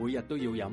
每日都要飲。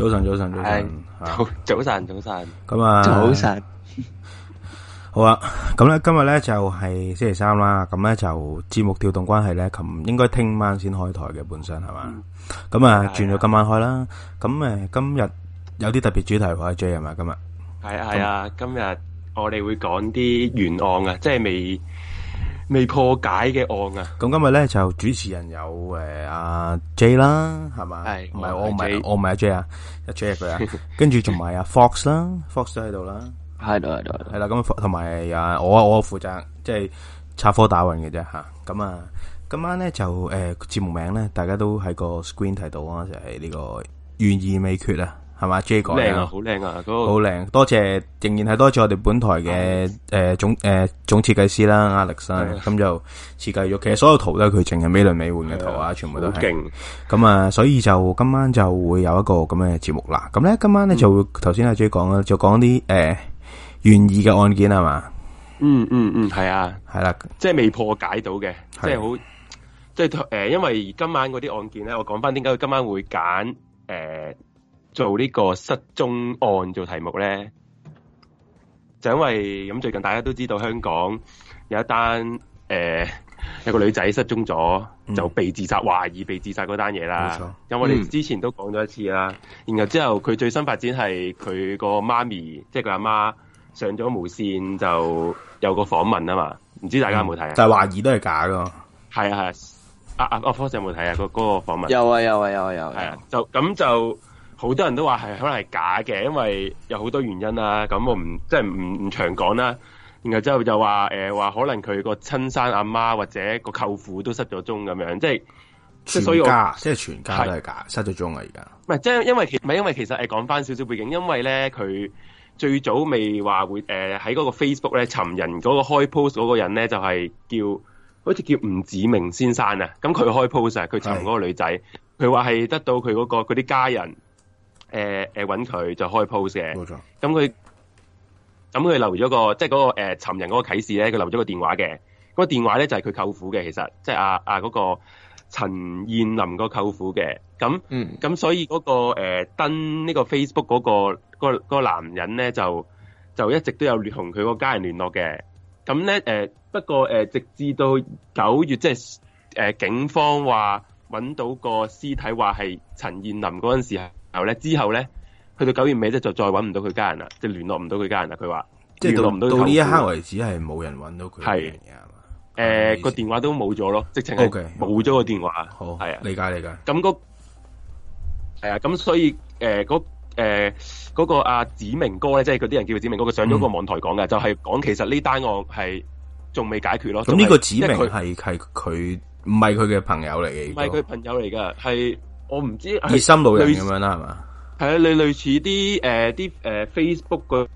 早晨，早晨，早晨。係，早早晨，早晨。咁啊，早晨，好啊。咁咧，今日咧就係星期三啦。咁咧就節目調動關係咧，琴應該聽晚先開台嘅本身係嘛。咁啊，轉咗今晚開啦。咁誒，今日有啲特別主題喎，J 係嘛？今日？係啊，係啊，今日我哋會講啲懸案啊，即係未。未破解嘅案啊！咁今日咧就主持人有誒阿 J 啦，係嘛？係，唔係我唔係我唔係阿 J 啊，阿 J 佢啊，跟住仲埋阿 Fox 啦，Fox 都喺度啦，喺度喺度，係啦，咁同埋啊，我是我負 責即係、就是、插科打諢嘅啫吓。咁啊，今晚咧就誒節、呃、目名咧，大家都喺個 screen 睇到啊，就係、是、呢個懸疑未決啊。係嘛？J 講靚啊，好靚啊，嗰個好靚。多謝，仍然係多謝我哋本台嘅誒總誒總設計師啦，阿力生。咁就設計咗，其實所有圖呢，佢淨係美輪美奐嘅圖啊，全部都係勁。咁啊，所以就今晚就會有一個咁嘅節目啦。咁咧，今晚咧就會頭先阿 J 講啦，就講啲誒懸疑嘅案件係嘛？嗯嗯嗯，係啊，係啦，即係未破解到嘅，即係好，即係誒，因為今晚嗰啲案件咧，我講翻點解佢今晚會揀誒。做呢個失蹤案做題目咧，就因為咁最近大家都知道香港有一單誒、呃，有個女仔失蹤咗，嗯、就被自殺懷疑被自殺嗰單嘢啦。冇錯，我哋之前都講咗一次啦，嗯、然後之後佢最新發展係佢個媽咪，即係佢阿媽上咗無線就有個訪問啊嘛，唔知大家有冇睇啊？嗯、就係、是、懷疑都係假噶，係啊係啊，啊，我阿科有冇睇啊？有有啊那個嗰個訪問有啊有啊有啊，有，啊有，係啊就咁就。好多人都話係可能係假嘅，因為有好多原因啦。咁我唔即係唔唔長講啦。然後之後就話誒話可能佢個親生阿媽或者個舅父都失咗蹤咁樣，即係全家所以即係全家都係假是失咗蹤啊！而家唔係即係因為唔係因為其實誒講翻少少背景，因為咧佢最早未話會喺嗰、呃、個 Facebook 咧尋人嗰個開 post 嗰個人咧就係、是、叫好似叫吳子明先生啊。咁佢開 post 佢尋嗰個女仔，佢話係得到佢嗰、嗰個嗰啲家人。誒誒揾佢就開 post 嘅，冇錯。咁佢咁佢留咗個即係嗰個誒尋人嗰個啟示咧，佢留咗個電話嘅。嗰個電話咧就係佢舅父嘅，其實即係阿阿嗰個陳彥霖個舅父嘅。咁咁、嗯嗯，所以嗰個誒登呢個 Facebook 嗰個男人咧，就就一直都有同佢個家人聯絡嘅。咁咧、呃、不過、呃、直至到九月，即係、呃、警方話揾到個屍體，話係陳彥霖嗰陣時係然後咧之後咧去到九月尾，即就再搵唔到佢家人啦，即係聯絡唔到佢家人啦。佢話即係到到呢一刻為止係冇人搵到佢嘅。係誒個電話都冇咗咯，直情係冇咗個電話。好係啊，理解理解。咁個係啊，咁所以誒嗰誒嗰個阿子明哥咧，即係佢啲人叫子明哥，佢上咗個網台講嘅，就係講其實呢單案係仲未解決咯。咁呢個子明係係佢唔係佢嘅朋友嚟嘅，唔係佢朋友嚟噶係。我唔知熱心路人咁樣啦，係嘛？係啊，你類似啲誒啲誒 Facebook 嗰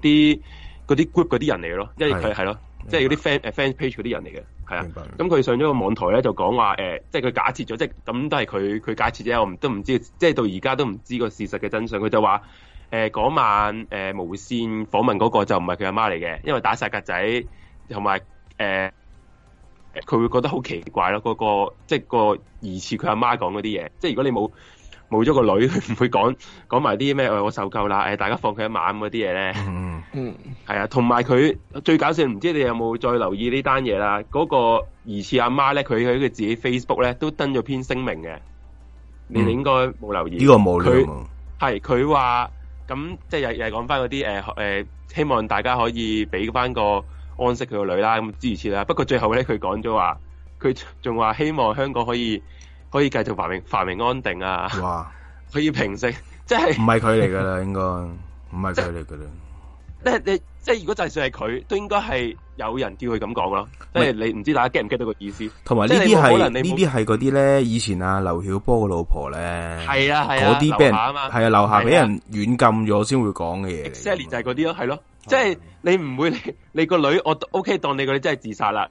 啲嗰啲 group 嗰啲人嚟嘅咯，即係佢係咯，即係嗰啲 fan 誒 fan page 嗰啲人嚟嘅，係啊。明白、嗯、咁佢上咗個網台咧，就講話誒，即係佢假設咗，即係咁都係佢佢假設啫，我唔都唔知，即係到而家都唔知個事實嘅真相。佢就話誒嗰晚誒、呃、無線訪問嗰個就唔係佢阿媽嚟嘅，因為打晒格仔同埋誒。還有呃佢會覺得好奇怪咯，嗰個即係個疑似佢阿媽講嗰啲嘢，即係如果你冇冇咗個女，佢唔會講講埋啲咩我受夠啦，誒大家放佢一晚嗰啲嘢咧。嗯嗯，係啊，同埋佢最搞笑，唔知你有冇再留意呢單嘢啦？嗰個疑似阿媽咧，佢喺佢自己 Facebook 咧都登咗篇聲明嘅，嗯、你應該冇留意。呢個冇佢係佢話，咁即係又又講翻嗰啲誒誒，希望大家可以俾翻個。安息佢個女啦，咁諸如此類啦。不過最後咧，佢講咗話，佢仲話希望香港可以可以繼續繁榮繁榮安定啊。哇！佢要平息，即係唔係佢嚟噶啦， 應該唔係佢嚟噶啦。即係你即係如果就算係佢，都應該係有人叫佢咁講咯。不是即係你唔知大家 get 唔 get 到個意思？同埋呢啲係呢啲係嗰啲咧，以前啊劉曉波個老婆咧，係啊係嗰啲俾人係啊樓下俾人軟禁咗先會講嘅嘢。exactly 就係嗰啲咯，係咯、啊。即係你唔會你你個女我 O、OK, K 當你個女真係自殺啦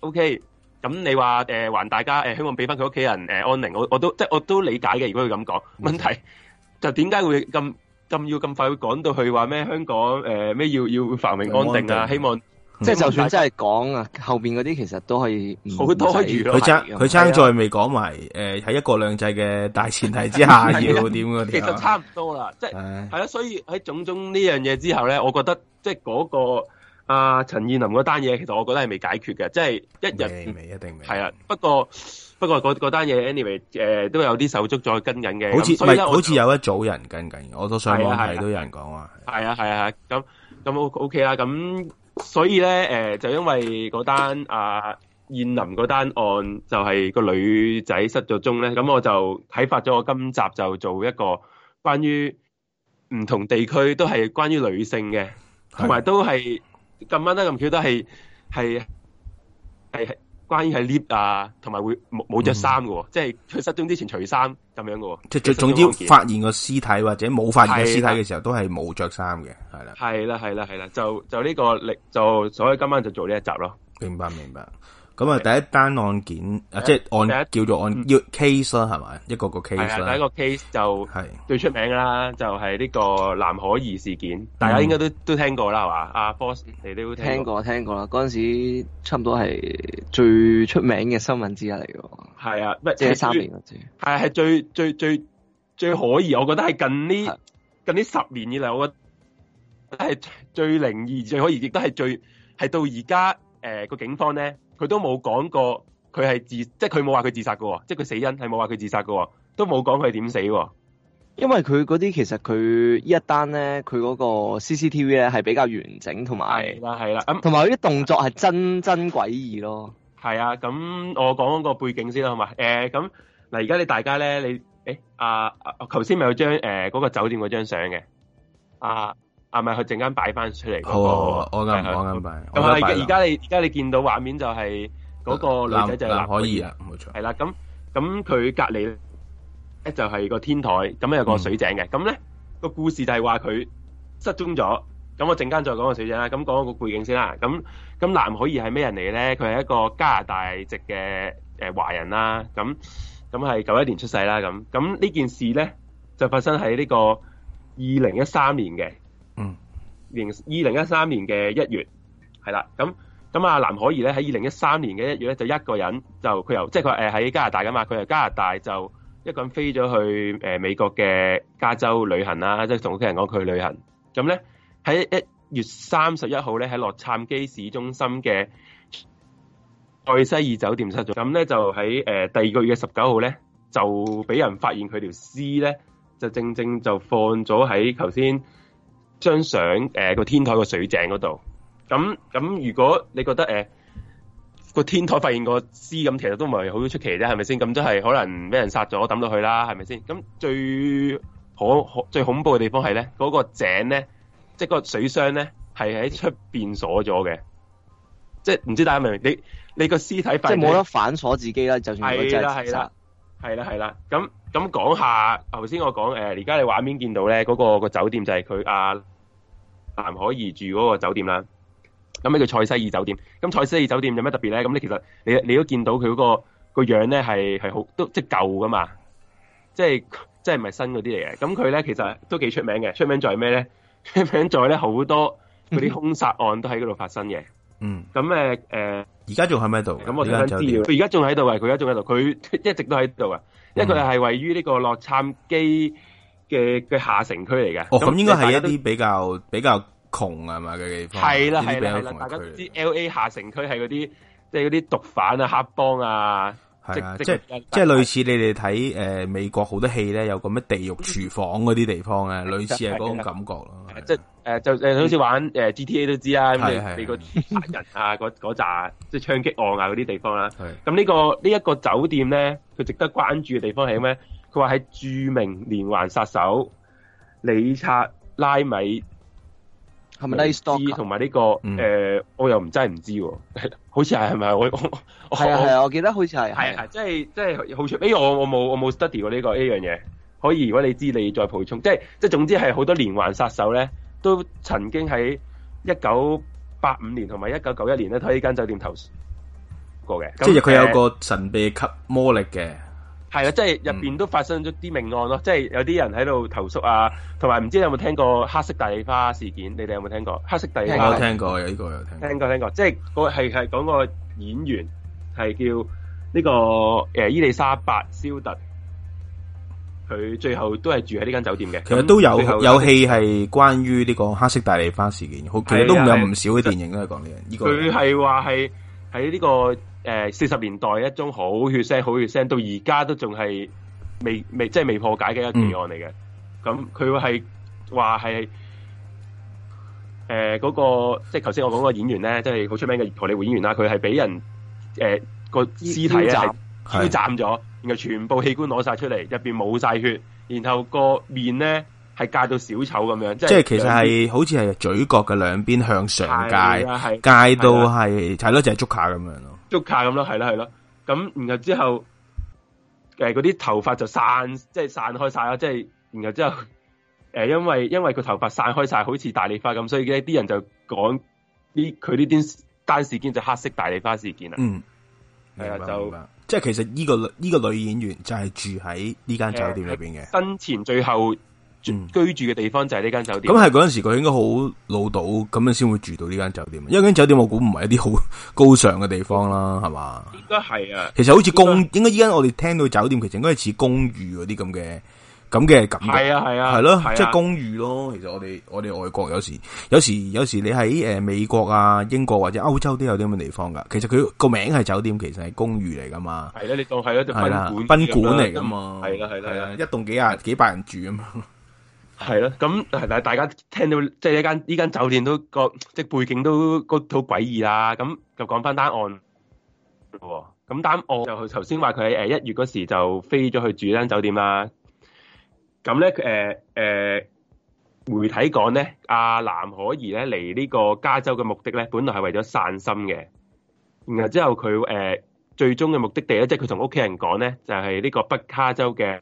，O K 咁你話、呃、還大家、呃、希望俾翻佢屋企人、呃、安寧，我我都即係我都理解嘅，如果佢咁講，問題就點解會咁咁要咁快會講到去話咩香港咩、呃、要要繁榮安定啊？定希望。即係就算真係講啊，後邊嗰啲其實都可以好多餘，佢爭佢爭在未講埋誒，喺一國兩制嘅大前提之下點點點，其實差唔多啦，即係係啦。所以喺種種呢樣嘢之後咧，我覺得即係嗰個阿陳彥霖嗰單嘢，其實我覺得係未解決嘅，即係一日未一定未係啦。不過不過嗰嗰單嘢 anyway 誒都有啲手足再跟緊嘅，好似唔係，好似有一組人跟緊嘅。我都上網睇到有人講話，係啊係啊咁咁 O，OK 啦咁。所以咧、呃，就因為嗰單啊燕林嗰單案就係、是、個女仔失咗蹤咧，咁我就啟發咗我今集就做一個關於唔同地區都係關於女性嘅，同埋是都係咁啱得咁巧都係係係。關於係 lift 啊，同埋會冇冇着衫嘅喎。嗯、即係佢失蹤之前除衫咁樣嘅喎。即係總之發現個屍體或者冇發現個屍體嘅時候都是沒有的，都係冇着衫嘅，係啦。係啦係啦係啦，就就呢個力，就，這個、就所以今晚就做呢一集咯。明白明白。明白咁啊，第一單案件是啊，即係案第一叫做案，case 啦，係咪、嗯？一個一個 case 啦、啊。第一個 case 就係最出名噶啦，就係呢個藍可兒事件，啊、大家應該都、嗯、都聽過啦，係嘛？阿 Force 你都聽過，聽過，聽過啦。嗰陣時差唔多係最出名嘅新聞之一嚟嘅。係啊，唔係即係三年嗰陣、啊。係係最最最最可疑，我覺得係近呢、啊、近呢十年以嚟，我覺得係最靈異、最可疑，亦都係最係到而家誒個警方咧。佢都冇講過，佢係自即係佢冇話佢自殺喎，即係佢死因係冇話佢自殺喎，都冇講佢點死。因為佢嗰啲其實佢呢一單咧，佢嗰個 CCTV 咧係比較完整同埋係啦係啦，咁同埋佢啲動作係真、啊、真詭異咯。係啊，咁我講嗰個背景先啦，好嘛？咁、欸、嗱，而家你大家咧，你誒、欸、啊，頭先咪有張誒嗰、啊嗰個酒店嗰張相嘅啊。係咪佢陣間擺翻出嚟？哦，我咁我緊擺。咁係而家，你而家你見到畫面就係嗰個女仔就係藍，藍可兒冇、啊、錯係啦。咁咁佢隔離咧就係、是、個天台咁有個水井嘅。咁咧、嗯、個故事就係話佢失蹤咗。咁我陣間再講個水井啦。咁講個背景先啦。咁咁藍可兒係咩人嚟嘅咧？佢係一個加拿大籍嘅誒華人啦。咁咁係九一年出世啦。咁咁呢件事咧就發生喺呢個二零一三年嘅。嗯，零二零一三年嘅一月係啦，咁咁啊，藍可兒咧喺二零一三年嘅一月咧就一個人就佢由即係佢誒喺加拿大噶嘛，佢由加拿大就一個人飛咗去誒、呃、美國嘅加州旅行啦，即係同屋企人講佢去旅行。咁咧喺一月三十一號咧喺洛杉磯市中心嘅愛西爾酒店失咗。咁咧就喺誒、呃、第二個月嘅十九號咧就俾人發現佢條屍咧就正正就放咗喺頭先張相誒個、呃、天台個水井嗰度，咁咁如果你覺得誒個、呃、天台發現個屍咁，其實都唔係好出奇啫，係咪先？咁就係可能俾人殺咗抌到去啦，係咪先？咁最可最恐怖嘅地方係咧，嗰、那個井咧，即係個水箱咧，係喺出邊鎖咗嘅，即係唔知大家明唔明，你你個屍體發即係冇得反鎖自己啦，就算佢真係殺。係啦係啦，係啦係啦，咁。咁講下，頭先我講誒，而家你畫面見到咧嗰個個酒店就係佢阿藍可兒住嗰個酒店啦。咁呢叫塞西爾酒店。咁塞西爾酒店有咩特別咧？咁你其實你你都見到佢嗰個個樣咧，係係好都即係舊噶嘛，即係即係唔係新嗰啲嚟嘅。咁佢咧其實都幾出名嘅，出名在咩咧？出名在咧好多嗰啲兇殺案都喺嗰度發生嘅。嗯。咁誒誒，而家仲喺唔喺度？咁、呃、我睇緊佢而家仲喺度，佢而家仲喺度，佢一直都喺度啊。即係佢係位於呢個洛杉磯嘅嘅下城區嚟嘅。咁、哦、那應該係一啲比較比較窮係嘛嘅地方。係啦係啦係啦，大家都知 L A 下城區係嗰啲，即係啲毒販啊、黑幫啊。係啊，即係即係類似你哋睇誒美國好多戲咧，有個咩地獄廚房嗰啲地方啊，類似係嗰種感覺咯。即係就好似玩誒 GTA 都知啊，你個殺人啊嗰嗰扎即係槍擊案啊嗰啲地方啦。咁呢個呢一個酒店咧，佢值得關注嘅地方係咩？佢話係著名連環殺手理察拉米。係咪？呢個同埋呢個，誒、呃，我又唔真係唔知喎、嗯，好似係係咪？我我係啊係啊，我記得好似係係啊，即係即係好似，哎呀、欸、我我冇我冇 study 過呢、這個呢樣嘢，可以如果你知，你再補充，即係即係總之係好多連環殺手咧，都曾經喺一九八五年同埋一九九一年咧，喺呢間酒店投過嘅。即係佢有個神秘級魔力嘅。係啊，即係入邊都發生咗啲命案咯，嗯、即係有啲人喺度投訴啊，同埋唔知你有冇聽過黑色大麗花事件？你哋有冇聽過？黑色大麗花事件，我有聽過，有呢個有聽過。聽過聽過，即係嗰、嗰個係係講個演員係叫呢、呢個誒、欸、伊麗莎白肖特，佢最後都係住喺呢間酒店嘅。其實都有後有戲係關於呢個黑色大麗花事件，好的其實都有唔少嘅電影都係講呢個。佢係話係喺呢個。誒，四十年代一宗好血腥、好血腥，到而家都仲係未未，即係未破解嘅一件案嚟嘅。咁佢係話係誒嗰個，即係頭先我講個演員咧，即係好出名嘅荷里活演員啦。佢係俾人誒、呃那個屍體係 u 斬咗，是的 然後全部器官攞晒出嚟，入邊冇晒血，然後個面咧係戒到小丑咁樣。即係其實係邊好似係嘴角嘅兩邊向上戒，戒到係睇咯，就係的捉下咁樣咯。捉下咁咯，係啦，係咯，咁然後之後，誒嗰啲頭髮就散，即係散開晒啦，即係然後之後，誒、呃、因為因為佢頭髮散開晒，好似大麗花咁，所以咧啲人就講呢佢呢啲單事件就黑色大麗花事件啦。嗯，係呀就即係其實呢、呢個呢、呢個女演員就係住喺呢間酒店裏邊嘅、呃。生前最後。居住嘅地方就係呢間酒店，咁係嗰陣時佢應該好老到，咁樣先會住到呢間酒店。因為間酒店我估唔係一啲好高尚嘅地方啦，係嘛？應該係啊。其實好似公，應該依家我哋聽到酒店，其實應該似公寓嗰啲咁嘅，咁嘅感覺。係啊係啊，係咯，即係公寓咯。其實我哋我哋外國有時有時有時你喺誒美國啊、英國或者歐洲都有啲咁嘅地方噶。其實佢個名係酒店，其實係公寓嚟噶嘛。係咧，你當係咯，就賓館賓館嚟噶嘛。係啊，係啊。係啦，一棟幾十幾百人住啊嘛。係咯，咁但係大家聽到即係呢間呢間酒店都個即係背景都好詭異啦。咁就講翻單案。咁單案就頭先話佢喺誒一月嗰時就飛咗去住呢間酒店啦。咁咧誒誒媒體講咧，阿藍可兒咧嚟呢個加州嘅目的咧，本來係為咗散心嘅。然後之後佢誒、呃、最終嘅目的地咧，即係佢同屋企人講咧，就係呢個北卡州嘅。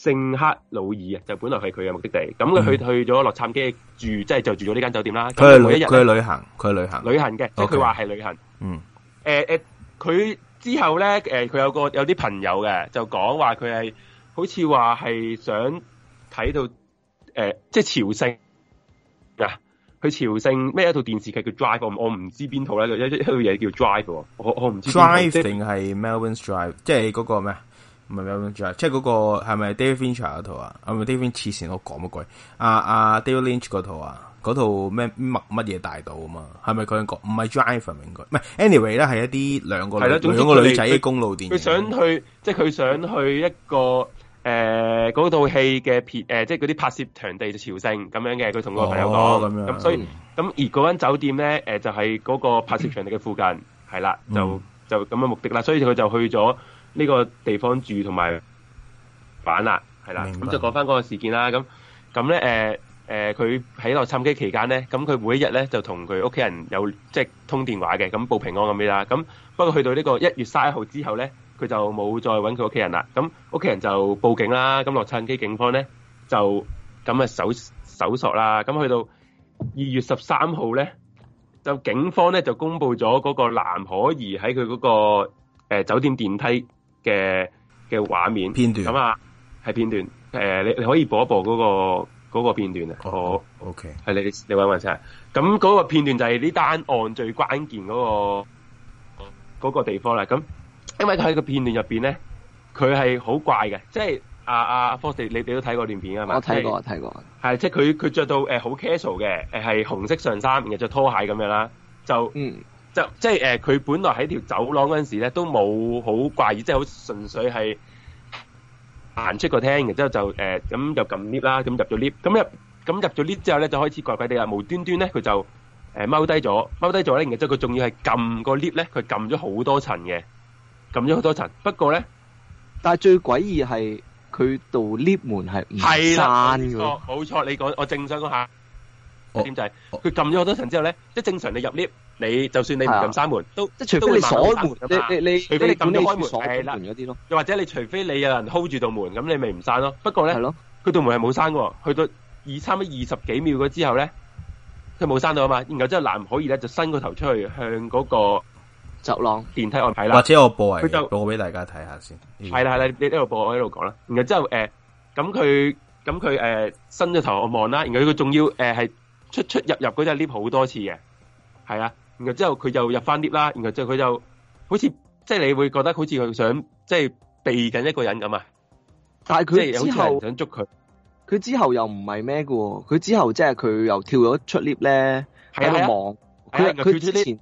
聖克魯爾啊，就本來係佢嘅目的地，咁佢去去咗洛杉磯住，即、就、係、是、就住咗呢間酒店啦。佢係旅，佢去旅行，佢係旅行，旅行嘅，即係佢話係旅行。嗯。誒誒、欸，佢、欸、之後咧，誒、欸，佢有個有啲朋友嘅，就講話佢係，好似話係想睇到，誒、欸，即係朝聖啊，去朝聖咩一套電視劇叫 Drive，我唔知邊套咧，有一套嘢叫 Drive 嘅，我我唔知。Drive 定係即 Melbourne Drive，即係嗰個咩？唔係咩？即係嗰、那個係咪 David, David,、uh, uh, David Lynch 嗰套啊？唔係 David Lynch 黐線，我講乜鬼？阿阿 David Lynch 嗰套啊，嗰套咩乜乜嘢大道啊嘛？係咪佢講？唔係 Drive，唔係 Anyway 咧，係一啲兩個兩個女仔嘅公路電影。佢想去，即係佢想去一個誒嗰套戲嘅片，誒、呃呃、即係嗰啲拍攝場地的朝聖咁樣嘅。佢同個朋友講，咁、哦啊、所以咁而嗰間酒店咧，誒就係、是、嗰個拍攝場地嘅附近，係啦， 就就咁嘅目的啦，所以佢就去咗。呢個地方住同埋玩啦，係啦，咁白就講翻嗰個事件啦。咁咁咧，誒誒，佢喺洛杉磯期間咧，咁佢每一日咧就同佢屋企人有即係通電話嘅，咁報平安咁樣啦。咁不過去到呢個一月卅一號之後咧，佢就冇再搵佢屋企人啦。咁屋企人就報警啦。咁洛杉磯警方咧就咁啊搜搜索啦。咁去到二月十三號咧，就警方咧就公布咗嗰個藍可兒喺佢嗰個誒、呃、酒店電梯嘅嘅畫面片段咁啊，係片段誒、呃，你你可以播一播嗰、嗰個、嗰個片段啊。好，OK，係你你你揾揾先。咁嗰個片段就係呢單案最關鍵嗰、嗰個、嗰個地方啦。咁因為喺個片段入邊咧，佢係好怪嘅，即係阿阿阿你哋都睇過段片噶嘛？我睇過，係，睇過。係即係佢佢着到誒好 casual 嘅，誒、呃、係紅色上衫，然後着拖鞋咁樣啦，就嗯。就即係誒，佢、呃、本來喺條走廊嗰陣時咧，都冇好怪異，即係好純粹係行出個廳然之後就誒咁、呃、就撳 lift 啦，咁入咗 lift，咁入咁入咗 lift 之後咧，就開始怪怪地啊！無端端咧，佢就誒踎低咗，踎低咗咧。然之後佢仲要係撳個 lift 咧，佢撳咗好多層嘅，撳咗好多層。不過咧，但係最詭異係佢度 lift 門係唔閂嘅，冇錯。冇錯，你講我正想講下。重點就係佢撳咗好多層之後咧，即係正常你入 lift，你就算你唔撳閂門，都即係除非你鎖門，你你你除非你撳開門，係啦，嗰啲咯。又或者你除非你有人 hold 住道門，咁你咪唔閂咯。不過咧，佢道門係冇閂嘅，去到二差唔多二十幾秒嗰之後咧，佢冇閂到啊嘛。然後之後藍可兒咧就伸個頭出去向嗰個走廊電梯外睇啦。或者我播嚟，播俾大家睇下先。係啦係啦，你喺度播，我喺度講啦。然後之後誒，咁佢咁佢誒伸咗頭我望啦。然後佢仲要誒係。出出入入嗰隻 lift 好多次嘅，係啊，然後之後佢就入翻 lift 啦，然後之後佢就好似即係你會覺得好似佢想即係，就是，避緊一個人咁啊，但係佢即係有人想捉佢，佢之後又唔係咩喎。佢之後即係佢又跳咗出 lift 咧喺度望，佢，啊，之前，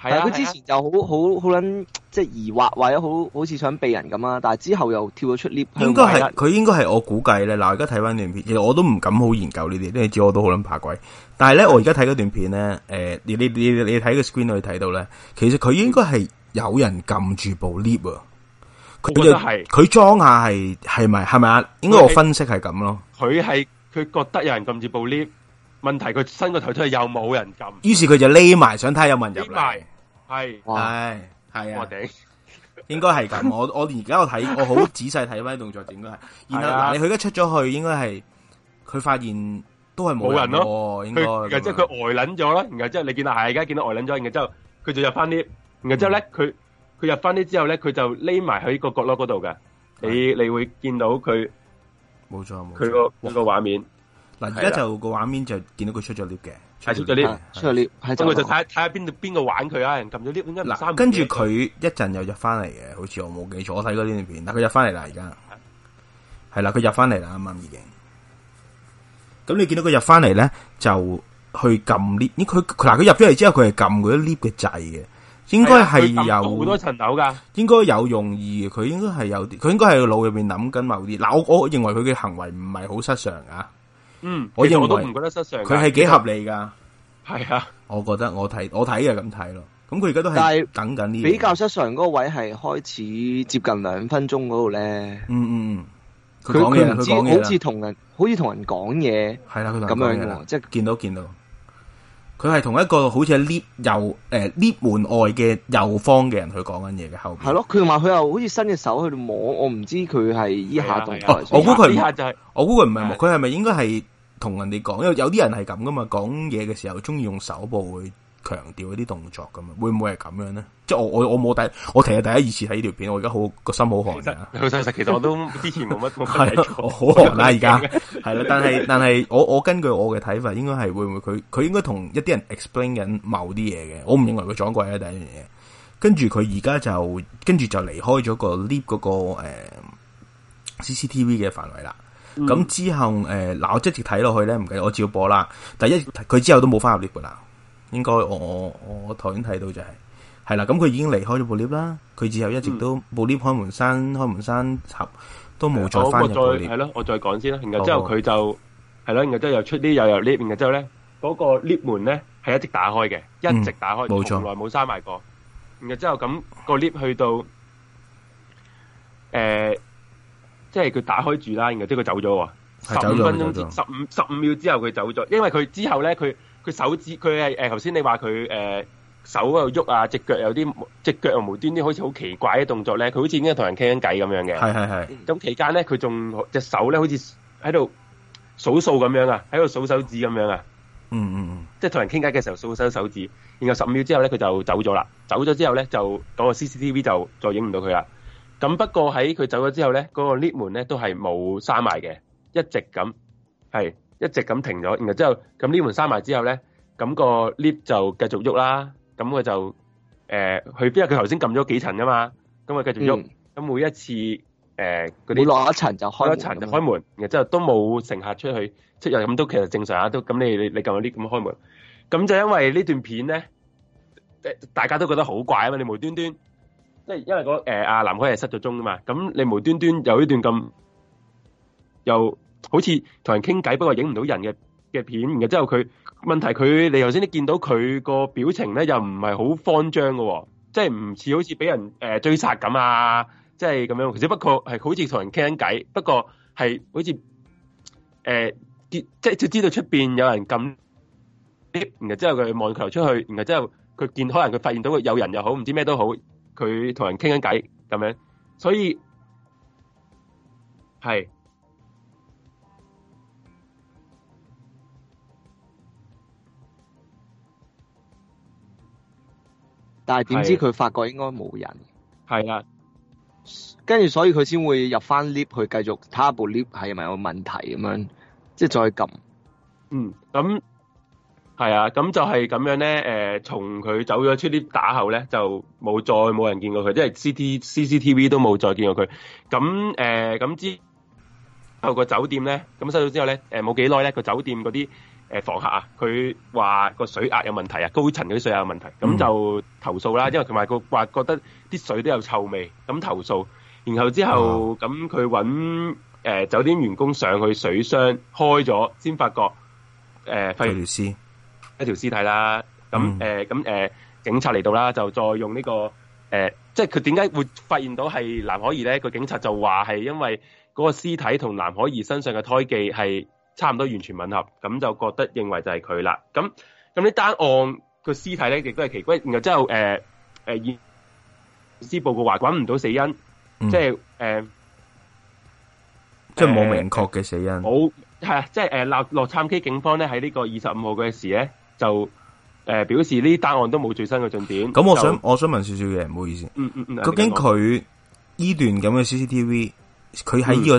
係啊。佢，啊，之前就好好好捻。即係疑惑，或者好好似想避人咁啊！但係之後又跳咗出 lift 去。應該係佢，應該係我估計咧。嗱，而家睇翻段片，其實我都唔敢好研究呢啲，你知我都好諗怕鬼。但係咧，我而家睇嗰段片咧，誒、呃，你你你你睇個 screen 可以睇到咧，其實佢應該係有人撳住部 lift 啊。佢就係佢裝下係係咪係咪啊？是是是是，是應該我分析係咁咯。佢係佢覺得有人撳住部 lift，問題佢伸個頭出嚟，又冇人撳，於是佢就匿埋想睇有冇人入嚟。係係。是係啊，應該係咁。我我而家我睇，我好仔細睇翻啲動作，應該係。然後嗱，佢而家出咗去，應該係佢發現都係冇人咯。佢即係佢呆捻咗咯。然後之後你見到係而家見到呆捻咗，然之後佢就入翻啲，然後之後咧佢佢入翻啲之後咧，佢就匿埋喺個角落嗰度嘅。你你會見到佢冇錯，冇錯，佢個個畫面嗱，而家就個畫面就見到佢出咗 lift 嘅。踩出咗 lift，出咗 lift，咁我就睇睇下邊度邊個玩佢啊！人撳咗 lift，一嗱，跟住佢一陣又入翻嚟嘅，好似我冇記錯，我睇過呢段片。嗱，佢入翻嚟啦，而家係啦，佢入翻嚟啦，啱啱已經。咁你見到佢入翻嚟咧，就去撳 lift。咦，佢嗱，佢入咗嚟之後，佢係撳嗰啲 lift 嘅掣嘅，應該係有好多層樓噶。應該有用意嘅，佢應該係有啲，佢應該係腦入邊諗緊某啲。嗱，我我認為佢嘅行為唔係好失常啊。嗯，我亦都唔覺得失常。佢係幾合理噶係啊實，我覺得我睇我睇就咁睇咯。咁佢而家都係等緊呢、這個，但比較失常嗰個位係開始接近兩分鐘嗰度咧。嗯嗯，佢講嘢唔知好似同人，好似同人講嘢，係啦，咁樣嘅即係見到見到。見到佢係同一個好似喺 lift 右誒、呃、lift 門外嘅右方嘅人去講緊嘢嘅，後邊係咯，佢話佢又好似伸隻手去度摸，我唔知佢係依下仲有。我估佢唔係，我估佢唔係摸，佢係咪應該係同人哋講？因為有啲人係咁噶嘛，講嘢嘅時候中意用手部會。強調一啲動作咁啊，會唔會係咁樣呢？即係我我我冇第我其實第一二次睇呢條片，我而家好個心好寒啊！實，其實我都之 前冇乜好寒啦，而家係啦。但係但係我我根據我嘅睇法，應該係會唔會佢佢應該同一啲人 explain 緊某啲嘢嘅，我唔認為佢撞鬼啊，第一樣嘢。跟住，佢而家就跟住就離開咗個 lift 嗰、那個誒、呃、CCTV 嘅範圍啦。咁之、嗯、後誒嗱、呃，我一直睇落去咧，唔計我照播啦。第一佢之後都冇翻入 lift 啦。應該我我我頭先睇到就係係啦，咁佢已經離開咗部 lift 啦，佢之後一直都，嗯，部 lift 開門閂，開門閂插都冇再翻我再係咯，我再講先啦。然後之後佢就係咯，哦，然後之後又出啲又入 lift 然之後咧，嗰，那個 lift 門咧係一直打開嘅，一直打開，冇錯，嗯，從來冇閂埋過。然後之後咁，那個 lift 去到誒，呃，即係佢打開住啦。然後即係佢走咗，十五分鐘之十五十五秒之後佢走咗，因為佢之後咧佢，佢手指佢係誒，頭先你話佢誒手喺度喐啊，隻腳有啲隻腳又無端啲，好似好奇怪嘅動作咧。佢好似已經係同人傾緊偈咁樣嘅。係係係。咁期間咧，佢仲隻手咧，好似喺度數數咁樣啊，喺度數手指咁樣啊。嗯嗯嗯。即係同人傾偈嘅時候數數手指，然後十五秒之後咧，佢就走咗啦。走咗之後咧，就嗰個 CCTV 就再影唔到佢啦。咁不，不過喺佢走咗之後咧，嗰，嗰個 lift 門咧都係冇閂埋嘅，一直咁係。一直咁停咗，然後之後咁呢門閂埋之後咧，咁個 lift 就繼續喐啦。咁佢就誒去邊啊？佢頭先撳咗幾層噶嘛，咁啊繼續喐。咁每一次誒嗰啲，你落一層就開一層就開門，然後之後都冇乘客出去出入，咁都其實正常啊。都咁你你你撳 lift 咁開門，咁就因為呢段片咧，誒大家都覺得好怪啊嘛。你無端端即係因為嗰誒阿藍開係失咗蹤噶嘛，咁你無端端有呢段咁又。好似同人傾偈，不過影唔到人嘅嘅片。然後之後佢問題佢，你頭先都見到佢個表情咧，又唔係好慌張嘅、哦，即係唔似好似俾人誒、呃、追殺咁啊！即係咁樣，而且不過係好似同人傾緊偈，不過係好似誒見即係就知道出邊有人撳，然後之後佢望球出去，然後之後佢見可能佢發現到有人又好，唔知咩都好，佢同人傾緊偈咁樣，所以係。是但係點知佢發覺應該冇人，係啦，跟住所以佢先會入翻 lift 去繼續睇下部 lift 係咪有問題咁樣，即係再撳。嗯，咁係啊，咁就係咁樣咧。誒，從佢走咗出 lift 打後咧，就冇再冇人見過佢，即係 C T C C T V 都冇再見過佢。咁誒，咁、呃、之後個酒店咧，咁收到之後咧，誒冇幾耐咧，個酒店嗰啲。誒房客啊，佢話個水壓有問題啊，高層嗰啲水壓有問題，咁、嗯、就投訴啦。因為佢話個話覺得啲水都有臭味，咁投訴。然後之後咁佢揾誒酒店員工上去水箱開咗，先發覺誒、呃、發現一條屍一條屍體啦。咁誒咁誒警察嚟到啦，就再用呢、這個誒、呃，即係佢點解會發現到係藍可兒咧？個警察就話係因為嗰個屍體同藍可兒身上嘅胎記係。差唔多完全吻合，咁就覺得認為就係佢啦。咁咁呢單案個屍體咧亦都係奇貴，然後之後誒誒驗屍報告話揾唔到死因，嗯、即係誒、呃、即係冇明確嘅死因。冇係、呃、啊，即係誒落洛杉磯警方咧喺呢在這個二十五號嘅時咧就誒、呃、表示呢單案都冇最新嘅進展。咁、嗯、就我想我想問少少嘢，唔好意思。嗯嗯嗯。嗯嗯究竟佢依、嗯、段咁嘅 CCTV，佢喺呢個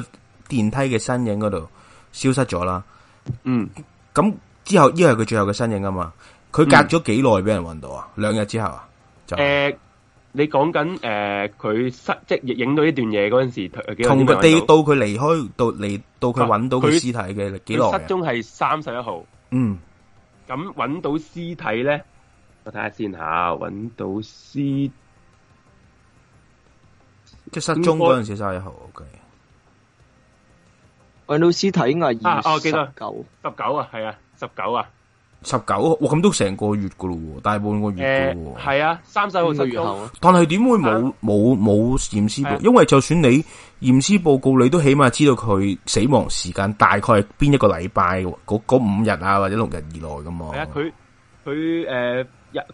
電梯嘅身影嗰度？嗯消失咗啦，嗯，咁之後呢係佢最後嘅身影啊嘛，佢隔咗幾耐俾人揾到啊？兩日之後啊？就，誒，你講緊誒，佢失蹤影到呢段嘢嗰陣時，同佢哋到佢離開到嚟到佢揾到佢屍體嘅幾耐？失蹤係三十一號，嗯，咁揾到屍體咧，我睇下先吓，揾到屍即係失蹤嗰陣時三十一號，OK。我老師睇應該係二十哦，幾多九十九啊？係啊，十九啊，十九、啊，啊、哇，咁都成個月噶咯，大半個月喎。係、欸、啊，三十號十個月後啊。但係點會冇冇冇驗屍報告？啊、因為就算你驗屍報告，你都起碼知道佢死亡時間大概係邊一個禮拜嗰嗰五日啊，或者六日以內噶嘛。係啊，佢佢誒，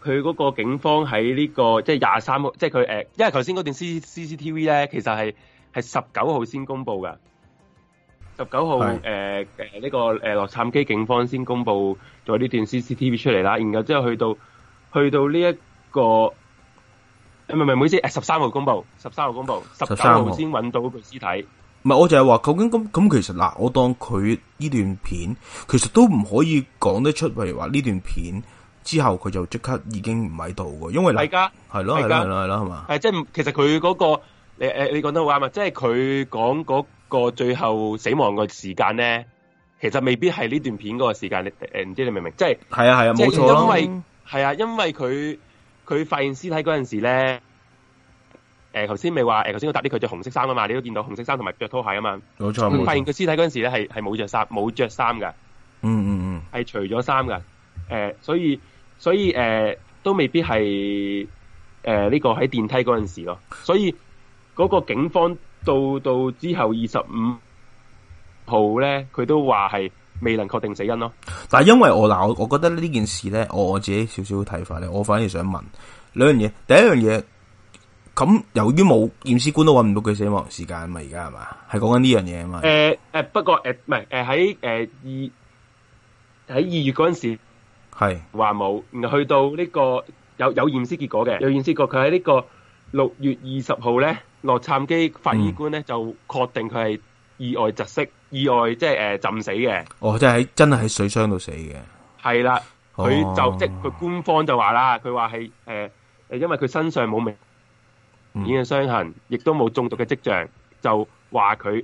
佢嗰、呃、個警方喺呢個即係廿三號，即係佢誒，因為頭先嗰段 C C C T V 咧，其實係係十九號先公布噶。十九號誒誒呢個誒洛杉磯警方先公布咗呢段 CCTV 出嚟啦，然後之後去到去到呢一個，唔係，唔好意思，誒，十三號公布，十三號公布，十三號先揾到部屍體。唔係，我就係話，究竟咁咁，其實嗱，我當佢呢段片，其實都唔可以講得出，譬如話呢段片之後佢就即刻已經唔喺度嘅，因為大家係咯係咯係咯係嘛？誒，即係其實佢嗰個你誒，你講得啱啊，即係佢講嗰。個最後死亡嘅時間咧，其實未必係呢段片嗰個時間。誒、呃，唔知你明唔明？即係係啊，啊，係啊，冇錯。因為係啊，因為佢佢發現屍體嗰陣時咧，誒、呃，頭先咪話，誒、呃，頭先我搭啲佢着紅色衫啊嘛，你都見到紅色衫同埋着拖鞋啊嘛，冇錯、啊。發現佢屍體嗰陣時咧，係係冇着衫，冇着衫噶。嗯嗯嗯，係除咗衫噶。誒，所以所以誒、呃，都未必係誒呢個喺電梯嗰陣時咯。所以嗰、嗰個警方。到到之後二十五號咧，佢都話係未能確定死因咯。但係因為我嗱，我我覺得呢件事咧，我自己少少睇法咧，我反而想問兩樣嘢。第一樣嘢，咁由於冇驗屍官都搵唔到佢死亡時間嘛，而家係咪，係講緊呢樣嘢嘛。誒、呃、誒，不過誒，唔係誒喺誒二喺二月嗰陣時係話冇，然後是去到呢、這個有有驗屍結果嘅，有驗屍過，佢喺呢個六月二十號咧。羅杉磯法醫官咧就確定佢係意外窒息、嗯、意外即係誒浸死嘅。哦，即係喺真係喺水箱度死嘅。係啦，佢就、哦、即佢官方就話啦，佢話係誒，因為佢身上冇明顯嘅傷痕，亦、嗯、都冇中毒嘅跡象，就話佢。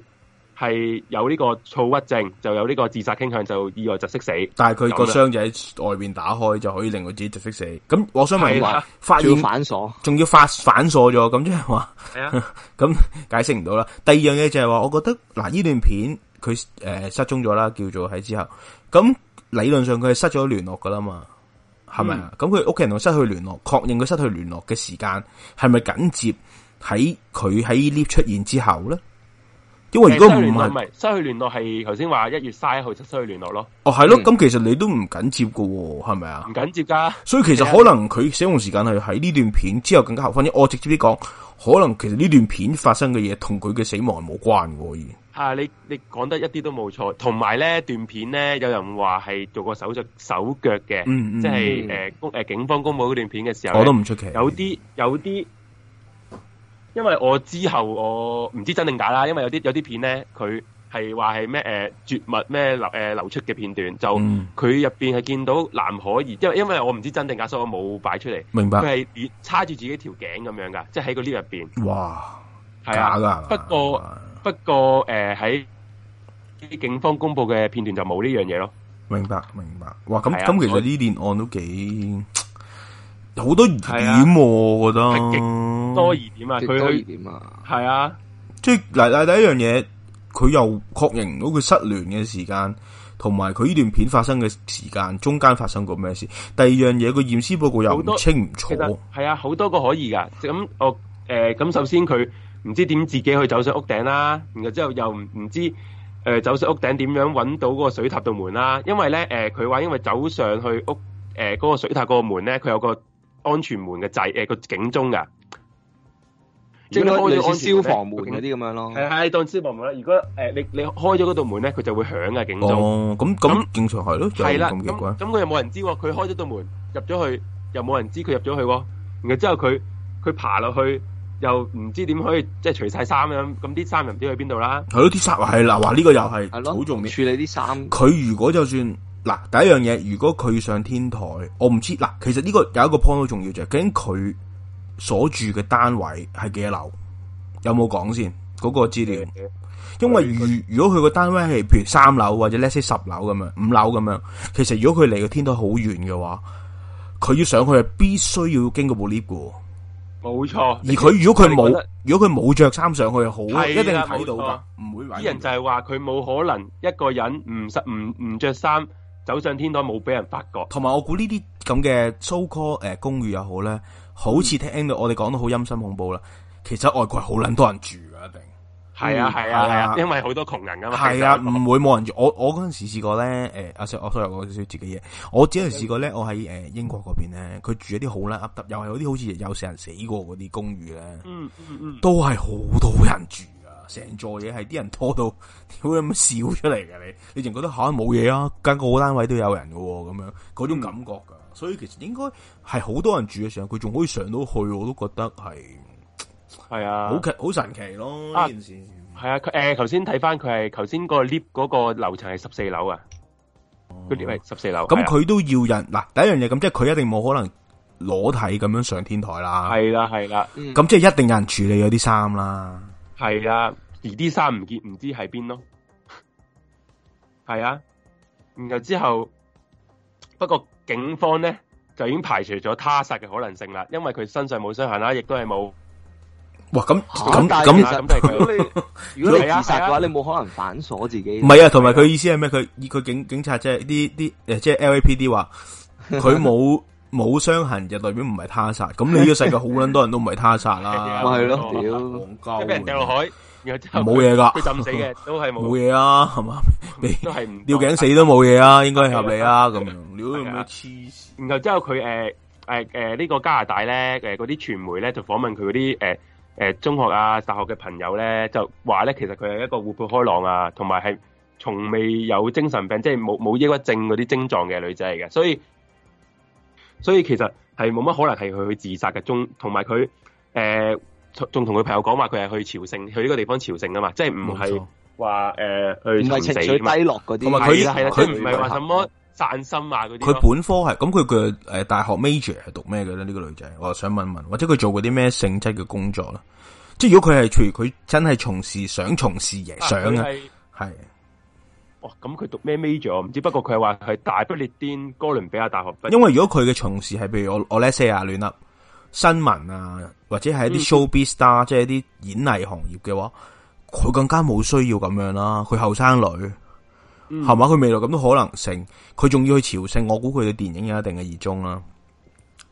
係有呢個躁鬱症，就有呢個自殺傾向，就意外窒息死。但係佢個箱仔外邊打開就可以令佢自己窒息死。咁我想問你話，吧發現言反鎖，仲要發反鎖咗，咁即係話，係啊？咁 解釋唔到啦。第二樣嘢就係話，我覺得嗱，呢段片佢誒、呃、失蹤咗啦，叫做喺之後。咁理論上佢係失咗聯絡噶啦嘛，係咪啊？咁佢屋企人同佢失去聯絡，確認佢失去聯絡嘅時間係咪緊接喺佢喺呢出現之後咧？因為如果唔係失去聯絡，係頭先話一月卅一號出失去聯絡咯。哦，係咯，咁其實你都唔緊接噶，係咪啊？唔緊接噶所以其實可能佢死亡時間係喺呢段片之後更加後啲。反正我直接啲講，可能其實呢段片發生嘅嘢同佢嘅死亡係冇關嘅。啊，你你講得一啲都冇錯。同埋咧，段片咧，有人話係做過手術手腳嘅，即係誒誒警方公布嗰段片嘅時候，我都唔出奇。有啲，有啲。因為我之後我唔知真定假啦，因為有啲有啲片咧，佢係話係咩絕密咩流、呃、流出嘅片段，就佢入面係見到藍可兒，因為因為我唔知真定假，所以我冇擺出嚟。明白。佢係叉住自己條頸咁樣噶，即係喺個 lift 入面。哇、啊！係假㗎。不過不過誒喺警方公佈嘅片段就冇呢樣嘢咯。明白明白。哇！咁咁其實呢件案都幾～好多疑點，我覺得係極多疑點啊！佢佢係啊，即係嗱，第、啊、第一樣嘢，佢又確認到佢失聯嘅時間，同埋佢呢段片發生嘅時間中間發生過咩事？第二樣嘢，個驗屍報告又唔清唔楚。係啊，好多個可以噶。咁我誒咁、呃，首先佢唔知點自己去走上屋頂啦，然後之後又唔唔知誒、呃、走上屋頂點樣搵到嗰個水塔度門啦？因為咧，誒佢話因為走上去屋誒嗰、呃嗰個水塔嗰個門咧，佢有個。安全門嘅掣誒個警鐘㗎，即係開咗消防門嗰啲咁樣咯。係係、嗯、當消防門啦。如果誒、呃、你你開咗嗰道門咧，佢就會響嘅警鐘。咁咁、哦嗯、正常係咯。係啦，咁佢又冇人知喎。佢開咗道門入咗去，又冇人知佢入咗去。然之後佢佢爬落去，又唔知點可以即係除晒衫咁。咁啲衫又唔知去邊度啦。係咯，啲衫係啦，話呢個又係好重要。處理啲衫，佢如果就算。嗱，第一樣嘢，如果佢上天台，我唔知。嗱，其實呢個有一個 point 好重要，就係究竟佢所住嘅單位係幾多樓，有冇講先？嗰個資料。因為如如果佢個單位係譬如三樓或者 less than 十樓咁樣，五樓咁樣，其實如果佢離個天台好遠嘅話，佢要上去係必須要經過 lift 嘅。冇錯錯。而佢他如果佢冇，如果佢冇着衫上去，好的一定睇到噶。唔錯會啲人就係話佢冇可能一個人唔唔唔着衫。走上天台冇俾人發覺，同埋我估呢啲咁嘅 so called、呃、e 誒公寓又好咧，好似聽到我哋講到好陰森恐怖啦。其實外國好捻多人住噶，一定係啊係啊，因為好多窮人噶嘛。係啊，唔會冇人住。我我嗰陣時試過咧，誒，阿 Sir 我輸入我少少自己嘢。我之前試過咧、呃啊，我喺誒英國嗰邊咧，佢住一啲好啦，又係啲好似有成人死過嗰啲公寓咧。都係好多人住。成座嘢係啲人拖到，點會咁笑出嚟嘅你，你仲覺得吓冇嘢啊？間、啊、個好單位都有人嘅，咁樣嗰種感覺噶。嗯、所以其實應該係好多人住嘅時候，佢仲可以上到去，我都覺得係係啊，好好神奇咯呢、啊、件事。係啊，佢、呃、誒，頭先睇翻佢係頭先個 lift 嗰個樓層係十四樓啊，嗰 lift 十四樓。咁佢都要人嗱，第一樣嘢咁，即係佢一定冇可能裸體咁樣上天台啦。係啦係啦，咁即係一定有人處理嗰啲衫啦。係啊，而啲衫唔見，唔知喺邊咯，係啊，然後之後，不過警方咧就已經排除咗他殺嘅可能性啦，因為佢身上冇傷痕啦，亦都係冇。哇，咁咁但係佢，如果你如果自殺嘅話，啊、你冇可能反鎖自己。唔係啊，同埋佢意思係咩？佢以佢警警察即係啲啲誒，即係、就是、LAPD 話佢冇。 冇傷痕就代表唔係他殺，咁你呢個世界好捻多人都唔係他殺啦，咪係咯，屌，畀人掉落海，冇嘢噶，佢浸死嘅，都係冇嘢啊，係嘛，你都係唔吊頸死都冇嘢啊，應該係合理啊，咁樣，然後之後佢誒誒誒呢個加拿大咧，誒嗰啲傳媒咧就訪問佢嗰啲誒誒中學啊、大學嘅朋友咧，就話咧其實佢係一個活潑開朗啊，同埋係從未有精神病，即係冇冇抑鬱症嗰啲症狀嘅女仔嚟嘅，所以。所以其實係冇乜可能係佢去自殺嘅，同同埋佢誒仲同佢朋友講話佢係去朝聖，去呢個地方朝聖啊嘛，即係唔係話誒去死情緒低落嗰啲係啦，佢唔係話什麼散心啊嗰啲。佢本科係咁，佢嘅誒大學 major 係讀咩嘅咧？呢、這個女仔，我想問問，或者佢做過啲咩性質嘅工作咧？即係如果佢係除佢真係從事想從事嘢，啊，想啊，係是。是咁佢、哦、讀咩 major 唔知，知，不過佢係話係大不列顛哥倫比亞大學。因為如果佢嘅從事係譬如我我咧四啊亂啊新聞啊，或者係一啲 showbiz star、嗯、即係一啲演藝行業嘅話，佢更加冇需要咁樣啦。佢後生女係嘛？佢、嗯、未來咁多可能性，佢仲要去朝聖。我估佢嘅電影有一定嘅熱衷啦。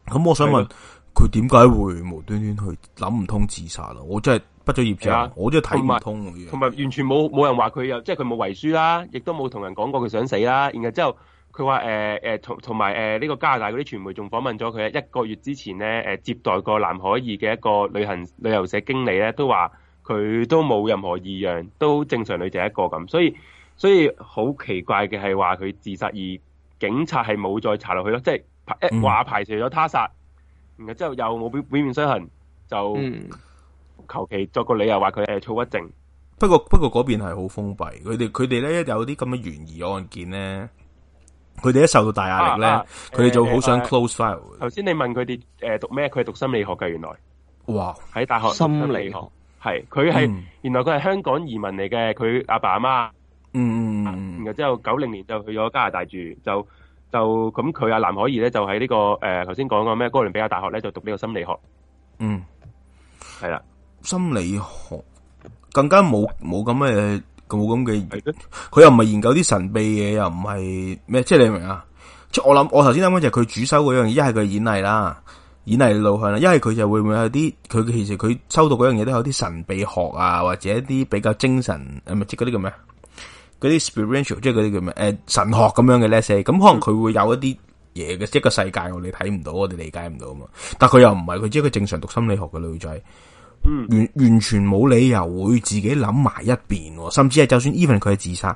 咁我想問佢點解會無端端去諗唔通自殺啦我真係。畢咗業、啊、我都係睇唔通。同埋完全冇冇人話佢又即係佢冇遺書啦，亦都冇同人講過佢想死啦。然後之後佢話誒誒同同埋誒呢個加拿大嗰啲傳媒仲訪問咗佢一個月之前咧誒、呃、接待過南海爾嘅一個旅行旅遊社經理咧都話佢都冇任何異樣，都正常女仔一個咁。所以所以好奇怪嘅係話佢自殺而警察係冇再查落去咯，即係排話、嗯、排除咗他殺，然後之後又冇表表面傷痕就。嗯求其作個理由話佢係躁鬱症不，不過不過嗰邊係好封閉，佢哋佢哋咧有啲咁嘅懸疑案件咧，佢哋一受到大壓力咧，佢哋、啊、就好想 close file。頭先、啊啊、你問佢哋誒讀咩，佢係讀心理學嘅原來。哇，喺大學心理學系，佢係心理、嗯、原來佢係香港移民嚟嘅，佢阿爸阿媽，嗯然後，之後九零年就去咗加拿大住，就就咁佢阿藍可兒咧就喺呢、這個誒頭先講個咩哥倫比亞大學咧就讀呢個心理學，嗯，係啦。心理學更加冇冇咁嘅冇咁嘅，佢又唔係研究啲神秘嘢，又唔係咩？即係、就是、你明唔明啊？即係我諗，我頭先啱啱就係佢主修嗰樣嘢，一係佢演藝啦，演藝路向啦，一係佢就會唔會有啲，佢其實佢收到嗰樣嘢都有啲神秘學啊，或者一啲比較精神即係嗰啲叫咩？嗰、啊、啲、就是、spiritual，即係嗰啲叫咩？誒、啊，神學咁樣嘅 lesson 咁可能佢會有一啲嘢嘅，即個世界，我哋睇唔到，我哋理解唔到啊嘛。但佢又唔係，佢只係一個正常讀心理學嘅女仔。嗯，完完全冇理由會自己諗埋一邊，甚至係就算 even 佢係自殺，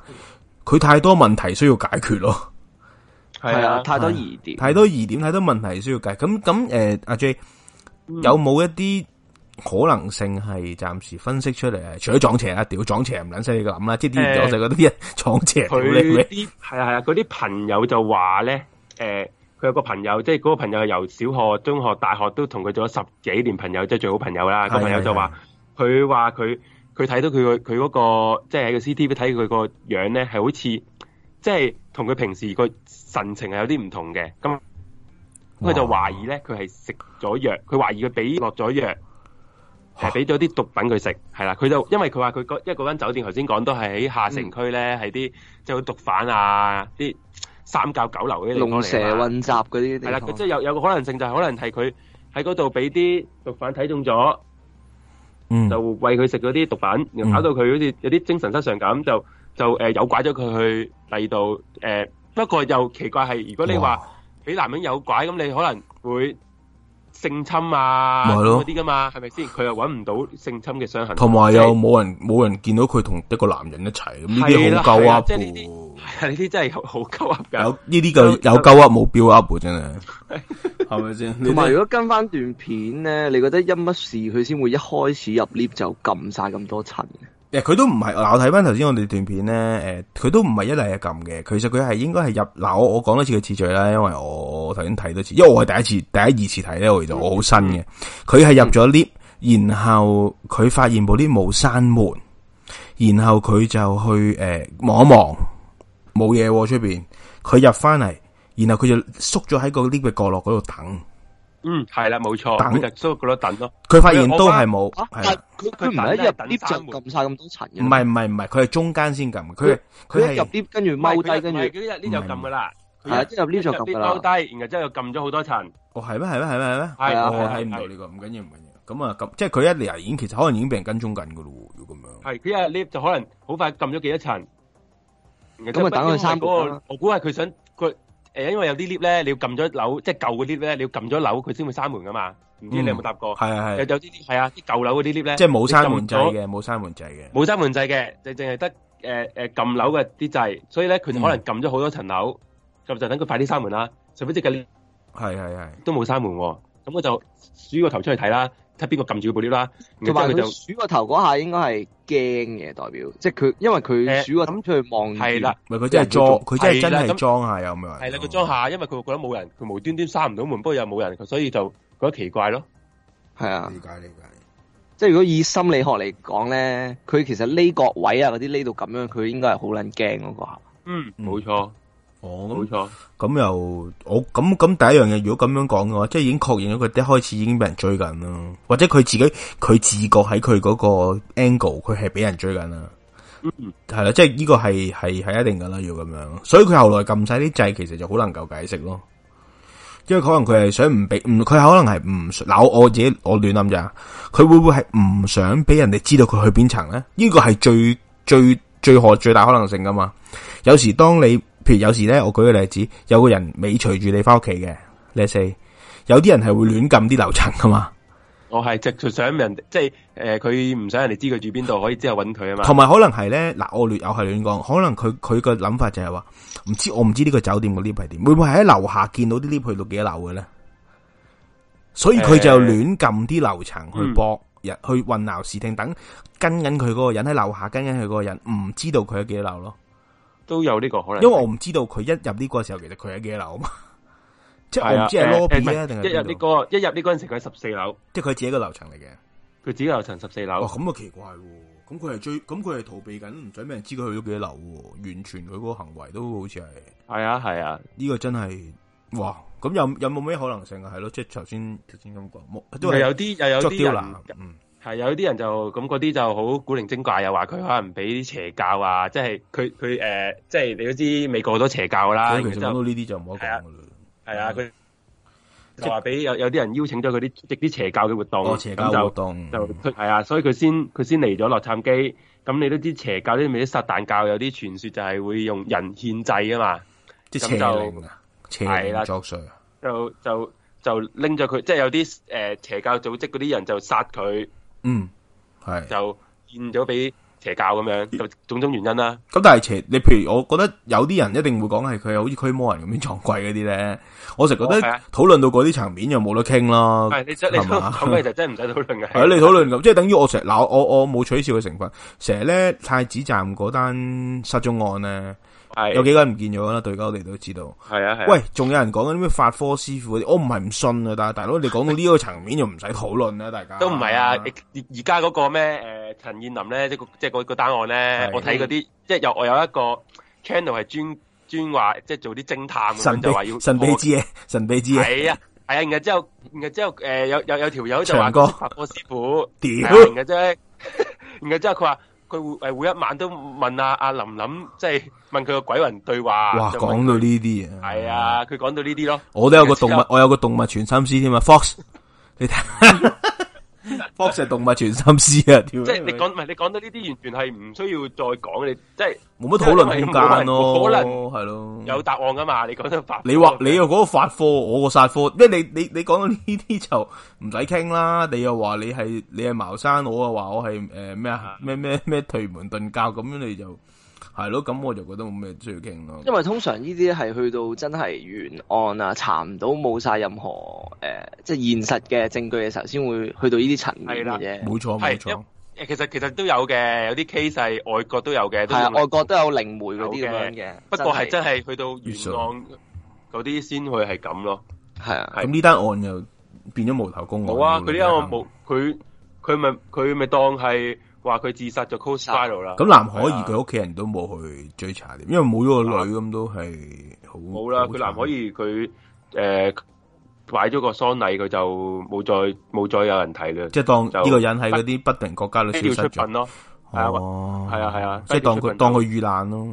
佢太多問題需要解決咯。係啊、嗯， 太多疑點， 太多疑點，太多問題需要解決。咁咁誒，阿、呃、J、嗯、有冇一啲可能性係暫時分析出嚟？除咗撞邪啊，屌撞邪，唔撚犀你諗啦，即係啲我就覺得啲人撞邪，佢啲係啊係啊，嗰、就、啲朋友就話咧誒。呃佢有個朋友，即係嗰個朋友由小學、中學、大學都同佢做咗十幾年朋友，即係最好朋友啦。個朋友就話：佢話佢佢睇到佢個佢嗰個，即係喺個 CTV 睇佢個樣咧，係好似即係同佢平時個神情係有啲唔同嘅。咁佢就懷疑咧，佢係食咗藥，佢懷疑佢俾落咗藥，係俾咗啲毒品佢食。係啦，佢就因為佢話佢個，因為嗰間酒店頭先講都係喺下城區咧，係啲即係啲毒販啊，啲。三教九流嗰啲嚟嘅，龍蛇混雜嗰啲地方。係啦，佢即係有有個可能性就係可能係佢喺嗰度俾啲毒販睇中咗，就餵佢食嗰啲毒品，然後搞到佢好似有啲精神失常咁，就就誒誘拐咗佢去第二度誒。不過又奇怪係，如果你話俾男人誘拐咁，你可能會。性侵啊，嗰啲噶嘛，係咪先？佢又揾唔到性侵嘅傷痕，同埋又冇人冇、就是、人見到佢同一個男人一齊，呢啲的、就是、好鳩噏啊，呢啲真係好鳩噏，有呢啲就有鳩噏冇標噏，真係，係咪先？同埋如果跟翻段片咧，你覺得因乜事佢先會一開始入 lift 就撳晒咁多層？誒，佢都唔係，嗱、啊，我睇翻頭先我哋段片咧。誒、啊，佢都唔係一嚟一撳嘅。其實佢係應該係入嗱、啊，我我講多次嘅次序啦。因為我頭先睇多次，因為我係第一次第一二次睇咧，我哋就我好新嘅。佢係入咗 lift，然後佢發現部 lift 冇閂門，然後佢就去誒望一望，冇嘢出邊。佢入翻嚟，然後佢就縮咗喺個 lift 嘅角落嗰度等。嗯，係啦，冇錯，等日都嗰度等咯。佢發現都係冇，但係佢佢唔係入啲就撳晒咁多層嘅。唔係唔係唔係，佢係中間先撳，佢佢一入啲跟住踎低，跟住佢一入呢就撳噶啦，係即係入呢就撳噶啦，踎低，然後之後又撳咗好多層。哦，係咩？係咩？係咩？係咩？係啊，我睇唔到呢個，唔緊要，唔緊要。咁啊，咁即係佢一嚟已經其實可能已經被人跟蹤緊噶咯，如果咁樣。係，佢一 lift 就可能好快撳咗幾多層。咁啊，等佢三。我估係佢想。誒，因為有啲 lift 咧，你要撳咗樓，即係舊嗰啲 lift 咧，你要撳咗樓，佢先會閂門噶嘛唔知你有冇搭過？係係有有啲 lift 係啊，啲舊樓嗰啲 lift 咧，即係冇閂門掣嘅，冇閂門掣嘅，冇閂門掣嘅，就淨係得誒誒撳樓嘅啲掣，所以咧佢可能撳咗好多層樓，咁就等佢快啲閂門啦。除非即係你係係係都冇閂門，咁我就鼠個頭出去睇啦。睇邊個撳住個玻璃啦，佢話佢就鼠個頭嗰下應該係驚嘅，代表即係佢因為佢鼠啊，咁出去望係啦，唔係佢真係裝，佢真係真係裝下有冇人，係啦，佢裝下，因為佢覺得冇人，佢無端端閂唔到門，不過又冇人，佢所以就覺得奇怪咯，係啊，理解理解，即係如果以心理學嚟講咧，佢其實匿個位啊嗰啲匿到咁樣，佢應該係好撚驚嗰個，嗯，冇錯。哦，冇錯咁又我咁咁第一樣嘢，如果咁樣講嘅話，即係已經確認咗佢一開始已經俾人追緊啦，或者佢自己佢自覺喺佢嗰個 angle，佢係俾人追緊啦，係啦、嗯嗯，即係呢個係係係一定噶啦，要咁樣，所以佢後來撳晒啲掣，其實就好能夠解釋咯，因為可能佢係想唔俾唔，佢可能係唔嗱，我自己我亂諗咋，佢會唔會係唔想俾人哋知道佢去邊層咧？呢、呢個係最最最可最大可能性噶嘛？有時當你。譬如有時咧，我舉個例子，有個人尾隨住你翻屋企嘅，你四有啲人係會亂撳啲樓層噶嘛。我係直住想人，即係誒，佢、呃、唔想人哋知佢住邊度，可以之後揾佢啊嘛。同埋可能係咧，嗱我略有係亂講，可能佢佢個諗法就係話，唔知我唔知呢個酒店嘅 lift 係點，會唔會喺樓下見到啲 lift 去到幾多樓嘅咧？所以佢就亂撳啲樓層去搏，去混淆視聽，等跟緊佢嗰個人喺樓下跟緊佢嗰個人，唔知道佢喺幾多樓咯。都有呢個可能，因為我唔知道佢一入呢個時候，其實佢喺幾多樓嘛？即 係我唔知係 lobby 定係。一入呢個一入呢個陣時佢喺十四樓，即係佢自己一個樓層嚟嘅，佢自己樓層十四樓。哇、哦，咁啊奇怪，咁佢係最咁佢係逃避緊，唔使俾人知佢去咗幾多樓，完全佢個行為都好似係係啊係啊，呢、啊、個真係哇！咁有有冇咩可能性啊？係咯，即係頭先頭先咁講，都係有啲又有啲有係有啲人就咁嗰啲就好古靈精怪，又話佢可能俾啲邪教啊，即係佢佢誒，即係你都知美國咗邪教啦。其實呢啲就唔好講啦。係啊，佢就話俾有有啲人邀請咗佢啲即啲邪教嘅活動。哦。邪教活動就係啊，所以佢先佢先嚟咗洛杉磯。咁你都知邪教啲啲撒旦教有啲傳説就係會用人獻祭啊嘛。啲就，邪靈啊，係啦就，就就就拎咗佢，即係有啲誒、呃、邪教組織嗰啲人就殺佢。嗯，係就變咗俾邪教咁樣，就種種原因啦。咁但係邪，你譬如我覺得有啲人一定會講係佢好似驅魔人咁樣撞鬼嗰啲咧，我成日覺得討論、哦啊、到嗰啲層面又冇得傾囉。係你真你，咁其實真係唔使討論嘅。喺、啊、你討論咁， 即係等於我成日鬧，我我冇取笑嘅成分。成日咧太子站嗰單失蹤案咧。係有幾個人唔見咗啦，對家我哋都知道。係啊係。喂，仲有人講緊啲咩法科師傅嗰啲，我唔係唔信啊，但係大佬你講到呢個層面就唔使討論啦，大家。都唔係啊，而家嗰個咩誒陳彥霖咧，即係即係個單案咧，的我睇嗰啲，即、就、係、是、有我有一個 channel 係專專話即係做啲偵探，神秘就話要神秘之嘢，神秘之嘢。係啊係啊，然後之後然後之後誒、呃、有有有條友就話，長哥法科師傅嘅啫麼，然後之後佢話。 佢會每一晚都問阿、啊、阿、啊、林林，即、就、係、是、問佢個鬼魂對話。哇嘩，講到呢啲啊，係啊，佢講到呢啲咯。我都有個動物，我，我有個動物全心思添啊，Fox 你。你睇。化石動物全心思啊！即係你講，唔係你講到呢啲完全係唔需要再講你，即係冇乜討論空間咯，係咯，有答案噶嘛？你講得發，你話你又嗰個發科，我個殺科，即係你你你講到呢啲就唔使傾啦。你又話你係你係茅山，我又話我係誒咩啊咩咩咩推門遁教咁樣，你就。係咯，咁我就覺得冇咩最勁囉。咯。因為通常呢啲係去到真係原案啊，查唔到冇曬任何、呃、即係現實嘅證據嘅時候，先會去到呢啲層面嘅啦。冇錯，冇錯。其實其實都有嘅，有啲 case 係外國都有嘅。係外國都有靈媒嗰啲咁樣嘅，不過係真係去到原案嗰啲先會係咁咯。係啊，咁呢單案又變咗無頭公案。冇啊，佢呢案冇，佢佢咪佢咪當係。話佢自殺咗，close t s 咗啦、嗯。咁藍可兒佢屋企人都冇去追查點，因為冇咗個女咁、嗯、都係好。冇啦，佢藍很慘 可兒佢誒，擺咗、呃、個喪禮，佢就冇再冇再有人睇啦。即係當呢個人喺嗰啲不定國家度消失咗。哦，係啊係啊，啊啊即係當佢當佢遇難咯。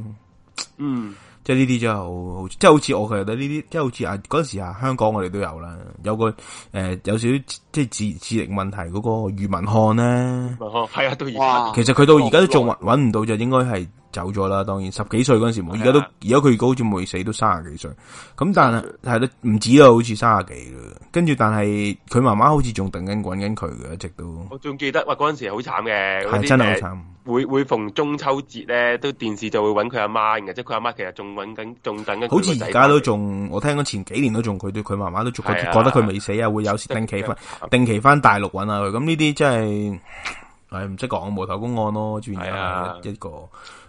嗯。即係呢啲真係好，好，即係好似我其實都呢啲，即係好似啊嗰陣時啊香港我哋都有啦，有個誒、呃、有少少即係智智力問題嗰個余文漢咧，余文漢係啊，到而家哇其實佢到而家都仲搵唔到，就、哦哦、應該係。走咗啦，當然十幾歲嗰陣時冇，而家都而家佢好似未死，都三十幾歲。咁但係係咯，唔止啊，止好似三十幾啦。跟住但係佢媽媽好似仲等緊搵緊佢嘅，一直都。我仲記得喂，嗰陣時好慘嘅，係真係好慘。會會逢中秋節咧，都電視就會搵佢阿媽嘅，即係佢阿媽其實仲搵緊，仲等緊。好似而家都仲，我聽講前幾年都仲，佢對佢媽媽都仲覺得佢未死啊，會有時定期翻，啊、定期翻大陸搵下佢。咁呢啲真係，唉，唔識講無頭公案咯，主要係一個。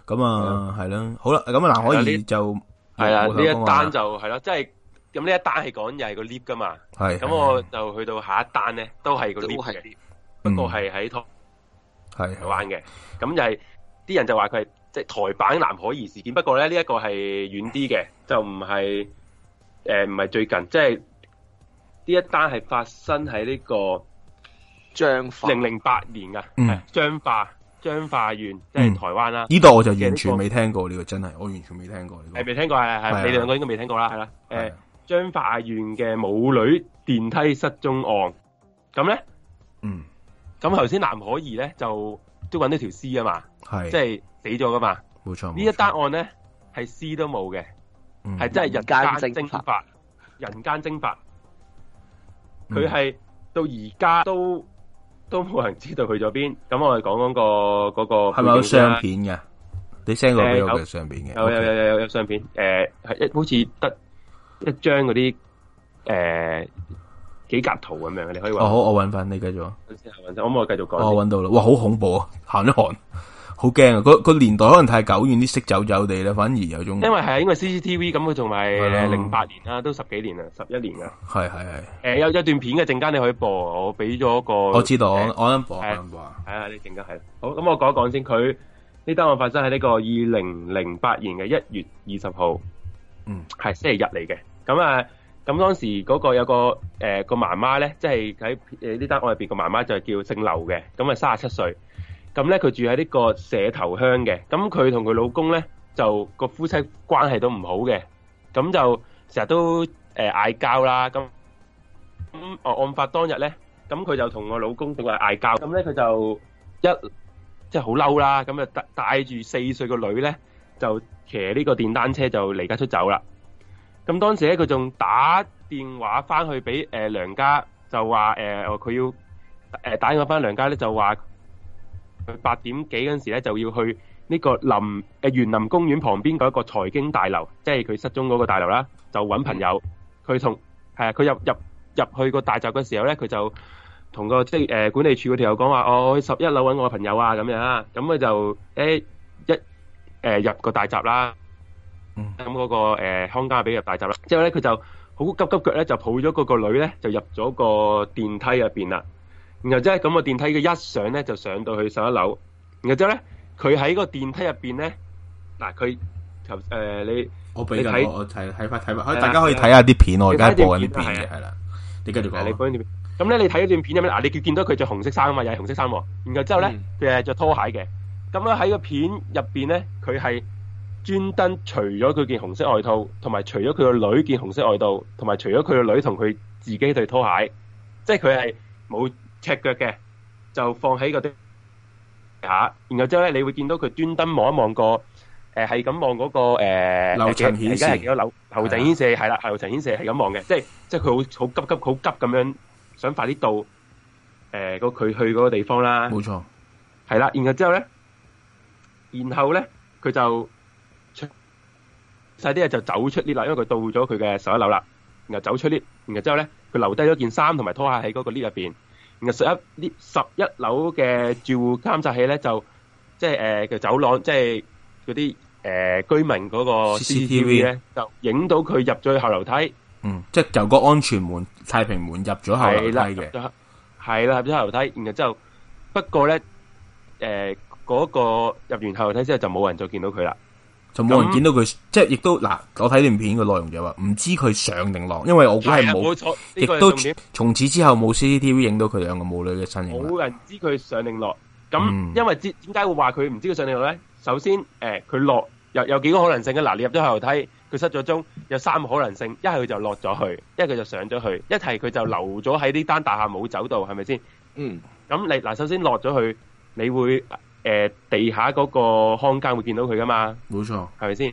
咁啊，係啦，好啦，咁啊，藍可兒就係啦，呢一單就係啦，即係咁，呢一單係講又係個 lift 噶嘛，係，咁我就去到下一單咧，都係嗰 lift，不過係喺套係玩嘅，咁就係啲人就話佢係即係台版藍可兒事件，不過咧，呢一個係遠啲嘅，就唔係誒，唔係最近，即係呢一單係發生喺呢個張化零零八年啊，嗯，張化。彰化縣即係台灣啦，呢度我就完全未聽過，呢個真係我完全未聽過。係未聽過係係，你兩個應該未聽過啦，係啦。誒，彰化縣嘅母女電梯失蹤案，咁咧，嗯，咁頭先藍可兒咧就都搵到條屍啊嘛，係即係死咗噶嘛，冇錯。呢一單案咧係屍都冇嘅，係真係人間蒸發，人間蒸發，佢係到而家都。都冇人知道去咗邊，咁我哋講嗰個嗰、嗰個係咪有相片噶？你 send 過俾我嘅相片嘅，uh, 有有有有有相片，誒 Okay.、呃，係一好似得一張嗰啲誒幾格圖咁樣，你可以哦，oh, 好，我揾翻你繼續。Oh, 我唔可以繼續講。我揾到啦，哇，好恐怖啊，行一行。好驚啊！個年代可能太久遠，啲識走走地啦，反而有種，因為係啊，因為 CCTV 咁佢，同埋零八年啦，都十幾年啦，十一年啊。係係係誒，有一段片嘅陣間你可以播，我俾咗個我知道，我啱諗播，我諗啊，係啊，呢陣間係好，咁我講一講先。佢呢單案發生喺呢個二零零八年嘅一月二十號，嗯，係星期日嚟嘅，咁啊，咁當時嗰個有個誒、呃、個媽媽咧，即係喺誒呢單案入邊個媽媽就係叫姓劉嘅，咁啊三十七歲。咁咧，佢住喺呢個蛇頭鄉嘅。咁佢同佢老公咧，就個夫妻關係都唔好嘅。咁就成日都誒嗌交啦。咁咁哦，案發當日咧，咁佢就同我老公仲話嗌交。咁咧，佢就一即係好嬲啦。咁啊帶帶住四歲個女咧，就騎呢個電單車就離家出走啦。咁當時咧，佢仲打電話翻去俾誒娘家，就話誒佢要誒打電話翻娘家咧，就話。八點幾嗰陣時咧，就要去呢個林誒園林公園旁邊嗰一個財經大樓，即係佢失蹤嗰個大樓啦，就揾朋友。佢同誒佢入入入去個大閘嘅時候咧，佢就同個即係、呃、管理處嗰條友講話，哦、去我去十一樓揾我朋友啊，咁樣啊。咁佢就、欸、一、呃、入個大閘啦。嗯、那個。咁嗰個康家畀入大閘啦。之後咧，佢就好急急腳咧，就抱咗嗰個女咧，就入咗個電梯入邊啦。然後即係咁個電梯嘅一上咧，就上到去十一樓。然後之後咧，佢喺個電梯入邊咧，嗱佢頭誒你我俾個看我睇睇翻睇翻，可以大家可以睇下啲片的我而家播喺呢邊嘅係啦。你跟住講。咁咧，你睇一段片有咩？你見到佢着紅色衫啊嘛，又係紅色衫。然後之後咧，佢係着拖鞋嘅。咁咧喺個片入邊咧，佢係專登除咗佢件紅色外套，同埋除咗佢個女件紅色外套，同埋除咗佢個女同佢自己對拖鞋，即係佢係冇。赤腳嘅就放喺個架，然後之後咧，你會見到佢專登望一望個誒，係咁望嗰個誒樓層顯示而家係幾多樓，樓層顯示係啦，樓層顯示係咁望嘅，即係即係佢好好急急好急咁樣想快啲到誒個佢去嗰個地方啦。冇錯，係啦。然後之後咧，然後咧佢就出曬啲嘢，就走出 lift 啦，因為佢到咗佢嘅十一樓啦。然後走出 lift，然後之後咧佢留低咗件衫同埋拖鞋喺嗰個 lift 入邊。十一呢十一樓嘅住戶監察器咧，就即係誒嘅走廊，即係嗰啲誒居民嗰個 CCTV 咧，就影到佢入咗去後樓梯。嗯，即係就個安全門太平門入咗後樓梯嘅，係啦，入咗後樓梯，然後之後不過咧，誒嗰個入完後樓梯之後就冇人再見到佢啦。就冇人見到佢，嗯、即係亦都嗱，我睇段片嘅內容就話唔知佢上定落，因為我估係冇，亦都從此之後冇 CCTV 影到佢兩個母女嘅身影。冇人知佢上定落，咁、嗯、因為點點解會話佢唔知佢上定落咧？首先，誒、呃，佢落有有幾個可能性嘅。嗱，你入咗後樓梯，佢失咗蹤，有三個可能性：一係佢就落咗去，一係佢就上咗去，一係佢就留咗喺呢單大廈冇走到，係咪先？嗯，咁你嗱，首先落咗去，你會。誒、呃，地下嗰個空間會見到佢噶嘛？冇錯，係咪先？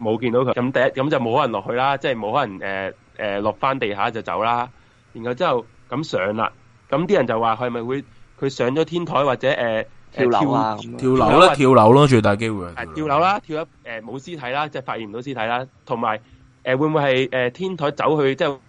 冇見到佢，咁第一咁就冇可能落去啦，即係冇可能誒誒落翻地下就走啦。然後之後咁上啦，咁啲人就話係咪會佢上咗天台或者誒、呃、跳樓、啊、跳，跳樓啦、啊，跳樓咯，最大機會係跳樓啦、啊，跳一誒冇屍體啦、啊，即係發現唔到屍體啦、啊。同埋誒會唔會係誒、呃、天台走去即係、就是、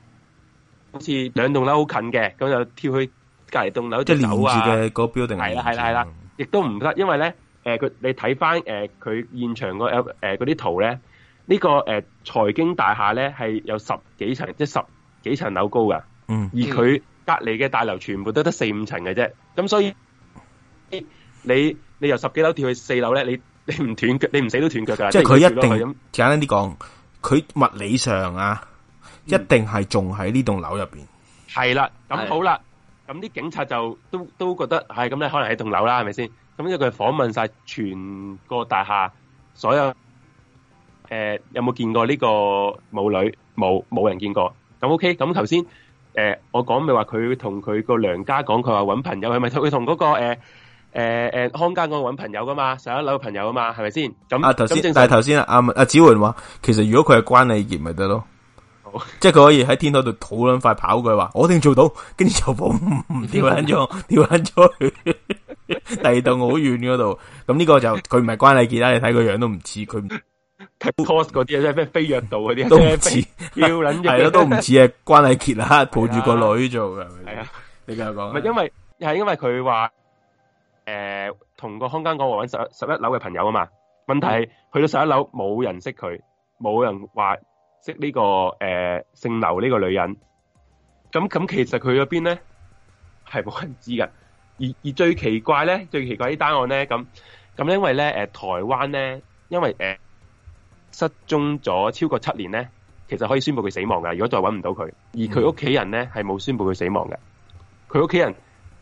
好似兩棟樓好近嘅，咁就跳去。隔籬棟樓，即係連住嘅嗰個標定係啦係啦係啦，亦都唔得，因為咧，誒，佢你睇翻誒佢現場個有誒嗰啲圖咧，呢個誒財經大廈咧係有十幾層，即係十幾層樓高噶嗯，而佢隔籬嘅大樓全部都得四五層嘅啫，咁所以你你由十幾樓跳去四樓咧，你你唔斷腳，你唔死都斷腳噶即係佢一定咁簡單啲講，佢物理上啊，一定係仲喺呢棟樓入邊，係啦，咁好啦。咁啲警察就都都覺得係咁咧，可能喺棟樓啦，係咪先？咁因為佢訪問晒全個大廈所有，誒、呃、有冇見過呢個母女？冇，冇人見過。咁 OK 那。咁頭先，誒我講咪話佢同佢個娘家講，佢話搵朋友，係咪佢同嗰個誒誒誒康家嗰個搵朋友噶嘛？上一樓嘅朋友啊嘛，係咪先？咁啊頭先，但係頭先啊阿阿子桓話，其實如果佢係關你業咪得咯。 即係佢可以喺天台度好卵快跑，佢話我一定做到，跟住就 b 唔 o m 掉翻咗， 掉翻咗去第二棟好遠嗰度。咁呢個就佢唔係關禮傑啦， 你睇個樣都唔似佢 cos 嗰啲即係咩飛躍道嗰啲都唔似，係咯 都唔似啊關禮傑啊抱住個女做嘅係啊，你咁講唔係因為係因為佢話誒同個空間講話揾十十一樓嘅朋友啊嘛，問題係去到十一樓冇人識佢，冇人話。識呢個誒姓劉呢個女人，咁咁其實佢嗰邊咧係冇人知噶而而最奇怪咧，最奇怪呢單案咧，咁咁咧，因為咧，誒台灣咧，因為誒失蹤咗超過七年咧，其實可以宣布佢死亡噶如果再揾唔到佢，而佢屋企人咧係冇宣布佢死亡嘅，佢屋企人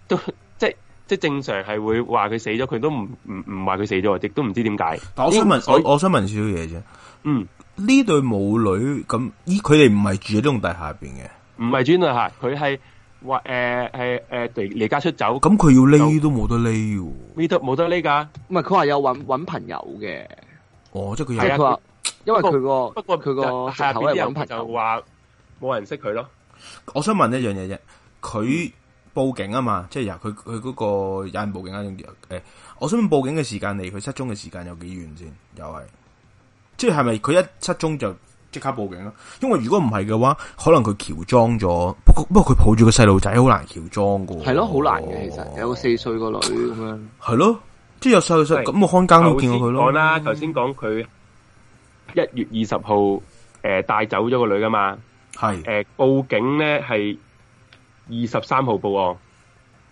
都即即正常係會話佢死咗，佢都唔唔唔話佢死咗，亦都唔知點解。但我想問，他我我想問少少嘢啫，嗯。呢對母女咁，咦佢哋唔係住喺呢棟大廈入邊嘅，唔係住女下佢係話誒誒誒離離家出走，咁佢要匿都冇得匿，啊，匿得冇得匿噶，唔係佢話有搵揾朋友嘅，哦，即係佢有，啊，因為佢個不過佢個下邊啲朋友話冇人識佢咯。我想問一樣嘢啫，佢報警啊嘛，即係由佢佢嗰個有人報警啊，誒，哎，我想問報警嘅時間離佢失蹤嘅時間有幾遠先？又係。即係咪佢一失蹤就即刻報警咯？因為如果唔係嘅話，可能佢喬裝咗。不過不過佢抱住個細路仔好難喬裝噶。係咯，好難嘅其實有個四歲個女咁樣。係咯，即係有細路咁，我看間，都見過佢咯。講啦，頭先講佢一月二十號誒帶走咗個女噶嘛。係誒的、呃，報警咧係二十三號報案。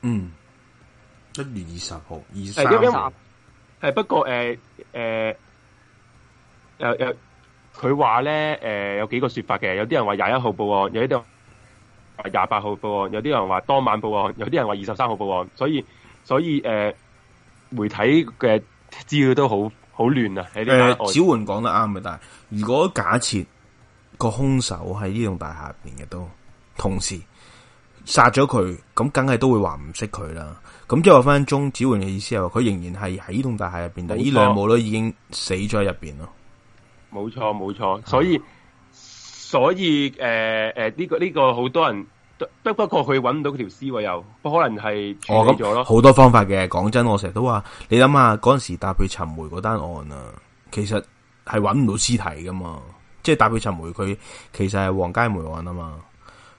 嗯，一月二十號二三號，係，不過誒誒。呃呃誒誒，佢話咧誒有幾個説法嘅，有啲人話廿一號報案，有啲人話廿八號報案，有啲人話當晚報案，有啲人話二十三號報案，所以所以誒、呃、媒體嘅資料都好好亂啊！誒、呃，小媛講得啱嘅，但係如果假設個兇手喺呢棟大廈入邊嘅，都同時殺咗佢，咁梗係都會話唔識佢啦。咁即係話分鐘小緩嘅意思係話佢仍然係喺呢棟大廈入邊，沒錯 但係呢兩母都已經死咗喺入邊咯。冇錯冇錯，所以、啊、所以誒誒呢個呢、這個好多人不不過佢揾唔到佢條屍喎，又不可能係哦咁好、哦嗯、多方法嘅。講真，我成日都話，你諗下嗰陣時搭配陳梅嗰單案啊，其實係揾唔到屍體噶嘛。即係搭配陳梅佢，他其實係黃家梅案啊嘛。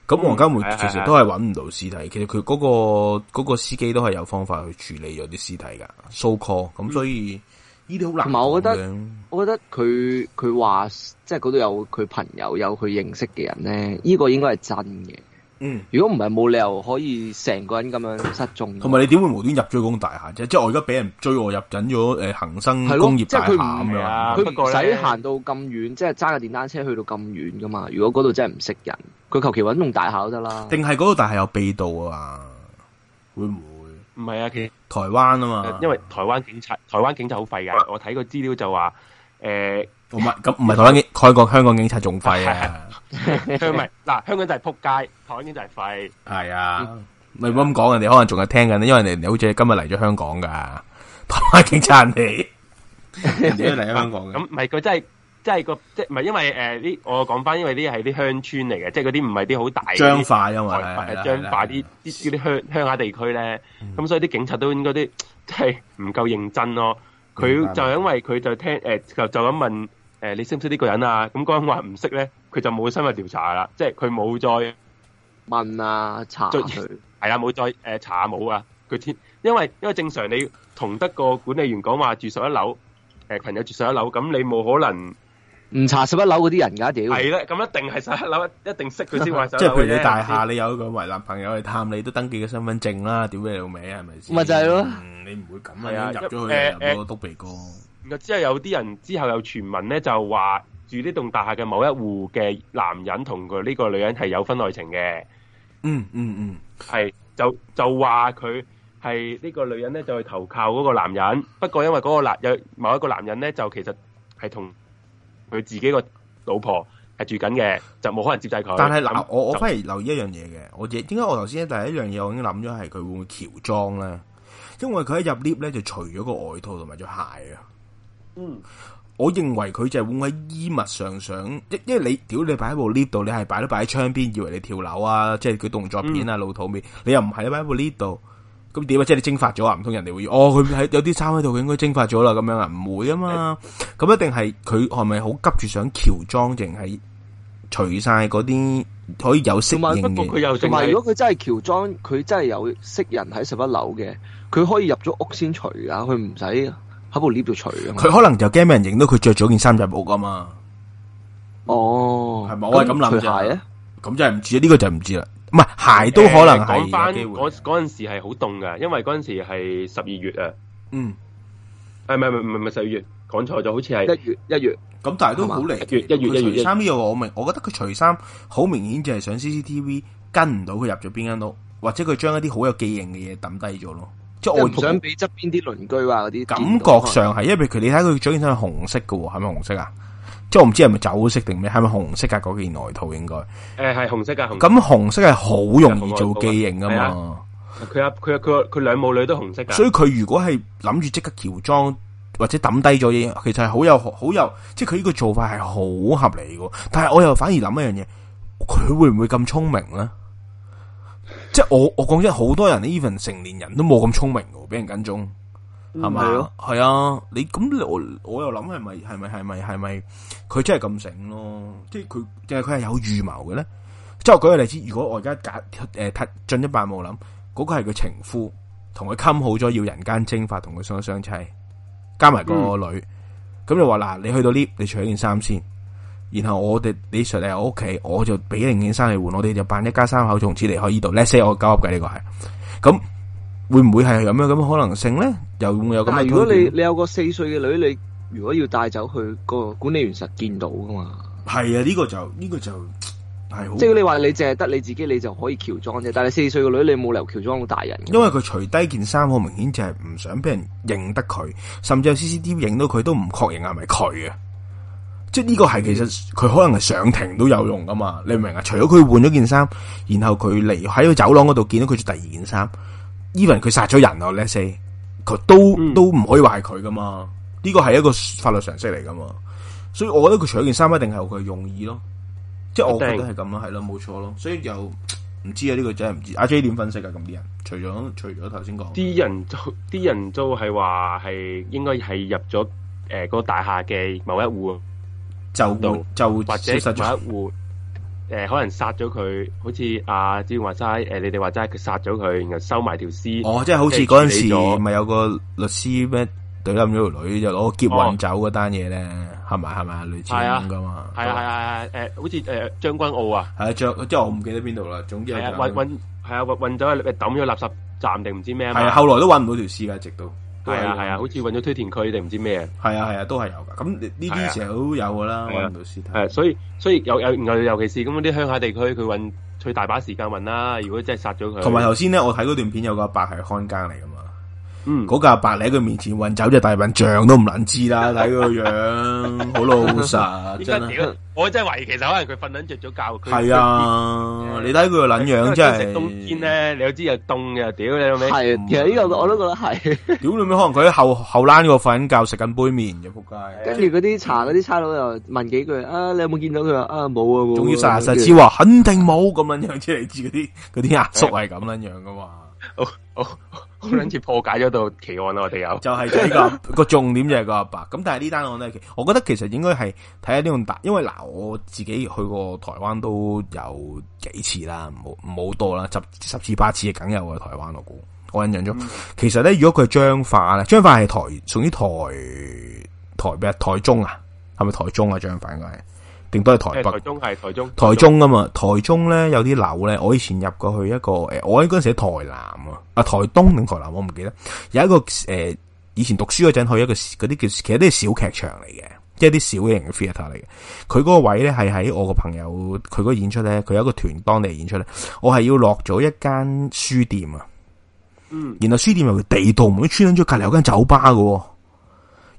咁黃家梅其實都係揾唔到屍體。嗯、其實佢嗰、那個、嗯嗯、他那個司機都係有方法去處理有啲屍體噶，So call 咁所以。嗯呢啲好難，同埋我覺得，我覺得佢佢話即係嗰度有佢朋友，有佢認識嘅人咧，呢、呢個應該係真嘅。嗯，如果唔係冇理由可以成個人咁樣失蹤。同埋，你點會無端入追光大廈啫？即係我而家俾人追我入緊咗誒恒生工業大廈咁樣，佢唔使行到咁遠，即係揸架電單車去到咁遠噶嘛？如果嗰度真係唔識人，佢求其揾棟大廈得啦。定係嗰個大廈有秘道啊？會唔會？唔係啊，其實台灣啊嘛，因為台灣警察，台灣警察好廢噶。啊、我睇個資料就話，誒、呃，唔係咁唔係台灣警，蓋 香港警察仲廢啊。唔係，嗱，香港就係撲街，台灣警察就係廢。係啊，咪咁講，人哋、啊、可能仲係聽緊，因為你你好似今日嚟咗香港噶，台灣警察你點解嚟香港嘅？咁唔係佢真係。即係個即係唔係因為誒呢？我講翻，因為呢係啲鄉村嚟嘅，即係嗰啲唔係啲好大彰化，因為咧，彰化啲啲叫啲鄉下地區咧，咁、嗯、所以啲警察都應該啲即係唔夠認真咯。佢、嗯、就因為佢就聽誒、呃、就咁問誒、呃，你認認識唔識呢個人啊？咁、那、嗰、個、人話唔識咧，佢就冇深入調查啦。即係佢冇再問啊查佢係、 呃、啊冇再誒查冇啊。佢天因為因為正常你同得個管理員講話住十一樓誒、呃、朋友住十一樓，咁你冇可能。唔查十一樓嗰啲人噶屌、啊，係咧，咁一定係十一樓一定識佢先，即係 譬如你大廈你有一個埋男朋友去探你，都登記個身份證啦，屌你老味係咪先？咪就係咯，你唔會咁啊入咗去入個督鼻哥。之後有啲人之後有傳聞咧，就話住呢棟大廈嘅某一戶嘅男人同佢呢個女人係有婚外情嘅、嗯。嗯嗯嗯，係就就話佢係呢個女人咧就去投靠嗰個男人，不過因為嗰個男有某一個男人咧就其實係同。佢自己個老婆係住緊嘅，就冇可能接濟佢。但係是嗱，樣我就我反而留意一樣嘢嘅，我點解我頭先第一樣嘢我已經諗咗係佢會唔會喬裝咧？因為佢喺入 lift 咧就除咗個外套同埋對鞋啊。嗯，我認為佢就係會喺衣物上上，因為你屌你擺喺部 lift 度，你係擺都擺喺窗邊，以為你跳樓啊，即係佢動作片啊、嗯、老土面，你又唔係啊擺喺部 lift 度。咁點啊？即係你蒸發咗啊？唔通人哋會哦？佢喺有啲衫喺度，佢應該蒸發咗啦。咁樣啊？唔會啊嘛？咁一定係佢係咪好急住想喬裝，淨係除晒嗰啲可以有適應？同埋如果佢真係喬裝，佢真係有識人喺十一樓嘅，佢可以入咗屋先除啊，佢唔使喺部 lift 度除啊。佢可能就驚俾人認到佢着咗件衫入屋㗎嘛。哦，係咪？我係咁諗就係啊。咁就係唔知啊。呢個就唔知啦。唔係鞋都可能。講翻嗰嗰陣時係好凍噶，因為嗰陣時係十二月、嗯、啊。嗯，係咪唔係唔係唔係十二月講錯咗？好似係一月一月。咁但係都好離奇。一月一月一月。除衫呢個我明，我個我明，我覺得佢除衫好明顯就係想 CCTV 跟唔到佢入咗邊間屋，或者佢將一啲好有記認嘅嘢抌低咗咯。即係我就係唔想俾側邊啲鄰居話嗰啲。感覺上係，因為譬如你睇佢全身係紅色噶，係咪紅色啊？即係我唔知係咪酒色定咩，係咪紅色噶嗰件外套應該？誒係、嗯、紅色噶。咁紅色係好容易做畸型噶嘛？佢阿佢佢佢兩母女都紅色噶。所以佢如果係諗住即刻喬裝或者抌低咗嘢，其實係好有好有，即係佢呢個做法係好合理喎。但係我又反而諗一樣嘢，佢會唔會咁聰明咧？ 即係我我講真，好多人 even 成年人都冇咁聰明，畀人跟蹤。係咪？係、嗯、啊！嗯、你咁我我又諗係咪係咪係咪係咪佢真係咁醒咯？即係佢即係佢係有預謀嘅咧？即係我舉個例子，如果我而家假誒、呃、一百冇諗，嗰、嗰個係佢情夫，同佢襟好咗，要人間蒸發，同佢相雙妻，加埋個女，咁、嗯、就話嗱，你去到呢，你除一件衫先，然後我哋你上嚟我屋企，我就俾另一件衫嚟換，我哋就扮一家三口從此離開呢度。Let’s say 我交屋計呢個係咁。會唔會係有咩咁嘅可能性咧？又會，會有咁，如果你你有個四歲嘅女，你如果要帶走去，個管理員實見到噶嘛？係啊，呢、呢個就呢、呢個就係好。即係你話你淨係得你自己，你就可以喬裝啫。但係四歲嘅女，你冇理由喬裝到大人。因為佢除低件衫，好明顯就係唔想俾人認得佢，甚至有 CCTV 影到佢都唔確認係咪佢啊。即係呢個係其實佢可能係上庭都有用噶嘛？你明啊？除咗佢換咗件衫，然後佢嚟，喺個走廊嗰度見到佢着第二件衫。even 佢殺咗人啊，let's say，佢都、嗯、都唔可以話係佢噶嘛，呢個係一個法律常識嚟噶嘛，所以我覺得佢除咗件衫一定係有佢用意咯，即係我覺得係咁咯，係咯定，冇錯咯，所以又唔知啊，呢、這個真係唔知，阿 J 點分析啊？咁啲人，除咗除咗頭先講，啲人就啲人就係話係應該係入咗誒、呃那個大廈嘅某一戶就度就或者某一戶。誒，可能殺咗佢，好似阿子華話齋，誒，你哋話齋佢殺咗佢，然後收埋條屍。哦，即係好似嗰陣時咪有個律師咩，懟冧咗條女，就攞劫運走嗰單嘢咧，係咪係咪類似咁噶嘛？係啊係啊誒，好似誒將軍澳啊，係將即係我唔記得邊度啦。總之係運運係啊，運運走抌咗垃圾站定唔知咩啊？係啊，後來都揾唔到條屍啊，直到。係啊係啊，好似搵咗堆填區定唔知咩啊？係啊係啊，都係有噶。咁呢啲時候都有噶啦，搵唔、啊、到屍體。係、啊、所以所以又又，尤其是咁啲鄉下地區，佢搵，佢大把時間搵啦。如果真係殺咗佢，同埋頭先咧，我睇嗰段片有個阿伯係看更嚟噶嘛。嗯，嗰架白喺佢面前運走隻大笨象都唔捻知啦，睇佢個樣好老實，真係。我真係懷疑，其實可能佢瞓緊着咗覺。係啊，你睇佢個捻樣真係。冬天咧，你又知又凍又屌你老味。係，其實呢個我都覺得係。屌你老味，可能佢喺後後欄嗰瞓緊覺，食緊杯麵嘅撲街。跟住嗰啲查嗰啲差佬又問幾句，啊，你有冇見到佢啊？啊，冇啊。仲要實實知話，肯定冇咁樣樣，即係住嗰啲嗰啲阿叔係咁樣樣噶嘛。好，好。 我諗住破解咗到奇案我哋有就是就是、這個，就係呢個個重點就係個阿爸咁，但係呢單案咧，我覺得其實應該係睇下呢種答，因為嗱，我自己去過台灣都有幾次啦，唔好多啦，十十次八次啊，梗有啊！台灣我估，我印象中，嗯、其實咧，如果佢係彰化咧，彰化係台屬於台台咩台中啊？係咪台中啊？彰化應該係。定都係台北。台中係台中。台中啊嘛，台中咧有啲樓咧，我以前入過去一個誒，我嗰陣時喺台南啊，台東定台南我唔記得。有一個誒、呃，以前讀書嗰陣去一個嗰啲叫，其實都係小劇場嚟嘅，即係啲小型嘅 theater 嚟嘅。佢嗰個位咧係喺我個朋友佢嗰個演出咧，佢有一個團當地演出咧，我係要落咗一間書店啊。嗯、然後書店由地道門穿咗隔籬有間酒吧喎。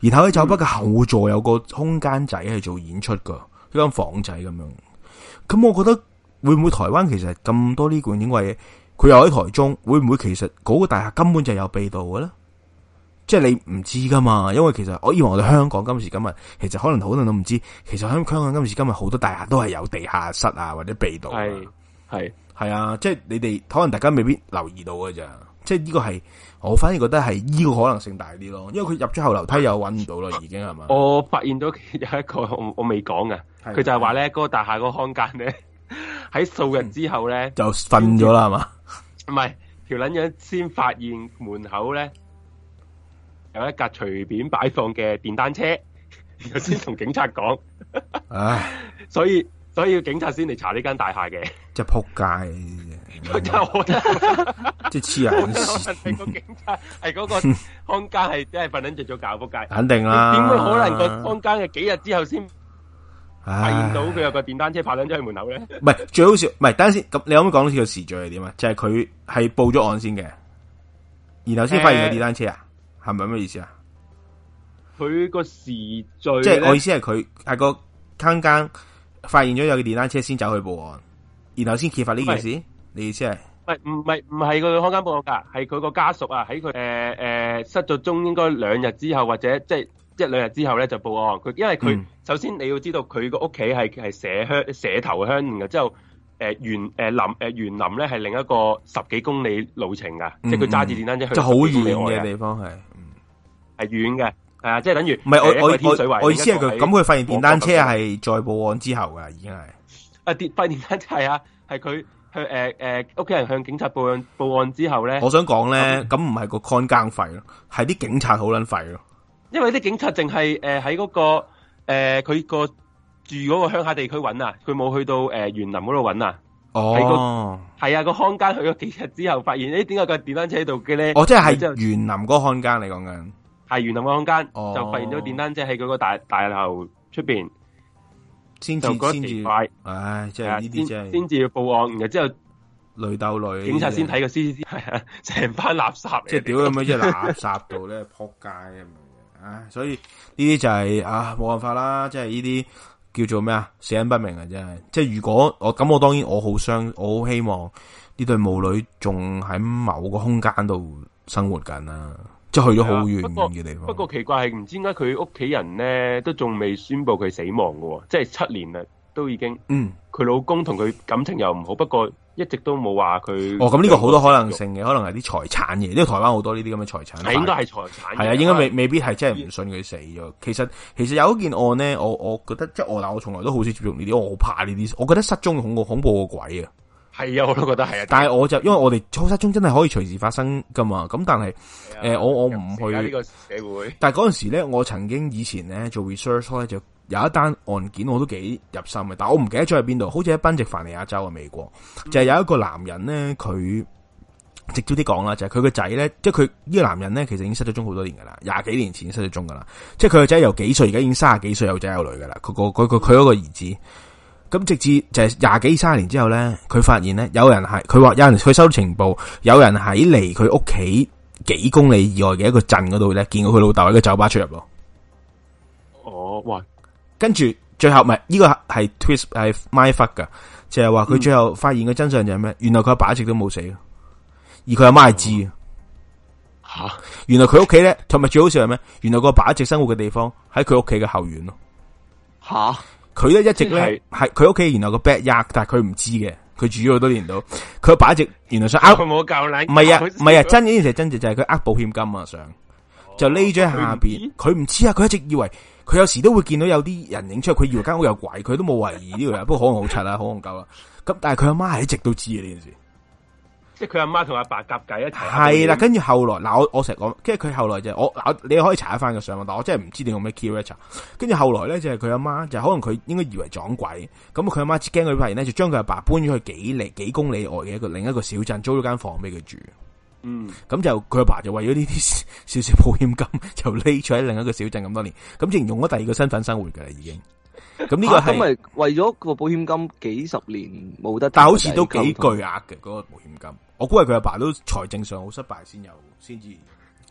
然後喺酒吧嘅後座有個空間仔去做演出嘅。嗯一間房仔咁樣，咁我覺得會唔會台灣其實咁多呢款？因為佢又喺台中，會唔會其實嗰個大廈根本就有秘道嘅咧？即係你唔知噶嘛？因為其實我以為我哋香港今時今日其實可能好多人都唔知，其實香香港今時今日好多大廈都係有地下室啊或者秘道、啊。係係係啊！即係你哋可能大家未必留意到嘅咋？即係呢個係我反而覺得係呢個可能性大啲咯。因為佢入咗後樓梯又搵唔到啦，已經係嘛？我發現咗有一個我，我未講嘅。佢就係話咧，嗰、那個大廈嗰個看更咧，喺數日之後咧、嗯、就瞓咗啦，係嘛？唔係條捻樣先發現門口咧有一架隨便擺放嘅電單車，然後先同警察講，唉 所以所以要警察先嚟查呢間大廈嘅，即係扑街，即係黐人屎。係 個警察，係嗰 個看更係真係瞓緊着咗覺，扑街肯定啦。點會可能個看更嘅幾日之後先？睇、啊、到佢有個電單車泊咗喺門口咧，唔 係最好笑，唔係等下先咁。你可唔可以講到個時序係點啊？就係佢係報咗案先嘅，然後先發現個電單車啊，係咪咁嘅意思啊？佢個時序，即係我意思係佢係個間間發現咗有電單車先走去報案，然後先揭發呢件事。是你意思係？唔係，唔係唔係個看間報案㗎，係佢個家屬啊喺佢誒誒失咗蹤，應該兩日之後或者即係一兩日之後咧就報案。佢因為佢、嗯。首先你要知道佢個屋企係係蛇鄉蛇頭鄉，然後之後誒園誒林誒園、呃、林咧係另一個十幾公里路程啊，嗯、即係佢揸住電單車去，即好遠嘅地方係，係遠嘅係啊，即係等於唔係我、呃、我我，我，是我，我意思係佢咁佢發現電單車係在報案之後噶，已經係啊跌發現電單車係啊，係佢向誒誒屋企人向警察報案報案之後咧，我想講咧咁唔係個看更廢咯，係啲警察好撚廢咯，因為啲警察淨係誒喺嗰個。.誒，佢個住嗰個鄉下地區揾啊，佢冇去到誒園林嗰度揾啊。哦，係啊，個看更去咗幾日之後，發現誒，點解個電單車喺度嘅咧？哦，即係係園林嗰個看更嚟講緊，係園林個看更，就發現咗電單車喺佢個大大樓出邊，先至先至怪。唉，即係呢啲，先至要報案，然之後雷斗雷，警察先睇個 C C C，係啊，成班垃圾，即係屌咁樣，即係垃圾度咧撲街。所以呢啲就係、是、啊，冇辦法啦，即係呢啲叫做咩啊，死因不明啊，真係。即係如果我咁，我當然我好傷，我好希望呢對母女仲喺某個空間度生活緊啦，即係去咗好遠遠嘅地方、啊不。不過奇怪係，唔知點解佢屋企人咧都仲未宣布佢死亡㗎，即係七年啦，都已經。嗯。佢老公同佢感情又唔好，不過。一直都冇話佢。哦，咁呢個好多可能性嘅，可能係啲財產嘅，因為台灣好多呢啲咁嘅財產。係應該係財產。係啊，應該未未必係真係唔信佢死咗。其實其實有一件案咧，我我覺得即係我，但我從來都好少接觸呢啲，我好怕呢啲。我覺得失蹤恐怖恐怖過鬼啊！係啊，我都覺得係啊。但係我就因為我哋好失蹤，真係可以隨時發生噶嘛。咁但係誒、啊呃，我我唔去。呢個社會。但係嗰陣時咧，我曾經以前咧做 research 咧就。有一單案件我都幾入心嘅，但係我唔記得咗喺邊度，好似喺賓夕凡尼亞州嘅美國，就係有一個男人咧，佢直接啲講啦，就係佢個仔咧，即係佢呢個男人咧，其實已經失咗蹤好多年噶啦，廿幾年前失咗蹤噶啦，即係佢個仔由幾歲而家已經卅幾歲有仔有女噶啦，佢個佢佢佢嗰個兒子，咁直至就係廿幾卅年之後咧，佢發現咧，有人係佢話有人佢收到情報，有人喺離佢屋企幾公里以外嘅一個鎮嗰度咧，見到佢老豆喺個酒吧出入咯。哦，哇！跟住最後咪呢、呢個係 twist 係 my fuck 噶，就係話佢最後發現嘅真相就係咩？嗯、原來佢阿爸一直都冇死，而佢阿媽係知啊、嗯。原來佢屋企咧，同埋最好笑係咩？原來個阿爸一直生活嘅地方喺佢屋企嘅後院咯。吓佢呢一直係係佢屋企，是原來個 back yard, 但係佢唔知嘅，佢住咗好多年到佢阿爸一直原來想，佢冇夠力，唔係、呃、啊，唔係啊，啊真嘅呢件事真嘅就係、是、佢呃保險金啊想就匿咗喺下邊，佢唔知啊！佢一直以為佢有時都會見到有啲人影出嚟，佢以為間屋有鬼，佢都冇懷疑呢樣， 不過可能好柒啦，可能夠啦。咁但係佢阿媽係一直都知啊呢件事，即係佢阿媽同阿爸夾計一齊。係啦，跟住後，後來嗱，我我成日講，即係佢後來就是、我，我，你可以查一翻個相，但我真係唔知你用咩 key 去查。跟住後來咧就係佢阿媽就可能佢應該以為撞鬼，咁佢阿媽驚佢發現咧就將佢阿爸搬咗去幾里幾公里外嘅一個另一個小鎮租咗間房俾佢住。嗯，咁就佢阿爸就為咗呢啲少少保險金，就匿咗喺另一個小鎮咁多年，咁自然用咗第二個身份生活噶啦，已經。咁呢個係因、啊、為咗個保險金幾十年冇得，但好似都幾巨額嘅嗰個保險金。我估係佢阿爸都財政上好失敗先有，先至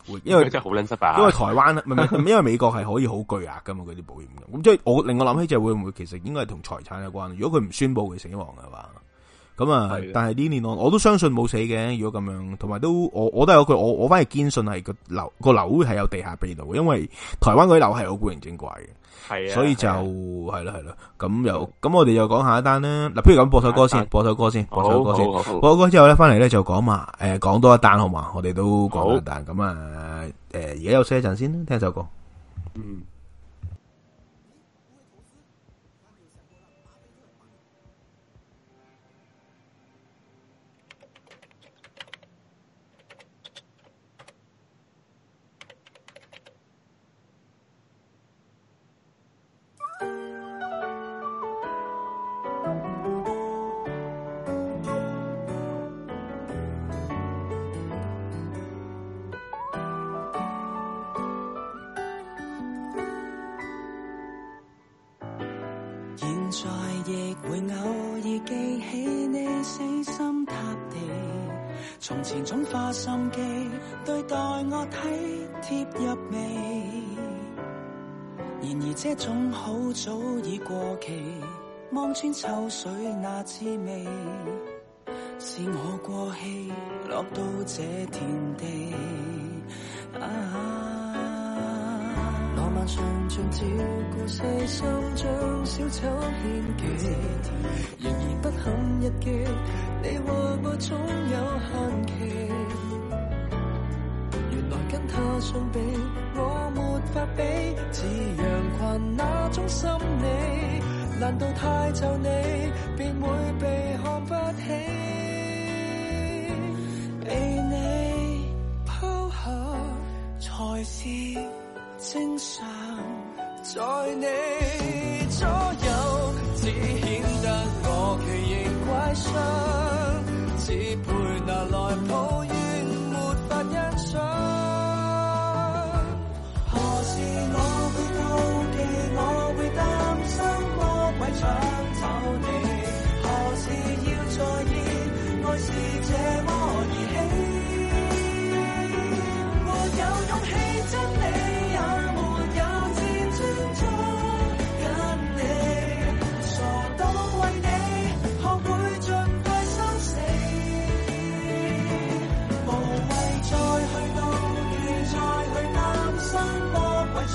會，因為，因為真係好撚失敗。因為台灣唔 因為美國係可以好巨額噶嘛，嗰啲保險。咁即係我令我諗起就係會唔會其實應該係同財產有關。如果佢唔宣布佢死亡嘅話。咁啊，啊但係呢年我都相信冇死嘅。如果咁樣，同埋都我我都有句，我我反而堅信係個樓個樓係有地下秘道，因為台灣嗰啲樓係好古靈精怪嘅。係啊，所以就係咯係咯，咁又咁我哋又講下一單啦，嗱，不如咁播首歌先，但播首歌先，好播首歌先，播首歌之後咧，翻嚟咧，就講嘛，誒、呃，講多一單好嘛？我哋都講一單，咁好啊，誒、呃，而家休息一陣先啦，聽首歌，嗯。亦會偶爾記起你死心塌地，從前總花心機對待我體貼入微。然而這種好早已過期，望穿秋水那滋味，是我過氣落到這田地。啊。我晚上盡照顧，細心將小丑獻技。然而不堪一擊。你愛我總有限期，原來跟他相比，我沒法比。自羊群那種心理，難道太就你，便會被看不起？被你拋下才是。正常在你左右，只顯得我奇形怪相。只配拿來抱怨，沒法欣賞。何時我會妒忌，我會擔心魔鬼搶走你？何時要在意，愛是這麼易起，我有勇氣將你。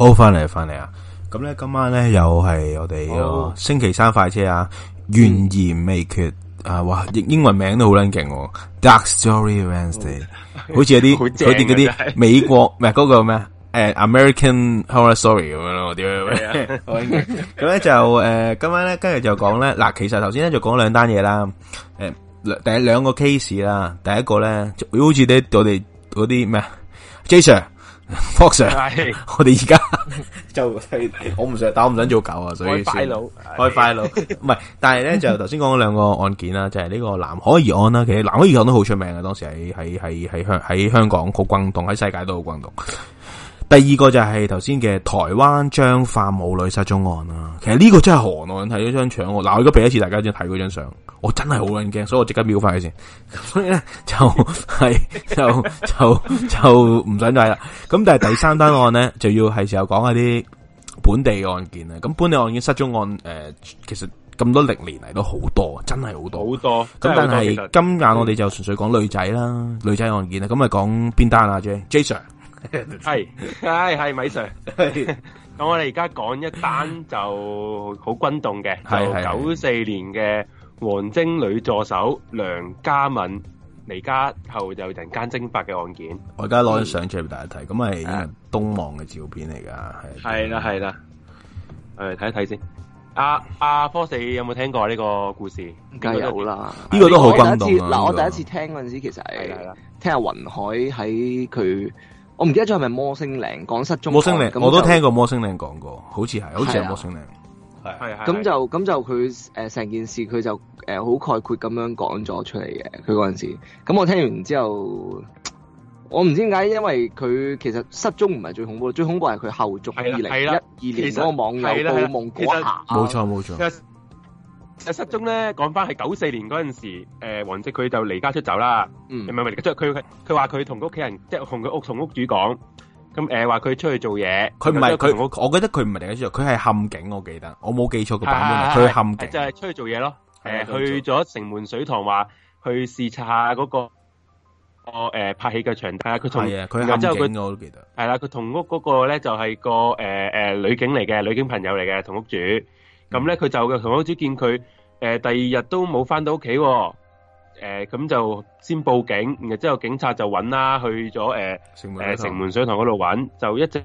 好，翻嚟啊，翻嚟啊！咁咧，今晚咧又係我哋星期三快車啊，懸疑未決啊！哇，英文名都好撚勁，Dark Story Wednesday，好似有啲嗰啲好似嗰啲美國唔係嗰個咩誒，American Horror Story 咁樣咯，屌！咁咧就誒，今晚咧跟住就講咧嗱，其實頭先咧就講兩單嘢啦，誒，第一兩個 case 啦，第一個咧就好似咧我哋嗰啲咩啊，Jason。搏我哋而家就係我唔想，但我唔想做狗啊。所以， 可以快佬，可以快快佬，唔係， 但係咧就頭先講嗰兩個案件啦，就係、是、呢個南海疑案啦， 其實南海疑案都好出名嘅，當時喺喺喺喺香喺香港好轟動，喺世界都好轟動。第二個就係頭先嘅台灣彰化母女失蹤案啦，其實呢個真係懸案，睇咗張相。嗱，我而家俾一次大家先睇嗰張相，我真係好撚驚，所以我即刻秒快佢先。所以咧就係 就就就唔想睇啦。咁但係第三單案呢，就要係時候講下啲本地案件啦。咁本地案件失蹤案誒、呃，其實咁多歷年嚟，都好多，真係好多好多。咁多但係今日我哋就純粹講女仔啦，嗯、女仔案件啦。咁啊講邊單啊？J，Jason。Jay? Jay Sir 係係係米 Sir，咁是 我哋而家講一單就好轟動嘅，就九四年嘅王晶女助手梁嘉敏離家後就人間蒸發嘅案件。我而家攞啲相出嚟俾大家睇，咁係是東網嘅照片嚟噶，係係啦係啦，誒睇一睇先。阿阿科四有冇聽過呢、啊這個故事？梗係有啦，呢個都好轟動啊！嗱、這個，我第一次聽嗰陣時，其實係聽阿云海喺佢。我唔記得咗係咪摩星嶺講失蹤。摩星嶺，就我都聽過摩星嶺講過，好似係，好似係摩星嶺。係係咁就咁就佢誒成件事佢就誒好、呃、概括咁樣講咗出嚟嘅。佢嗰陣時，咁我聽完之後，我唔知點解，因為佢其實失蹤唔係最恐怖，最恐怖係佢後續二零一二年嗰個網友報夢嗰下。冇錯冇錯。誒失蹤咧，講翻係九四年嗰陣時，誒黃靜佢就離家出走啦。嗯，唔係唔係離家出走，佢佢佢話佢同屋企人，即係同佢屋同屋主講，咁誒話佢出去做嘢。佢唔係佢，我我覺得佢唔係離家出走，佢係陷阱，我記得，我冇記錯個版本。佢陷阱就係出去做嘢咯。誒去咗城門水塘，話去視察下嗰個，個誒拍戲嘅場。係啊，佢同佢係女警，我都記得。係啦，佢同屋嗰個咧就係個誒誒女警嚟嘅，女警朋友嚟嘅，同屋主。咁咧，佢就同我主見佢、呃，第二日都冇翻到屋企喎，咁、呃、就先報警，然後之後警察就揾啦，去咗、呃城、呃、城門水塘嗰度揾，就一直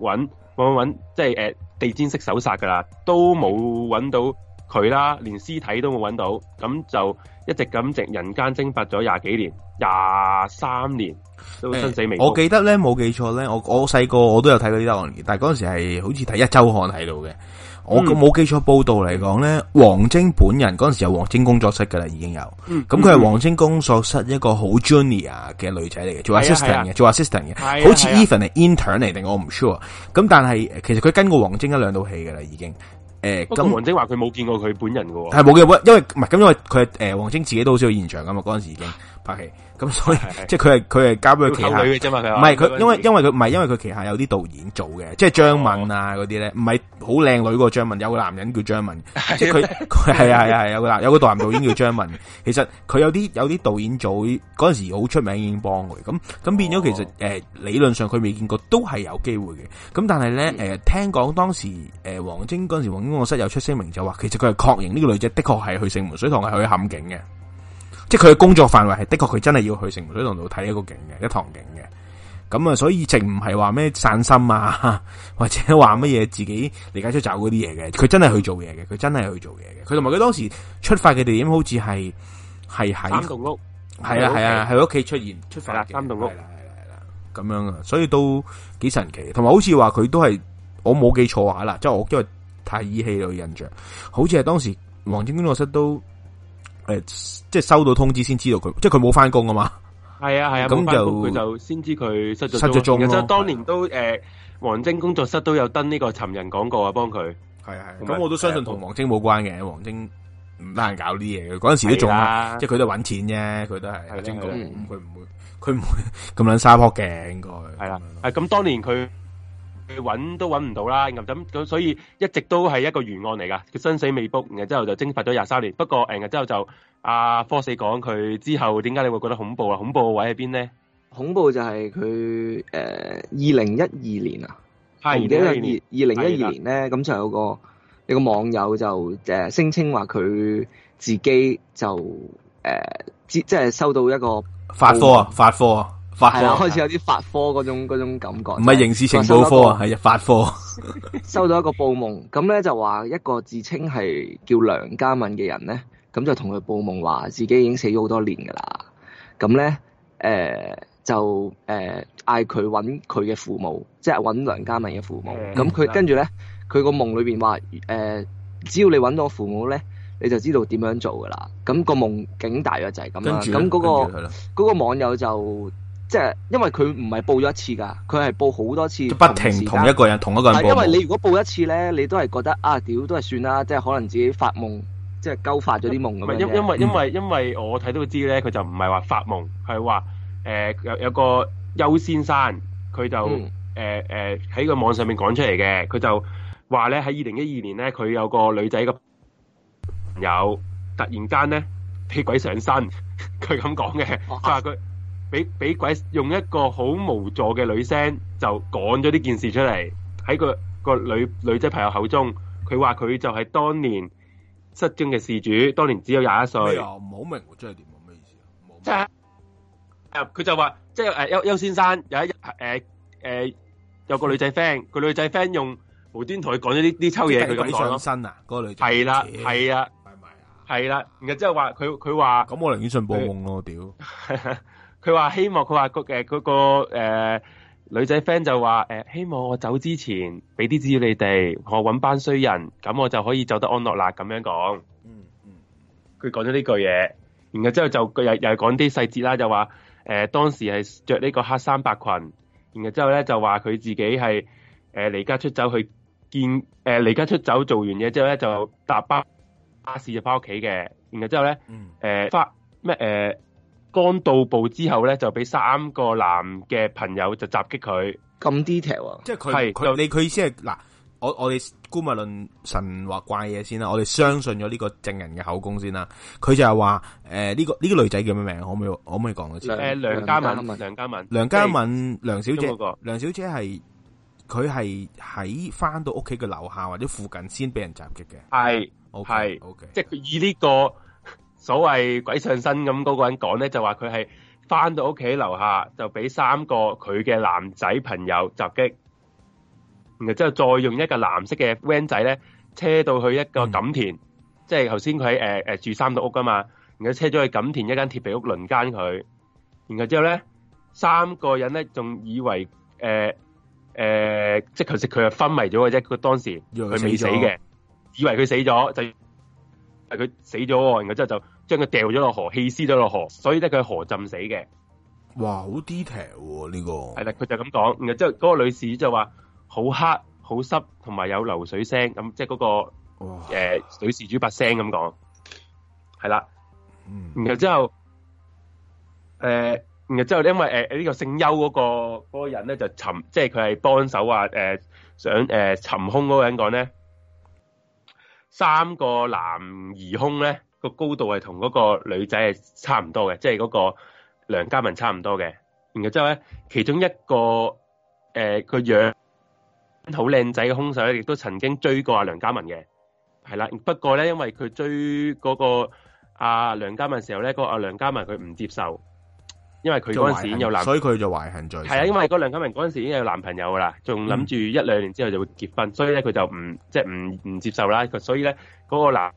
揾揾揾即係、呃、地氈式搜索㗎啦，都冇揾到佢啦，連屍體都冇揾到，咁就。一直咁直，人間蒸發咗廿幾年，廿三年都生死未明、欸。我記得咧，冇記錯咧，我我細個我都有睇過呢單案，但嗰陣時係好似睇《壹週刊》睇到嘅。我冇記錯報導嚟講咧，王晶本人嗰陣時有王晶工作室嘅啦，已經有。咁佢係王晶工作室一個好 junior 嘅女仔嚟嘅，做 assistant 嘅，啊、做 assistant 嘅，好似 Even 係 intern 嚟定我唔 sure。咁、啊、但係其實佢跟過王晶一兩套戲嘅啦，已經。誒，咁、欸、王晶話佢冇見過佢本人嘅喎，係冇嘅，因為唔係，咁因為佢誒、呃，王晶自己都好少去現場噶嘛，嗰陣時已經。拍戲咁，所以即係佢係佢係交俾佢旗下，唔係佢，因為因為佢唔係因為佢旗下有啲導演做嘅，即係張敏啊嗰啲咧，唔係好靚女個張敏，有個男人叫張敏，即係佢係啊係啊係有個有個男導演叫張敏，其實佢有啲有啲導演做嗰陣時好出名已經幫佢，咁咁變咗其實誒理論上佢未見過都係有機會嘅，咁但係咧誒聽講當時誒王晶嗰陣時王晶工作室有出聲明就話，其實佢係確認呢個女仔的確係去城門水塘係去陷阱嘅。即係佢嘅工作範圍係的確，佢真係要去城門水塘度睇一個景嘅一堂景嘅，咁啊所以直唔係話咩散心啊，或者話乜嘢自己離家出走嗰啲嘢嘅，佢真係去做嘢嘅，佢真係去做嘢嘅。佢同埋佢當時出發嘅地點好似係係喺三棟屋，係啊係啊喺屋企出現、啊、出發三棟屋，係啦係啦咁樣啊，所以都幾神奇。同埋好似話佢都係我冇記錯話啦，即、就、係、是、我因為太依稀咗印象，好似係當時黃晶工作室都。誒，即係收到通知先知道佢，即係佢冇翻工啊嘛。係啊係啊，咁就佢就先知佢失咗失咗蹤咯。其實當年都誒，王晶工作室都有登呢個尋人廣告啊，幫佢。係啊係啊，咁我都相信同王晶冇關嘅，王晶唔得閒搞啲嘢嘅。嗰陣時都做啦，即係佢都係搵錢啫，佢都係。係呢個，佢唔會，佢唔會咁樣沙波嘅，應該係啦。誒，咁當年佢。佢搵都搵唔到啦，咁咁所以一直都係一個懸案嚟噶，佢生死未卜，然之後就蒸發咗廿三年。不過誒，然後、啊、之後就阿科四講佢之後點解你會覺得恐怖啊？恐怖嘅位喺邊咧？恐怖就係佢誒二零一二年啊，二零一二年咧，咁對就有個有個網友就誒聲稱話佢自己就誒、呃、即係收到一個發科、發科。係開始有啲發科嗰種那種感覺，唔、就、係、是、刑事情報科啊，係發科。收到一個， 到一個報夢，咁咧就話一個自稱係叫梁家敏嘅人咧，咁就同佢報夢話自己已經死咗好多年噶啦，咁咧誒就誒嗌佢揾佢嘅父母，即係揾梁家敏嘅父母。咁佢跟住咧，佢個夢裏邊話誒，只要你揾到我父母咧，你就知道點樣做噶啦。咁個夢境大約就係咁樣。咁嗰、那個嗰個網友就。即係，因為佢唔係報咗一次噶，佢係報好多次，不停同一個人同一個人報，因為你如果報一次咧，你都係覺得啊，屌都係算啦，即係可能自己發夢，即係鳩發咗啲夢咁。因為、嗯、因為因為因為我睇到知咧，佢就唔係話發夢，係話誒有有個邱先生，佢就誒誒喺個網上面講出嚟嘅，佢就話咧喺二零一二年咧，佢有個女仔嘅朋友突然間咧，俾鬼上身，佢咁講嘅，啊、就話佢。俾俾鬼用一個好無助嘅女聲就講咗呢件事出嚟，喺個個女女仔朋友口中，佢話佢就係當年失蹤嘅事主，當年只有廿一歲。咩啊？唔好明，真係點啊？咩意思啊？即係誒，佢就話即係誒，邱邱先生有誒誒有個女仔 friend，個女仔 friend 用無端同佢講咗呢呢抽嘢，佢咁講咯。身啊，嗰個女仔係啦，係啊，係啦。然後即係話佢佢話咁，我寧願信報夢咯，屌。佢話，希望佢話，誒嗰個誒女仔 friend 就話誒、呃、希望我走之前俾啲資料你哋，我揾班衰人，咁我就可以走得安樂啦。咁樣講，嗯，嗯嗯，佢講咗呢句嘢，然後之後就佢又又係講啲細節啦，就話誒、呃、當時係着呢個黑衫白裙，然後之後咧就話佢自己係誒離家出走去見誒離、呃、家出走，做完嘢之後咧就搭巴士就翻屋企嘅，然後之後咧誒發咩誒。嗯呃剛到埗之後咧，就俾三個男嘅朋友就襲擊佢。咁 detail、啊、即係佢係佢你佢意思係嗱，我我哋姑勿論神或怪嘢先啦，我哋相信咗呢個證人嘅口供先啦。佢就係話誒，呢、呃這個呢、這個女仔叫咩名？可唔可以可唔可以講嘅先？誒、呃，梁嘉敏，梁嘉敏，梁嘉敏，是梁小姐，那個、梁小姐係佢係喺返到屋企嘅樓下或者附近先俾人襲擊嘅。係，係，即係佢以呢、這個。所謂鬼上身咁嗰個人講咧，就話佢係返到屋企樓下就俾三個佢嘅男仔朋友襲擊，然後之後再用一個藍色嘅 van 仔咧車，載車載到去一個錦田，嗯、即係頭先佢喺誒誒住三棟屋㗎嘛，然後車咗去錦田一間鐵皮屋輪奸佢，然後之後咧三個人咧仲以為誒誒、呃呃、即係頭先佢係昏迷咗嘅啫，佢當時佢未死嘅，死以為佢死咗就係佢死咗喎，然後之後就。將佢掉咗落河，棄屍咗落河，所以咧佢係河浸死嘅。哇，好 detail 呢個。係啦，佢就咁講，然後之後嗰個女士就話好黑、好濕，同埋有流水聲咁，即係嗰個誒，女哇、呃、事主把聲咁講係啦。嗯、然後之後誒、呃，然後之後因為誒呢、呃這個姓邱嗰、那個嗰、那個人咧就尋，即係佢係幫手啊。誒、呃，想誒尋凶嗰個人講咧，三個男疑凶咧。個高度係同嗰個女仔係差唔多嘅，即係嗰個梁家文差唔多嘅。然後之後咧，其中一個誒，佢樣好靚仔嘅凶手咧，亦都曾經追過阿梁家文嘅。係啦，不過咧，因為佢追嗰個阿、啊、梁家文嘅時候咧，嗰個阿、啊、梁家文佢唔接受，因為佢嗰陣時有男，所以佢就懷恨在。係啊，因為嗰梁家文嗰陣時已經有男朋友噶啦，仲諗住一兩年之後就會結婚，嗯、所以咧佢就唔即係唔唔接受啦。佢所以咧嗰、嗰個男。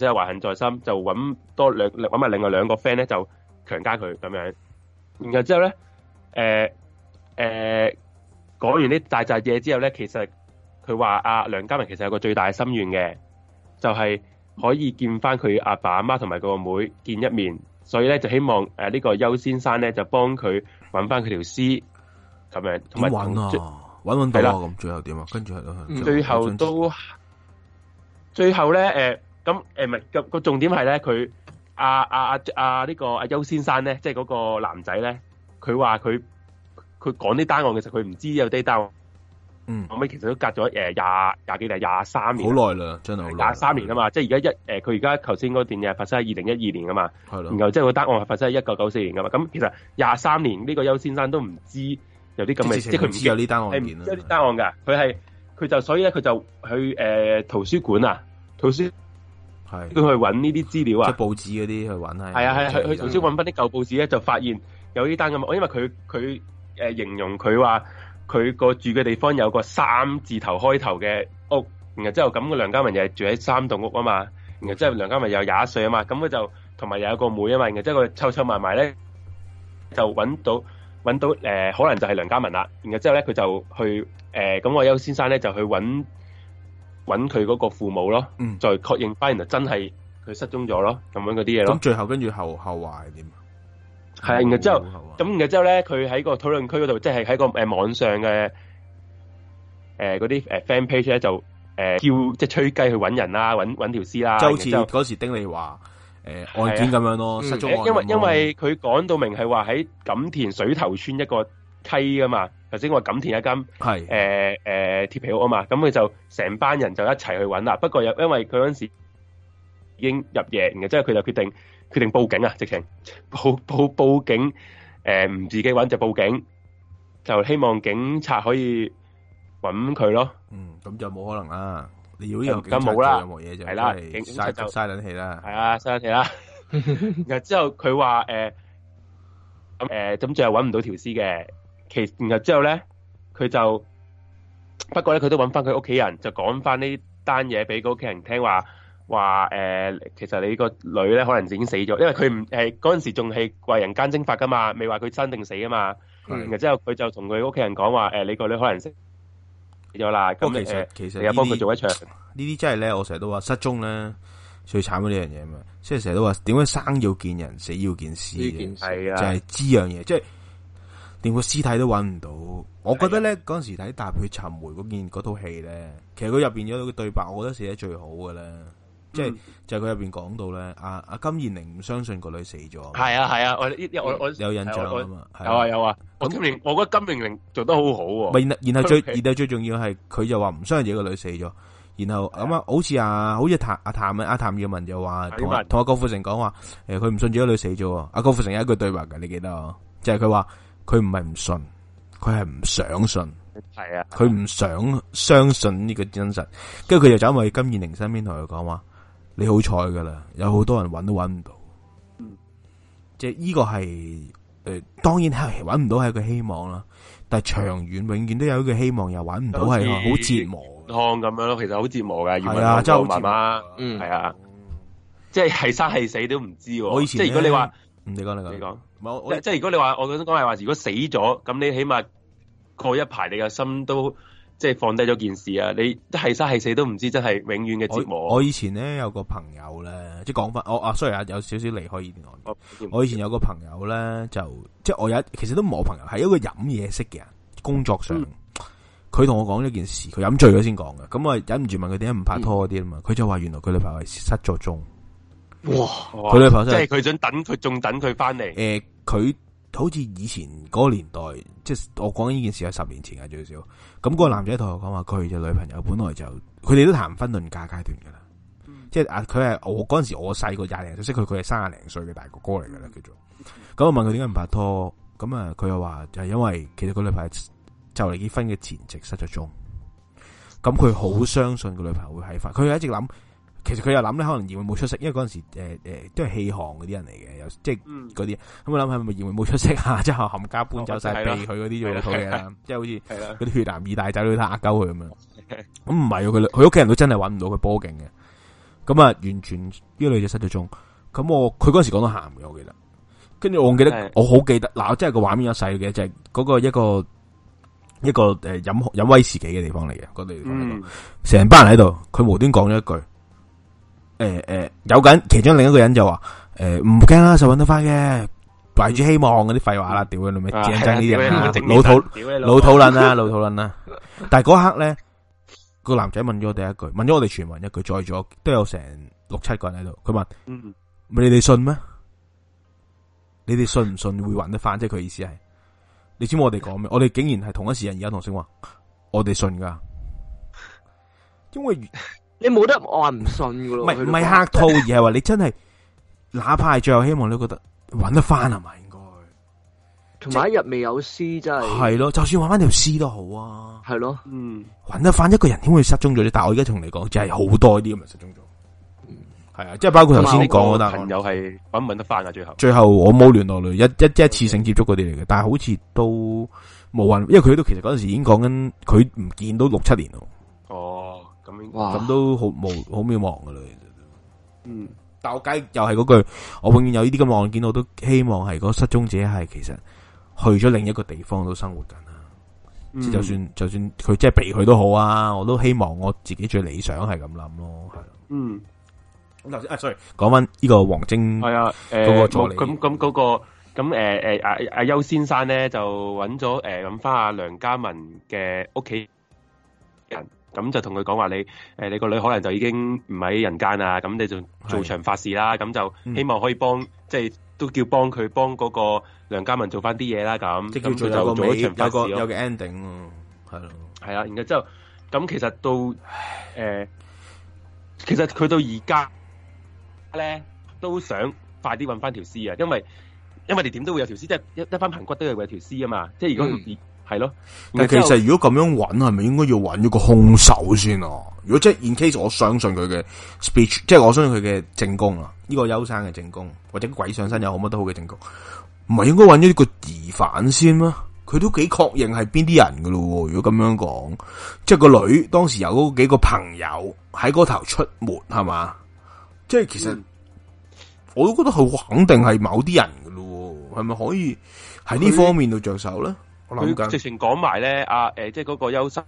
即係懷恨在心，就搵多兩搵埋另外兩個 friend 咧，就強姦佢咁樣。然後之後咧，誒、呃、誒，講、呃、完啲大雜嘢之後咧，其實佢話阿梁家明其實有個最大嘅心願嘅，就係、是、可以見翻佢阿爸阿媽同埋個妹見一面。所以咧就希望誒呢個邱先生咧就幫佢搵翻佢條屍咁樣，同埋搵啊，搵唔最到啊咁啦最後點啊？跟住係咯，最後都、嗯、最後咧誒。咁誒，唔係個重點係咧，佢阿阿阿阿呢個阿邱先生咧，即係嗰個男仔咧，佢話佢佢講啲單案嘅時候，佢唔知有啲單案。嗯，後尾其實都隔咗誒廿廿幾定廿三年，好耐啦，真係好耐，廿三年啊嘛。是的 即係而家一誒，佢而家頭先嗰段嘢發生喺二零一二年噶嘛，係是的 然後即係個單案係發生喺一九九四年噶嘛。咁其實廿三年呢個邱先生都唔知有啲咁嘅，即係佢唔知有啲單案係唔知單案噶。佢係佢就所以咧，佢就去誒、呃、圖書館啊，圖書。係都要去揾呢啲資料啊！即報紙嗰啲去揾啊！係啊係啊，佢佢頭先揾翻啲舊報紙咧，就發現有呢單咁。因為佢佢誒形容佢話，佢個住嘅地方有個三字頭開頭嘅屋，然後之後咁個梁家文又住喺三棟屋啊嘛，然後之後梁家文又廿一歲啊嘛，咁佢就同埋又有個妹啊嘛，找找呃、然後之後佢湊湊埋埋咧就揾到揾到誒，可能就係梁家文啦。然後之後咧，佢就去誒咁，我、呃、優先生咧就去揾。揾佢嗰個父母咯，嗯，再確認翻原來真係佢失蹤咗咯，咁樣嗰啲嘢咯。咁、嗯、最後跟住後後話係點啊？係，然後之後咁，然後之後咧，佢喺個討論區嗰度，即係喺個、呃、網上嘅嗰啲誒 fan page 咧，就誒叫、呃、即係吹雞去揾人啦，揾揾條屍啦。就好似嗰時丁力話誒案件咁樣咯，啊、失蹤案、嗯、因為因為佢講到明係話喺錦田水頭村一個。梯噶嘛？頭先我話錦田一間，係誒誒鐵皮屋啊嘛。咁佢就成班人就一齊去揾啦。不過有因為佢嗰陣時已經入夜，然之後佢就決定決定報警啊，直情報報報警，誒、呃、唔自己揾就報警，就希望警察可以揾佢咯。嗯，咁就冇可能啦。你如果由警冇警察做任何嘢就係啦，啦警察就嘥卵氣啦。係啊，嘥氣啦。氣啦 然後之後佢話誒咁誒，咁、呃呃、最後揾唔到條屍嘅。其然後之後咧，佢就不過咧，佢都揾翻佢屋企人，就講翻呢單嘢俾佢屋企人聽，話話誒，其實你個女咧可能已經死咗，因為佢唔係嗰陣時仲係為人間蒸發噶嘛，未話佢生定死啊嘛。是的 然後之後佢就同佢屋企人講話誒，你個女可能死咗啦。咁其實、呃、其實你幫佢做一場這些這些真的呢啲真係咧，我成日都話失蹤咧最慘嗰啲樣嘢啊嘛，即係成日都話點解生要見人，死要見屍啊，就係知樣嘢即係。連個屍體都揾唔到，我覺得咧，嗰陣時睇《踏血尋梅》嗰件嗰套戲咧，其實佢入邊有套對白，我覺得寫得最好嘅咧，即係就係佢入邊講到咧，阿阿金燕玲唔相信個女死咗。係啊係啊，我有印象啊嘛，有啊有啊，我金明，我覺得金燕玲做得好好。然然後最 然後最重要係佢就話唔相信自己個女死咗。然後咁啊，好似啊，好似譚阿譚啊，阿譚耀文就話同阿郭富城講話，誒，佢唔信自己個女死咗，阿郭富城有一句對白嘅，你記得，就係佢話。佢唔係唔信，佢係唔相信，係啊！佢唔想相信呢個真實，跟住佢又走埋去金燕玲身邊，同佢講話：你好彩噶啦，有好多人揾都揾唔到。即係呢個係誒，當然係揾唔到係一個希望啦。但係長遠永遠都有一個希望又揾唔到，係好折磨。當咁樣咯，其實好折磨噶。係啊，即係好折磨。嗯，係啊，即係係生係死都唔知。我以前即係如果你話，你講你講。即係如果你話我咁講係話，如果死咗咁，咁你起碼過一排，你嘅心都即係放低咗件事啊！你係生係死都唔知，真係永遠嘅折磨。我我以前咧有個朋友咧，即係講翻，我啊雖然啊有少少離開依啲我。我以前有個朋友咧、啊，就即係我有其實都冇朋友，係一個飲嘢識嘅人。工作上，佢同、嗯、我講一件事，佢飲醉咗先講嘅。咁我忍唔住問佢點解唔拍拖嗰啲啊嘛？佢就話原來佢女朋友係失咗蹤。哇！佢女朋友即係佢想等，佢仲等佢翻嚟。誒、呃，佢好似以前嗰個年代，即係我講呢件事喺十年前啊，最少。咁、那、嗰個男仔同我講話，佢嘅女朋友本來就佢哋、嗯、都談婚論嫁階段噶啦。嗯、即係啊，佢係我嗰陣時我細個廿零歲，識佢佢係三十零歲嘅大哥哥嚟噶啦，叫做。咁、嗯、我問佢點解唔拍拖，咁啊佢又話就係因為其實佢女朋友就嚟結婚嘅前夕失咗蹤。咁佢好相信佢女朋友會喺翻，佢一直諗。其實佢又諗咧，可能認為冇出息，因為嗰陣時誒誒、呃、都係戲行嗰啲人嚟嘅，有即係嗰啲，咁我諗係咪認為冇出息啊？之後冚家搬走晒、哦就是、避佢嗰啲嘢，即係好似嗰啲越南二大仔去打阿鳩佢咁啊？咁唔係佢佢屋企人都真係揾唔到佢波勁嘅，咁啊完全呢、這個、女仔失咗蹤。咁我佢嗰陣時講到咸嘅，我記得。跟住我記得的我好記得嗱，即係個畫面有細嘅，就係、是、嗰個一個一個誒飲飲威士忌嘅地方嚟嘅嗰地方，成班、嗯、人喺度，佢無端講咗一句。誒誒、呃呃，有緊，其中另一個人就、呃、話：誒、嗯，唔驚啦，就搵得翻嘅，懷住希望嗰啲廢話啦，屌佢老味，正正呢啲老土老土論啦、啊，老土論啦、啊。 但係嗰刻咧，個男仔問咗我哋一句，問咗我哋全部人一句，在座都有成六七個人喺度，佢問：，唔、嗯、你哋信咩？你哋信唔信會搵得翻？即係佢意思係，你知唔知我哋講咩？我哋竟然係同一時間而家同聲話，我哋信噶，因為。你冇得我話唔信噶咯，唔係唔係客套而，而係話你真係，哪怕係最後希望，你覺得揾得翻啊嘛？應該同一日未有屍，就是，真係係咯，就算揾翻條屍都好啊，係咯，嗯，揾得翻一個人點會失蹤咗咧？但係我而家同你講，就係、是、好多啲咁嘅失蹤咗，係啊、嗯，即係包括頭先講，嗯、我朋友係揾唔揾得翻啊？最後最後我冇聯絡佢的，一一一次性接觸嗰啲嚟嘅，但係好似都冇運，因為佢都其實嗰陣時已經講緊，佢唔見到六七年咯，哦。咁都好冇好渺茫噶啦，嗯，但我梗又係嗰句，我永遠有呢啲咁望見，我都希望係嗰失蹤者係其實去咗另一個地方都生活緊啦，即、嗯、就算就算佢即係避佢都好啊，我都希望我自己最理想係咁諗咯，係嗯，咁頭先誒，sorry，講翻呢個黃晶係啊，誒、啊，咁咁嗰個咁誒誒阿阿邱先生咧就揾咗誒揾翻阿梁家文嘅屋企人。咁就同佢講話你，誒你個女可能就已經唔喺人間啦，咁你就做場法事啦，咁的就希望可以幫，嗯、即係都叫幫佢幫嗰個梁家文做翻啲嘢啦，咁咁佢就做場法事有個 ending，係咯，係啊，然之後咁、嗯、其實到誒，其實佢到而家咧都想快啲揾翻條屍啊，因為因為你點都會有條屍，即係一一翻行骨都會有條屍啊嘛，即係如果、嗯係咯，但其實如果咁樣揾，係咪應該要揾一個兇手先啊？如果即係 in case，我相信佢嘅 speech，即係我相信佢嘅證供啊，呢、這個幽生嘅證供，或者鬼上身有好乜都好嘅證供，唔係應該揾一個疑犯先嗎？佢都幾確認係邊啲人噶咯？如果咁樣講，即係個女當時有嗰幾個朋友喺嗰頭出沒，係嘛？即係其實、嗯、我都覺得佢肯定係某啲人噶咯，係咪可以喺呢方面度着手咧？佢直情講埋咧，阿誒、啊呃，即係嗰個休息，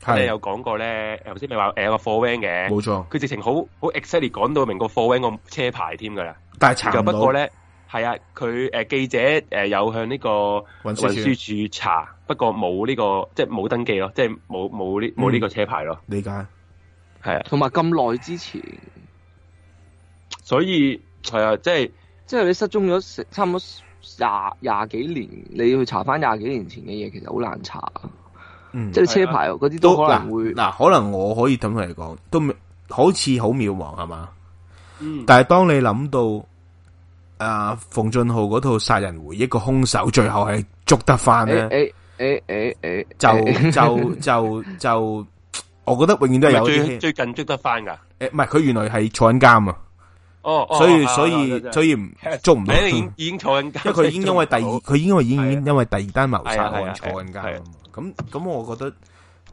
係的有講過咧，頭先咪話誒個貨 van 嘅，冇錯，佢直情好好 exactly 講到明個貨 van 個車,車牌添噶啦，但係查不,不過咧，係啊，佢誒、呃、記者誒有、呃、向呢、這個運輸署查，不過冇呢、這個，即係冇登記咯，即係冇冇呢冇呢個車牌咯，理解，係啊，同埋咁耐之前，所以係啊、哎，即係即係你失蹤咗，差唔多。廿廿幾年，你要去查翻廿幾年前嘅嘢，其實好難查。嗯，即係車牌嗰啲都可能會嗱、嗯啊啊，可能我可以咁嚟講，都好似好渺茫係嘛？是嗯、但係當你諗到，啊，奉俊昊嗰套殺人回憶個兇手最後係捉得翻咧？誒誒誒誒，就就就就，我覺得永遠都係有啲。最近捉得翻噶？誒、欸，唔係，佢原來係坐緊監啊。哦，所以所以所以唔捉唔到，已經已經坐緊監，因為佢已經因為第二，佢因為已經因為第二單謀殺案坐緊監。咁咁，我覺得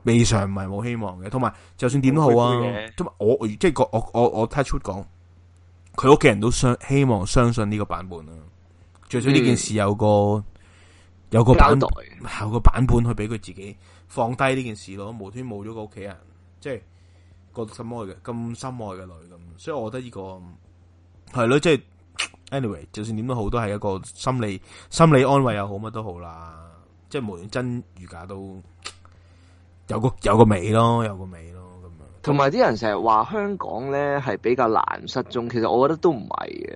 未嘗唔係冇希望嘅。同埋，就算點都好啊，同埋我即係我我我 touch wood 講，佢屋企人都相希望相信呢個版本啊，最少呢件事有個有個版有個版本去俾佢自己放低呢件事咯，無端冇咗個屋企人，即係個咁愛嘅咁深愛嘅女咁，所以我覺得呢個。係咯，即係，anyway，就算點都好，都係一個心理心理安慰又好，乜都好啦。即係無論真與假都，有個有個尾咯，有個尾咯咁樣。同埋啲人成日話香港咧係比較難失蹤，其實我覺得都唔係嘅，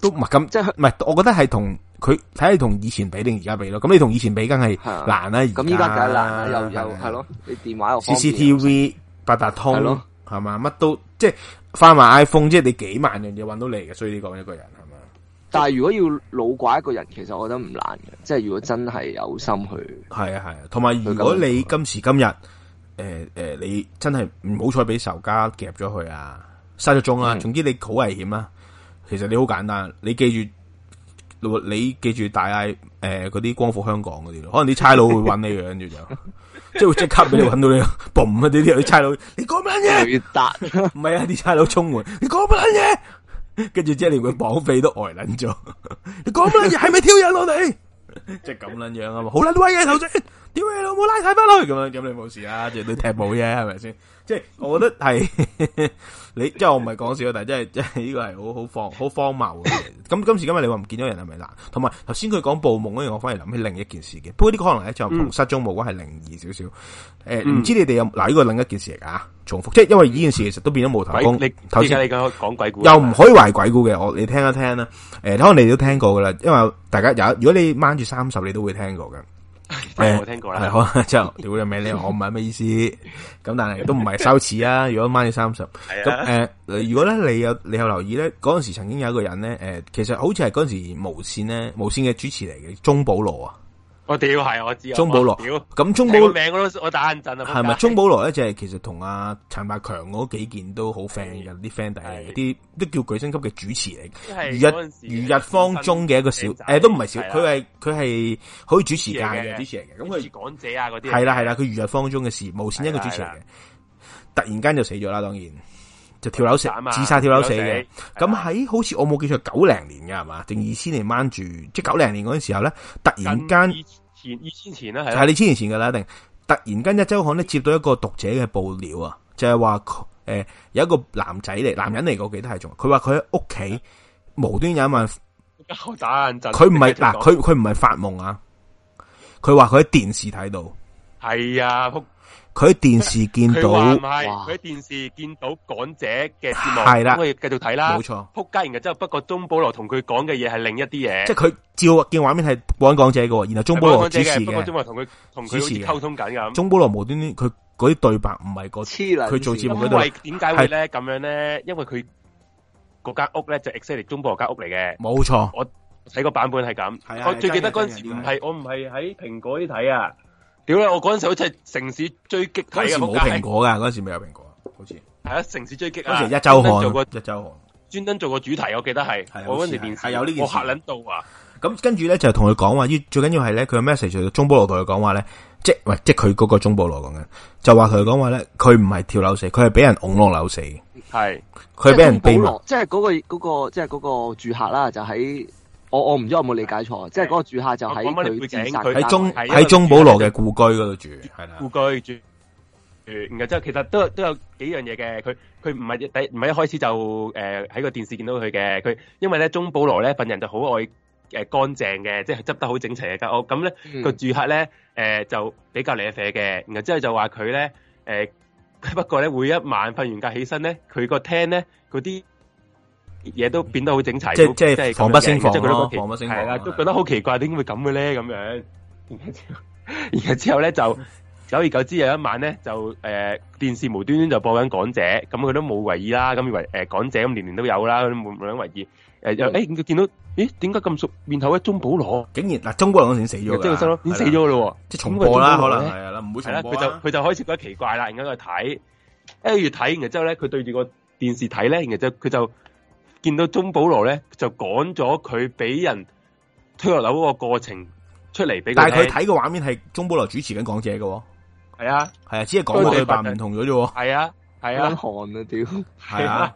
都唔係咁，即係唔係，我覺得係同佢睇下同以前比定而家比咯。咁你同以前比梗係難啦，而家咁依家梗係難啦，又又係咯，你電話又 CCTV 八達通。係嘛？乜都即係翻埋 iPhone，即係你幾萬樣嘢搵到你嘅，所以你講一個人係嘛？但係如果要老拐一個人，其實我覺得唔難嘅。的即係如果真係有心去，係啊係啊。同埋如果今你今時今日，誒、呃、誒、呃，你真係唔好彩俾仇家夾咗佢啊，失咗蹤啊。嗯、總之你好危險啊。其實你好簡單，你記住，你記住大嗌誒，嗰、呃、啲光復香港嗰啲咯。可能啲差佬會搵你嘅，跟住就。即係會即刻俾你揾到你，嘣啊！啲啲啲差佬，你講乜嘢？唔係啊！啲差佬衝門，你講乜嘢？跟住即連佢綁匪都呆捻咗， 你講乜嘢？係咪 挑釁我哋？即係咁捻樣啊！嘛，好啦，喂，頭先屌你老母拉晒翻去，咁樣咁你冇事啊？最多踢冇啫，係咪先？即、就、係、是、我覺得係 你，即、就、係、是、我唔係講笑，但係真係，真係呢個係好好荒好荒謬嘅。咁 今時今日你話唔見咗人係咪嗱，同埋頭先佢講暴夢嗰樣，我反而諗起另一件事嘅。不過呢個可能咧就失蹤冇關係，靈異少少。誒、嗯，唔、嗯、知你哋有嗱呢、這個另一件事嚟㗎？重複，即係因為呢件事其實都變咗無頭公。頭先你講講才鬼故，又唔可以話鬼故嘅。我你聽一聽啦，誒、呃，可能你們都聽過噶啦，因為大家有，如果你掹住三十，你都會聽過嘅。係我冇聽過啦。係好，就後屌你名咧，我唔係咩意思，咁 但係都唔係羞恥啊。如果掹住三十，咁誒、呃，如果咧你有你有留意咧，嗰陣時曾經有一個人咧，誒、呃，其實好似係嗰陣時無綫咧，無綫嘅主持嚟嘅鍾保羅啊。我屌係，我知鍾保羅，咁鍾保羅名我打緊陣啊，係咪？鍾保羅咧就係其實同阿陳百強嗰幾件都好 friend 嘅，啲 friend 嚟，啲都叫巨星級嘅主持嚟嘅。余日余日方中嘅一個小，誒，都唔係小，佢係佢係可以主持界嘅主持嚟嘅。咁佢講者啊嗰啲係啦係啦，佢如日方中嘅事，無綫一個主持嚟嘅，突然間就死咗啦，當然。就跳樓死，自殺跳樓死嘅。咁喺在的好似我冇記錯九零年嘅，係嘛？定二千年掹住，即、就、係、是、九零年嗰陣時候咧，突然間二千年前咧，係，前前啊、就係二千年前嘅啦。一定突然間一周刊咧接到一個讀者嘅報料啊，就係話誒有一個男仔嚟，男人嚟，我記得係仲，佢話佢喺屋企無端有一問，打眼震，佢唔係嗱，佢佢唔係發夢啊，佢話佢喺電視睇到，係啊。佢喺電視見到佢話唔係，佢喺電視見到港姐嘅節目係啦，我哋繼續睇啦，冇錯，扑街完嘅之後，不過鐘保羅同佢講嘅嘢係另一啲嘢，即係佢照見畫面係播緊港姐嘅，然後鐘保羅主持嘅，我今日同佢同佢哋溝通緊嘅，咁鐘保羅無端端佢嗰啲對白唔係個，佢做節目嗰度，點解會咧咁樣咧？因為佢嗰間屋咧就 exactly 鐘保羅間屋嚟嘅，冇錯，我睇個版本係咁，我最記得嗰陣時唔係，我唔係喺蘋果啲睇啊。屌咧？我嗰陣時好似係城市追擊，嗰時冇蘋果噶，嗰時未有蘋果，好似係啊！城市追擊嗰時一周航，專登做一周專登做個主題，我記得係。我嗰陣時電視有件客呢件，我嚇撚到啊！咁跟住咧就同佢講話，最緊要係咧，佢個 message 中波羅同佢講話咧，即係即係佢嗰個中波羅講緊，就話同佢講話咧，佢唔係跳樓死，佢係俾人拱落樓死，係佢俾人保。保羅即係嗰個嗰、嗰個即係嗰個住客啦，就喺。我我唔知有冇理解錯，即係嗰個住客就喺佢喺中喺中保羅嘅故居嗰度住，係啦故居住，然後之後其實都都有幾樣嘢嘅，佢佢唔係第唔係一開始就誒喺個電視見到佢嘅，佢因為咧中保羅咧份、這個、人就好愛誒、呃、乾淨嘅，即係執得好整齊嘅，咁咁咧個住客咧誒、呃、就比較理嘢嘅，然後之後就話佢咧誒不過咧每一晚瞓完覺起身咧，佢個廳咧嗰啲。嘢都變得好整齊，即係即係講不清楚，即係覺得講不清楚，係啦，都覺得好奇怪，點會咁嘅咧咁樣。然之後咧就久而久之有一晚咧就誒電視無端端就播緊港姐，咁佢都冇為意啦，咁以為誒港姐咁年年都有啦，佢冇冇想為意誒又誒咁佢見到咦，點解咁熟面頭咧？鍾保羅竟然嗱中國人嗰陣死咗，即係收咯，已經死咗咯喎，即係重播啦，可能係啦，唔會重播啦，佢就佢就開始覺得奇怪啦，然後佢睇，一越睇，然之後咧佢對住個電視睇咧，然之後佢就。見到鍾保羅咧就講咗佢俾人推落樓嗰個過程出嚟，但係佢睇個畫面係鍾保羅主持緊講者嘅，係啊係啊，只係講嘅時段唔同咗啫，係啊係啊，寒啊屌，係啊，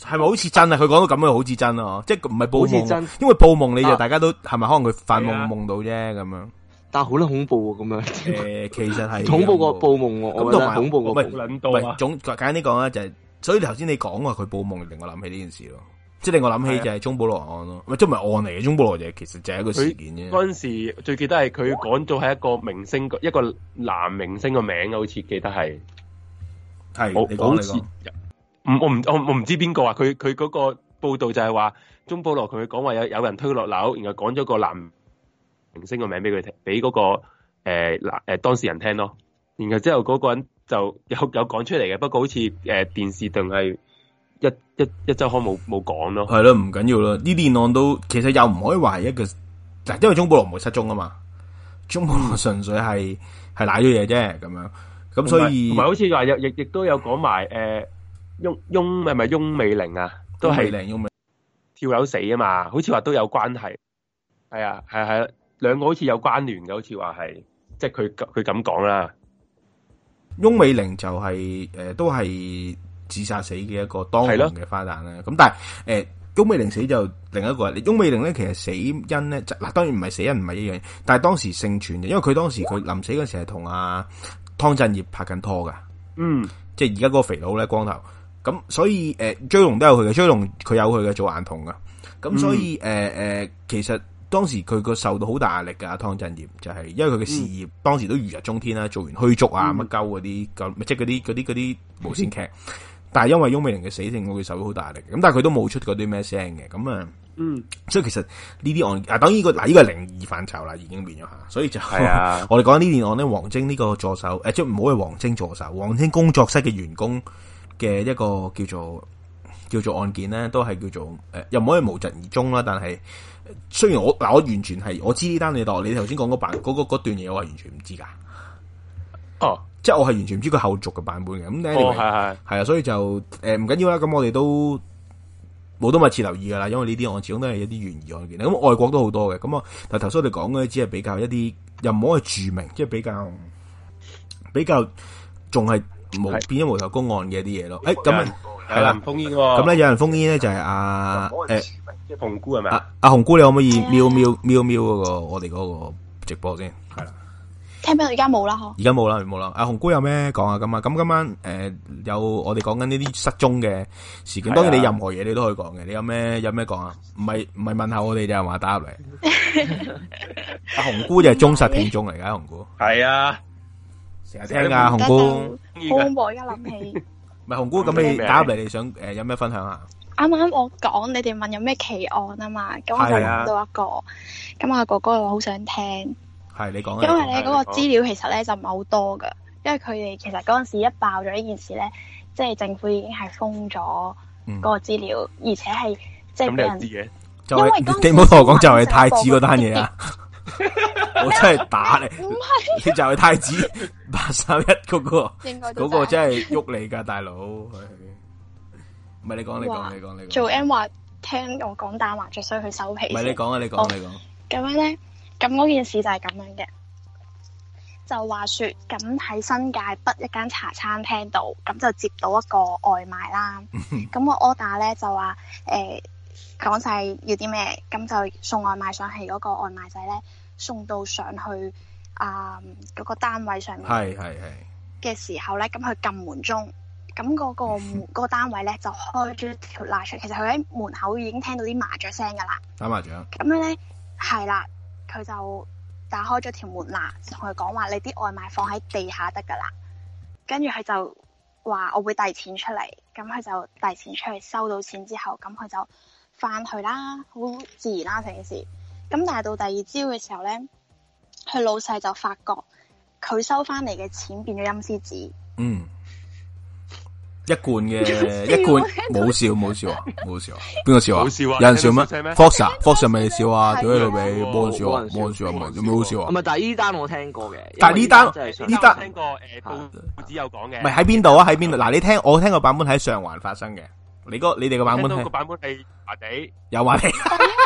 係咪好似真啊？佢講到咁樣，好似真啊，即係唔係報夢，因為報夢你就大家都係咪可能佢發夢夢到啫咁樣？但係好恐怖啊咁樣。其實係恐怖過報夢喎，咁同埋恐怖過領導。唔總簡單啲講咧，就係。所以頭先你講話佢報夢，令我諗起呢件事咯，即係令我諗起就係鐘保羅案咯，咪是的，即係唔係案嚟嘅鐘保羅嘢，其實就係一個事件啫。嗰陣時最記得係佢講咗係一個明星，一個男明星嘅名啊，好似記得係係，你講你講，唔我唔我我唔知邊個啊，佢佢嗰個報道就係話鐘保羅佢講話有有人推落樓，然後講咗個男明星嘅名俾佢聽，俾嗰個誒誒、呃呃、當事人聽咯，然後之後嗰個人。就有有講出嚟嘅，不過好似誒、呃、電視定係一一一周刊冇冇講咯。對。係咯，唔緊要咯。呢啲案都其實又唔可以話一個，就因為鍾保羅唔會失蹤啊嘛，鍾保羅純粹係係瀨咗嘢啫咁樣。咁所以唔係好似話亦亦都有講埋誒翁翁係咪翁美玲啊？都係跳樓死啊嘛，好似話都有關係。係啊係係，兩、啊啊、個好似有關聯嘅，好似話係即係佢佢咁講啦。翁美玲就係、是、誒、呃、都係自殺死嘅一個當紅嘅花旦啦，咁的但係誒、呃、翁美玲死就另一個啦，翁美玲咧其實死因咧就嗱當然唔係死因唔係一樣，但係當時盛傳嘅，因為佢當時佢臨死嘅時候同阿湯鎮業拍緊拖噶。嗯，即係而家嗰個肥佬咧光頭，咁所以誒、呃、追龍都有佢嘅，追龍佢有佢嘅做眼瞳噶，咁所以誒誒、嗯呃呃、其實。當時佢個受到好大壓力嘅阿湯鎮業就係、是、因為佢嘅事業當時都如日中天啦，嗯、做完虛竹啊乜鳩嗰啲咁，即係啲啲啲無線劇。嗯、但係因為翁美玲嘅死，令到佢受到好大壓力。咁但係佢都冇出嗰啲咩聲嘅咁啊。嗯，所以其實呢啲案啊，當然，呢個嗱呢、呢個靈異範疇啦，已經變咗吓，所以就係啊。 我哋講呢件案咧，王晶呢個助手誒、呃，即係唔好係王晶助手，王晶工作室嘅員工嘅一個叫做叫做案件咧，都係叫做誒、呃、又唔可以無疾而終啦，但係。雖然我嗱，我完全係我知呢單你代，你頭先講嗰版嗰段嘢，我係完全唔知噶。哦，即係我係完全唔知佢後續嘅版本嘅。咁，係係係啊，所以就誒唔緊要啦。咁我哋都冇多密切留意噶啦，因為呢啲案始終都係一啲懸疑案件。咁外國都好多嘅。咁啊，但頭先我哋講嘅只係比較一啲，又唔好係著名，即係比較比較仲係無變咗無頭公案嘅啲嘢咯。誒，咁係啦，封煙咁咧，有人封煙咧，就係阿誒紅姑係咪啊？阿紅姑，你可唔可以瞄瞄瞄瞄嗰個我哋嗰個直播先？係啦，聽咩？而家冇啦嗬，而家冇啦，冇啦。阿紅姑有咩講啊？咁啊，咁今晚誒有我哋講緊呢啲失蹤嘅事件，當然你任何嘢你都可以講嘅。你有咩有咩講啊？唔係唔係問下我哋就係話打入嚟。阿紅姑就係忠實聽眾嚟噶，紅姑係啊，成日聽噶，紅姑好恐怖，一諗起。唔係紅姑，咁你打入嚟，你想誒有咩分享啊？啱啱我講，你哋問有咩奇案啊嘛，咁我就諗到一個，咁阿哥哥我好想聽，係你講，因為咧嗰個資料其實咧就唔係好多噶，因為佢哋其實嗰陣時一爆咗呢件事咧，即係政府已經係封咗嗰個資料，而且係即係俾人，因為你唔好同我講就係太子嗰單嘢啊。 我真係打你，唔係，你就係太子八三一嗰個，嗰個真係喐你噶大佬，唔係你講，你講，你講，哇你做 M 話聽我講打麻雀，所以佢收皮。唔係你講啊，你講，你講。咁、哦、說樣咧，咁嗰件事就係咁樣嘅，就話說咁喺新界北一間茶餐廳度，咁就接到一個外賣啦，咁我 order 咧就話誒。欸講晒要啲咩，咁就送外賣上去嗰個外賣仔咧，送到上去啊嗰、呃嗰個單位上面，係係係嘅時候咧，咁佢撳門鐘，咁嗰個門嗰個單位咧就開咗條罅出，其實佢喺門口已經聽到啲麻雀聲噶啦，打麻雀，咁樣咧係啦，佢就打開咗條門罅，同佢講話你啲外賣放喺地下得噶啦，跟住佢就話我會遞錢出嚟，咁佢就遞錢出去，收到錢之後，咁佢就。翻去啦，好自然啦，成件事。咁但係到第二朝嘅時候咧，佢老細就發覺佢收翻嚟嘅錢變咗陰司紙。嗯，一罐嘅一罐冇笑冇笑啊冇笑邊個笑啊笑啊有人笑咩？Fox r Fox 咪笑啊，對佢冇笑啊冇笑啊冇冇笑啊，唔係，但係呢單我聽過嘅，但係呢單呢單聽過誒有講嘅，唔係喺邊度啊喺邊度嗱，你聽我聽個版本喺上環發生嘅。你個你哋個版本，個版本係阿仔又話你，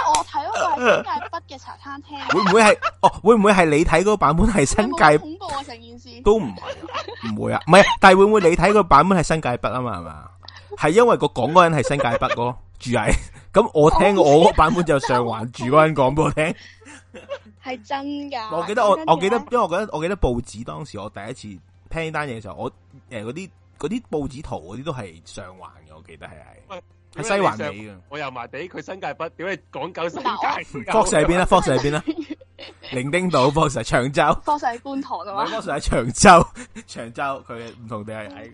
我睇嗰個係新界北嘅茶餐廳，會唔會係？哦，會唔會係你睇嗰個版本係新界北？你恐怖啊！成件事都唔係，唔 會啊，唔係。但係會唔會你睇個版本係新界北啊？嘛係嘛？係 因為個講嗰人係新界北哥住喺，咁 我聽過我個版本就上環住嗰人講俾我聽，係真噶。 我記得我我記得，因為我覺得我記得報紙當時我第一次聽呢單嘢嘅時候，我誒嗰啲嗰啲報紙圖嗰啲都係上環。我記得係喺西環尾啊！我油麻地，佢新界北點解講舊新界？Fox 係邊啊？Fox 係邊啊？伶仃島 Fox 係長洲，Fox 係觀塘嘅話，Fox 係長洲長洲，佢唔同地係矮嘅。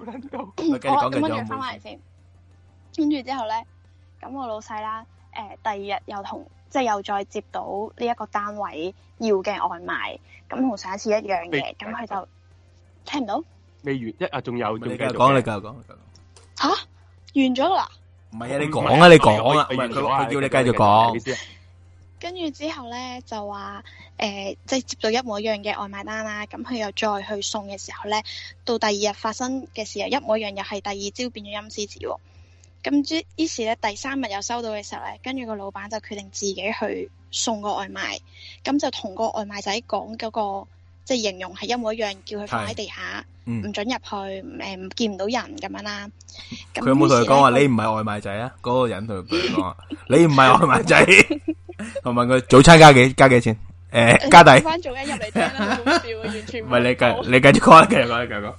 我繼續講繼續。我五蚊月返嚟先，跟住之後咧，咁我老細啦，誒，第二日又同即係又再接到呢一個單位要嘅外賣，咁同上一次一樣嘅，咁佢就聽唔到未完一啊，仲有仲繼續講，你繼續講，繼續講。吓、啊、完咗啦！唔係啊，你講啊，你講啦，啊，佢叫是你繼續講。跟住之後咧，就話誒，即、呃、係、就是、接到一模一樣嘅外賣單啦。咁佢又再去送嘅時候咧，到第二日發生嘅時候，一模一樣又係第二朝變咗陰司紙咁，哦、之於是咧，第三日又收到嘅時候咧，跟住個老闆就決定自己去送個外賣。咁就同個外賣仔講嗰，那個。即係形容係一模一樣，叫佢放喺地下，唔准入去，誒，見唔到人咁樣啦。佢有冇同佢講話？你唔係外賣仔啊！嗰個人同佢講，你唔係外賣仔。同問佢早餐加幾加幾錢？誒，加底。翻做 N 入嚟聽啦，好笑啊，完全唔係你繼你繼續講啦，繼續講。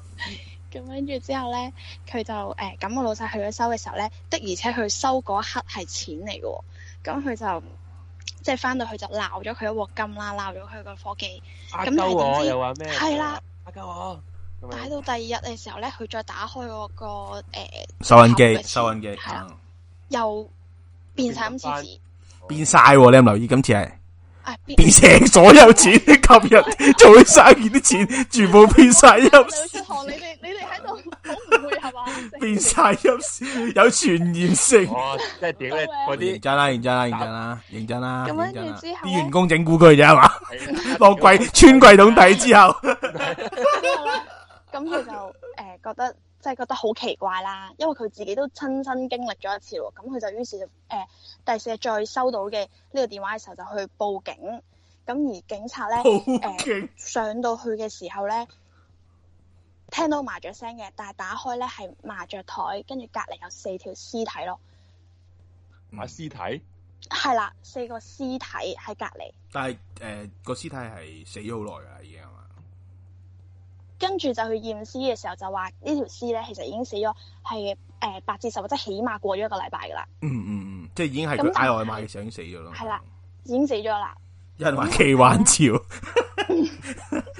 咁跟住之後咧，佢就誒，咁我老細去咗收嘅時候咧，的而且佢收嗰刻係錢嚟嘅，咁佢就。即係翻到去就鬧咗佢一鑊金啦，鬧咗佢個伙計，咁你點知係啦？打鳩我，但到第二日嘅時候咧，佢再打開嗰、那個誒、呃、收音機，收音機的、啊、又變晒咁次，變晒，你有冇留意？今次係。變成所有錢，今日啲生意，啲錢，全部變晒入。劉你哋你哋喺度唔會係嘛？變晒入，有傳染性，即係點咧？真那些 認真啦，認真啦，認真啦，打認真啦。咁跟住之後，啲員工整蠱佢啫係嘛？落櫃 穿櫃桶底之後，咁佢 就誒、呃、覺得。即係覺得好奇怪啦，因為佢自己都親身經歷咗一次咯，咁、嗯、佢就於是就誒、呃，第四日再收到嘅呢個電話嘅時候就去報警，咁而警察咧誒上到去嘅時候咧，聽到麻雀聲嘅，但係打開咧係麻雀台，跟住隔籬有四條屍體咯，埋屍體、啊、係啦，四個屍體喺隔籬，但係誒個屍體係死咗好耐啊已經啊。跟住就去驗屍嘅時候就話呢條屍咧，其實已經死咗，係誒八至十或者起碼過咗一個禮拜噶啦。嗯嗯嗯，即係已經係佢嗌外賣嘅時候是，已經死咗咯。係啦是，已經死咗啦。有人話奇幻潮，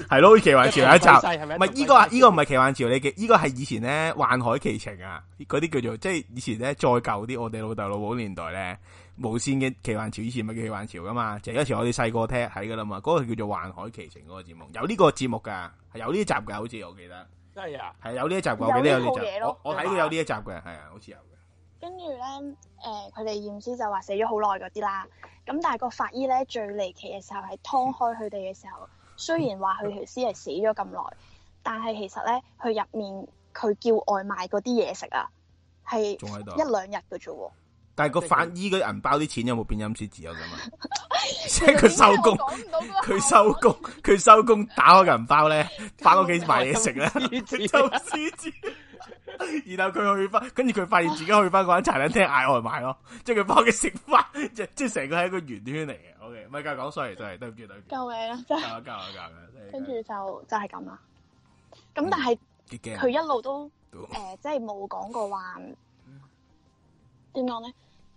係咯，奇幻潮有一集，唔係呢個呢個唔係奇幻潮，呢個呢個係以前咧幻海奇情啊，嗰啲叫做即係以前咧再舊啲，我哋老豆老母年代咧，.無綫嘅奇幻潮以前咪叫奇幻潮噶嘛，就有時我哋細個聽睇噶啦嘛，嗰、那個叫做《環海奇情》嗰、那個節目，有呢個節目噶，係有呢集噶，好似我記得。真係啊，係有呢一集噶，我記得有呢集。有好嘢咯。我睇過吧有呢一集嘅，係啊，好似有。跟住咧，誒、呃，佢哋驗屍就話死咗好耐嗰啲啦。咁但係個法醫咧，最離奇嘅時候係劏開佢哋嘅時候，雖然話佢條屍係死咗咁耐，但係其實咧佢入面佢叫外賣嗰啲嘢食啊，係一，仲喺度，一兩日嘅啫喎。但係個法醫嗰啲銀包啲錢有冇變陰司紙有咁啊，即係佢收工，佢收工，佢收工，打開個銀包咧，翻屋企買嘢食咧，然後佢去翻，跟住佢發現自己去翻嗰間茶餐廳嗌外賣咯，即係佢翻屋企食。哇！即即係成個係一個圓圈嚟嘅。OK 唔係，教講衰就係對唔住救命啊！真係。教跟住就就係咁啦。咁但係佢一路都誒，即係冇講過話點講咧。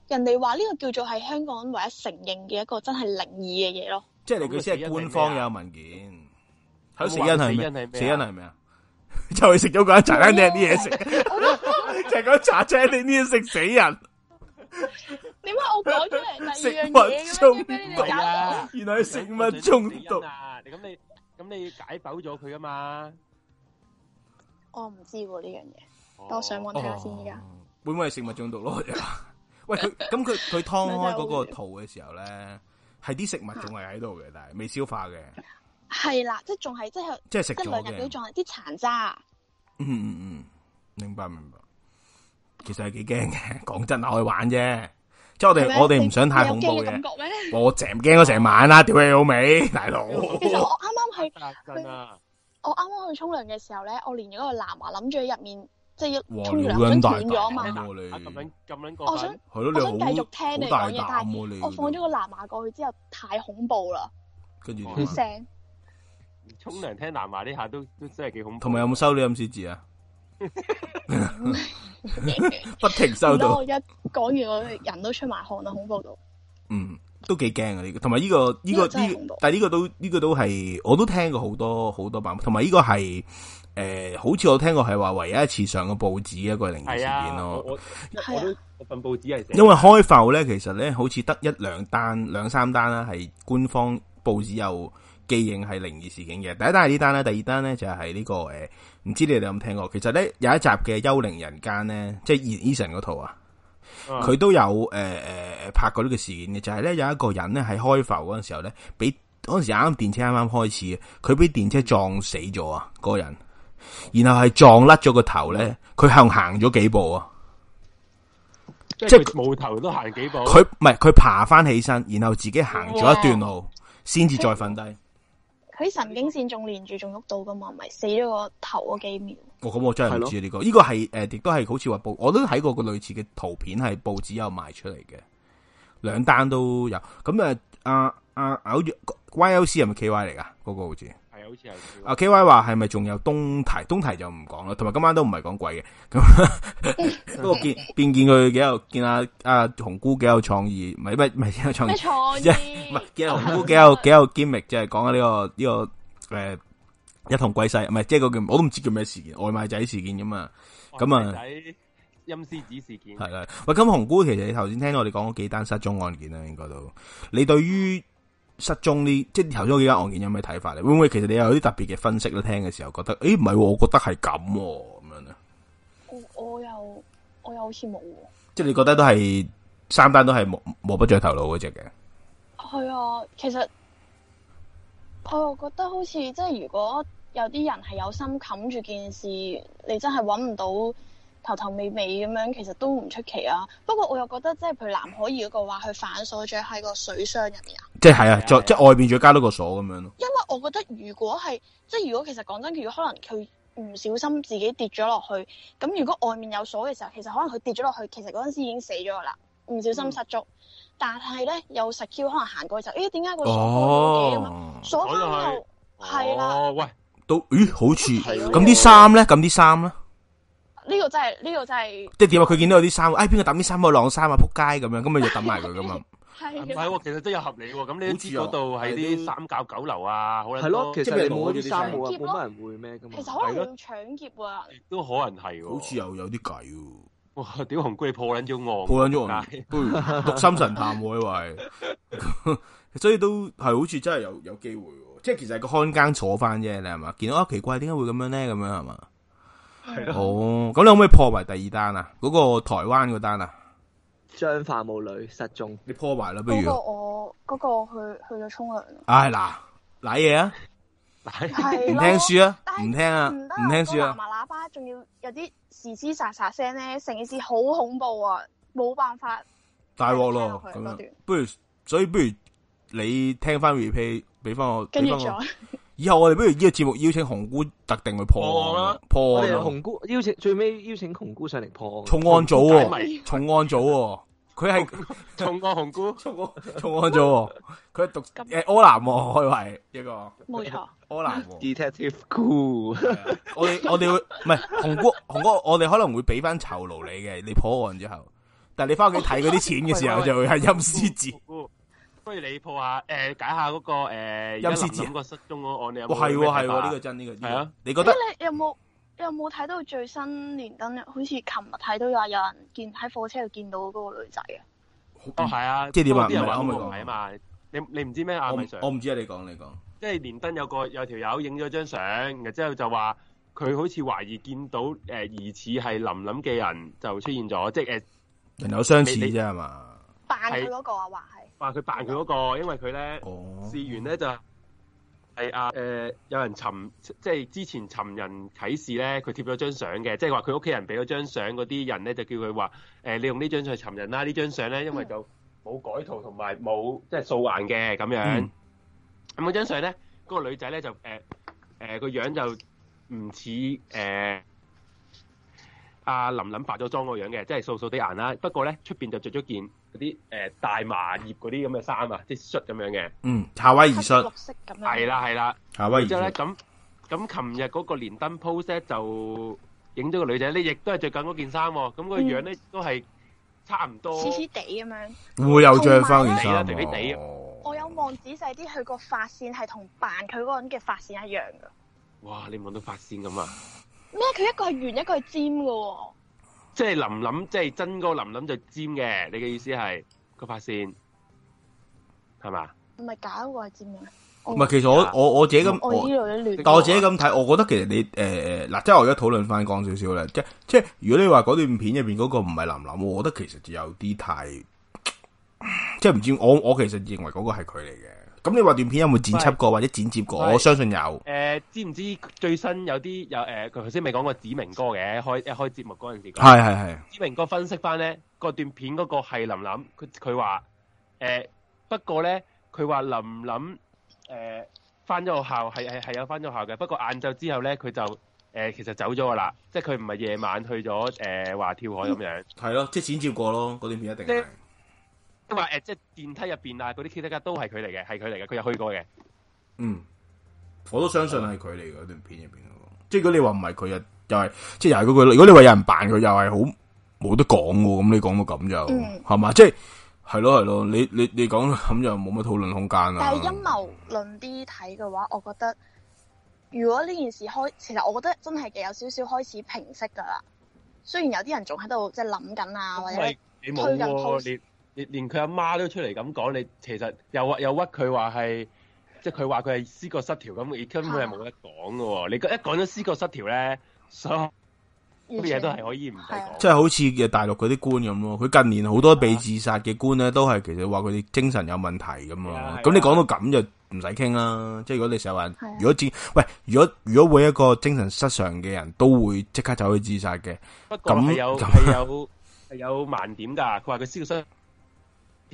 人哋話呢個叫做係香港唯一承認嘅一個真係靈異嘅嘢咯。即係你叫先係官方有文件。死因係咩？死因係咩啊？就係食咗個茶餐廳啲嘢食。 就係個茶餐廳啲嘢食死人。點 解我講咗嚟第二樣嘢？食物中毒原來係食物中毒， 物中毒 啊！你咁你咁你解剖咗佢啊嘛？我唔知呢樣嘢，我上網睇下先而家。會唔會係食物中毒咯？ 喂，佢咁佢佢湯開嗰個肚嘅時候咧，係啲食物仲係喺度嘅，啊、但係未消化嘅。係啦，即係仲係即係即係食得嘅。即係仲係啲殘渣。嗯嗯嗯，明白明白。其實係幾驚嘅，講真我去玩啫。即、就、係、是、我哋嗎我哋唔想太恐怖嘅。感覺，我我成驚咗成晚啦、啊，屌你老味，大佬。其實我啱啱去，去我啱啱去沖涼嘅時候咧，我連咗個藍牙諗住喺入面。即係沖涼想短咗啊嘛，咁樣咁樣個翻係咯，我想繼續聽你講嘢，但係我放咗個藍牙過去之後，太恐怖啦，跟住啲聲沖涼聽藍牙呢下都都真係幾恐怖，同埋有冇收你啲字字啊？不停收到，我一講完我人都出埋汗啦，恐怖到嗯，都幾驚啊呢個，同埋呢個呢個呢，但係呢個都呢個都係我都聽過好多好多版，同埋呢個係。誒、呃，好似我聽過係話，唯一一次上個報紙一個靈異事件咯。啊、我我份報紙係因為開埠咧，其實咧好似得一兩單、兩三單啦，係官方報紙有記認係靈異事件嘅。第一單係呢單啦，第二單咧就係呢、呢個誒，唔、呃、知你哋有冇聽過？其實咧有一集嘅《幽靈人間》咧，即係、e、Eason 嗰套啊，佢、嗯、都有誒誒、呃、拍過呢個事件嘅，就係、是、咧有一個人咧係開埠嗰陣時候咧，俾嗰陣時啱啱電車啱啱開始，佢俾電車撞死咗啊，嗰個人。然後係撞甩咗個頭咧，佢向行咗幾步啊？即係冇頭都行幾步？佢唔係，佢爬翻起身，然後自己行咗一段路，先至 Yeah. 再瞓低。佢神經線仲連住，仲喐到噶嘛？唔係死咗個頭嗰幾秒。我咁、哦、我真係唔知呢的、呢個呢、呢個係誒，亦、呃、都係好似話報，我都睇過個類似嘅圖片，係報紙有賣出嚟嘅，兩單都有。咁誒啊啊，好似 YLC 係咪 KY 嚟噶？嗰、嗰個好似。有阿 K Y 話係咪仲有東提？東提就唔講啦，同埋今晚都唔係講鬼嘅。咁不過見見見佢幾有見阿阿紅姑幾有創意，唔係乜唔係有創意，即係唔係見紅姑幾有幾有 gimmick，即係講下呢個呢個誒一同鬼世，唔係即係個叫我都唔知叫咩事件，外賣仔事件咁啊，外賣仔陰獅子事件係啦。喂，咁紅姑其實你頭先聽到我哋講咗幾單失蹤案件啦，應該都你對於。失蹤呢，即係頭先嗰幾件案件有咩睇法咧？會唔會其實你有啲特別嘅分析咧？聽嘅時候覺得，誒，唔係、啊，我覺得係咁咁樣咧，啊。我我又我又好似冇，即係你覺得都係三單都係摸不着頭腦嗰隻嘅。係啊、嗯，其實我又覺得好似即係，如果有啲人係有心冚住件事，你真係揾唔到。頭頭尾尾咁樣，其實都唔出奇啊。不過我又覺得，即係譬如藍可兒嗰個話，佢反鎖咗喺個水箱入面啊。即係係啊，再的的即係外面再加多個鎖咁樣咯。因為我覺得，如果係即係如果其實講真，如果可能佢唔小心自己跌咗落去，咁如果外面有鎖嘅時候，其實可能佢跌咗落去，其實嗰陣時已經死咗啦，唔小心失足。嗯、但係咧，有 secure 可能行過嘅時候，咦、哎？點解個鎖冇嘢啊？鎖翻啦，係啦、就是。了哦喂，都咦？好似咁啲衫咧，咁啲衫咧。呢個真係，呢、這個真係。即點啊？佢見到有啲衫，哎，邊個揼啲衫冇晾衫啊！撲街咁樣，咁咪就揼埋佢咁啊？係。唔係喎，其實都有合理喎、哦。咁你好似嗰度係啲三教九流啊，好撚多。係冇啲衫，冇乜人會咩嘅。其實可能搶劫亦、啊、都可能係喎、哦。好似又有啲計喎。哇、啊！屌，紅鬼破撚咗我？破撚咗案，讀心神探喎，因為 所以都係好似真係有有機會、啊。即係其實個看更坐翻啫，你係嘛？見到啊奇怪，點解會咁樣咧？咁樣係嘛？係啊，哦，好，咁你可唔可以破埋第二單啊？嗰個台灣嗰單啊，張化無女失蹤，你破埋啦，不如？我嗰個去去咗沖涼唉，嗱，瀨嘢啊，唔聽書啊，唔聽啊，唔聽書啊，麻喇叭，仲要有啲嘶嘶沙沙聲咧，成件事好恐怖啊，冇辦法，大鑊咯，不如，所以不如你聽翻 repeat，俾翻我，跟住再。以後我哋不如呢個節目邀請紅姑特定去破案啦。破案啦！紅姑邀請最尾邀請紅姑上嚟破案重案組啊！重案組啊！佢係重案紅姑，重案重案組啊！佢係讀誒柯南喎開圍一個冇錯柯南喎。cool 我哋我哋會唔係紅姑紅哥？我哋可能會俾翻酬勞你嘅，你破案之後，但係你翻去睇嗰啲錢嘅時候，就會係陰司紙。不如你破下誒，解下嗰個誒，林林個失蹤個案。你有係係呢個真呢個？係啊，你覺得？你有冇有冇睇到最新連登？好似琴日睇到話有人見喺火車度見到嗰個女仔啊！哦，係啊，即係啲人啲人話唔係啊嘛。你你唔知咩啊？我唔知啊，你講你講。即係連登有個有條友影咗張相，然之後就話佢好似懷疑見到誒疑似係林林嘅人就出現咗，即係誒，人有相似啫嘛？扮佢嗰個啊，話係。話佢扮佢嗰，那個，因為佢咧，oh. 事源咧就係、是、啊，誒、呃，有人尋，即係之前尋人啟事咧，佢貼咗張相嘅，即係話佢屋企人俾咗張相，嗰啲人咧就叫佢話，誒、呃，你用呢張相去尋人啦，呢張相咧因為就冇改圖同埋冇即係素顏嘅咁樣，咁嗰張相咧，嗰，那個女仔咧就誒，誒、呃、個、呃、樣就唔似誒阿琳琳化咗妝個樣嘅，即、就、係、是、素素啲顏啦，不過咧出邊就着咗件。嗰啲、呃、大麻葉嗰啲咁嘅衫啊，即恤咁樣嘅，嗯，夏威夷恤，係啦係啦，夏威夷。之後咧，咁咁琴日嗰個連登 pose 就影咗個女仔，咧亦都係著緊嗰件衫喎，咁個樣咧、嗯、都係差唔多，黐黐地咁樣，又著翻原衫，地地。我有望仔細啲，佢個髮線係同扮佢個人嘅髮線一樣噶。哇！你望到髮線咁啊？咩？佢一個係圓，一個係尖嘅喎、哦。即係林林，即係真嗰個林林就尖嘅，你嘅意思係個髮線係嘛？唔係假嗰個係尖嘅。唔係，其實我我我自己咁，我依度都亂。但我自己咁睇，我覺得其實你誒誒嗱，即係我而家討論翻講少少咧，即即係如果你話嗰段片入邊嗰個唔係林林，我覺得其實就有啲太，即係唔知。我我其實認為嗰個係佢嚟嘅。咁你話段片有冇剪輯過或者剪接過？我相信有。誒、呃，知唔知最新有啲有誒？佢頭先未講過子明哥嘅開一開節目嗰陣時、那個。係係係。子明哥分析翻咧，個段片嗰個係琳琳。佢佢話誒，不過咧，佢話琳琳誒，翻咗學校係係係有翻咗學校嘅。不過晏晝之後咧，佢就誒、呃，其實走咗噶啦。即係佢唔係夜晚去咗誒，話、呃、跳海咁樣、嗯。係咯，即、就、係、是、剪接過咯，個段片一定即係電梯入邊啊，嗰啲其他都係佢嚟嘅，係佢嚟嘅，佢有去過嘅。嗯，嗯，我都相信係佢嚟嘅。嗰段片入邊，即係如果你話唔係佢又又係，即係又係嗰個。如果你話有人扮佢，又係好冇得講嘅。咁你講到咁就係嘛？即係係咯係咯，你你你講咁就冇乜討論空間啊。但係陰謀論啲睇嘅話，我覺得如果呢件事開，其實我覺得真係有少少開始平息噶啦。雖然有啲人仲喺度即係諗緊啊，或者推進連佢阿媽都出嚟咁講，你其實又屈又屈佢話係，即係佢話佢係思覺失調咁，根本係冇得講噶。的你一講咗思覺失調咧，所以呢啲嘢都係可以唔使講。即係好似大陸嗰啲官咁咯，佢近年好多被自殺嘅官咧，都係其實話佢哋精神有問題咁啊。咁你講到咁就唔使傾啦。即係如果你成日話，如果自的喂，如果如果每一個精神失常嘅人都會即刻走去自殺嘅，不過有係那有係有， 有盲點噶。佢話佢思覺失。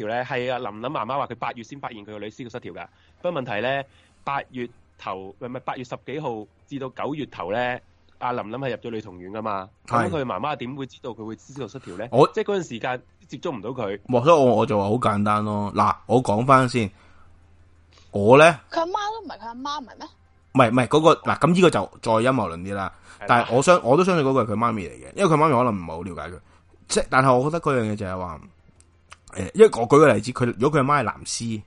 條咧係阿琳琳媽媽話佢八月先發現佢個女思覺失調噶，不過問題咧八月頭唔係八月十幾號至到九月頭咧，阿琳琳係入咗女童院噶嘛，咁佢是的 媽媽點會知道佢會思覺失調咧我？我即係嗰陣時間接觸唔到佢，所以我我就話好簡單咯。嗱，我講翻先，我咧佢阿媽都唔係佢阿媽唔係咩？唔係唔係嗰個嗱，咁呢個就再陰謀論啲啦。是的但係我相我都相信嗰個係佢媽咪嚟嘅，因為佢媽咪可能唔係好了解佢，即係但係我覺得嗰樣嘢就係話。誒，因為我舉個例子，佢如果佢阿媽係藍絲，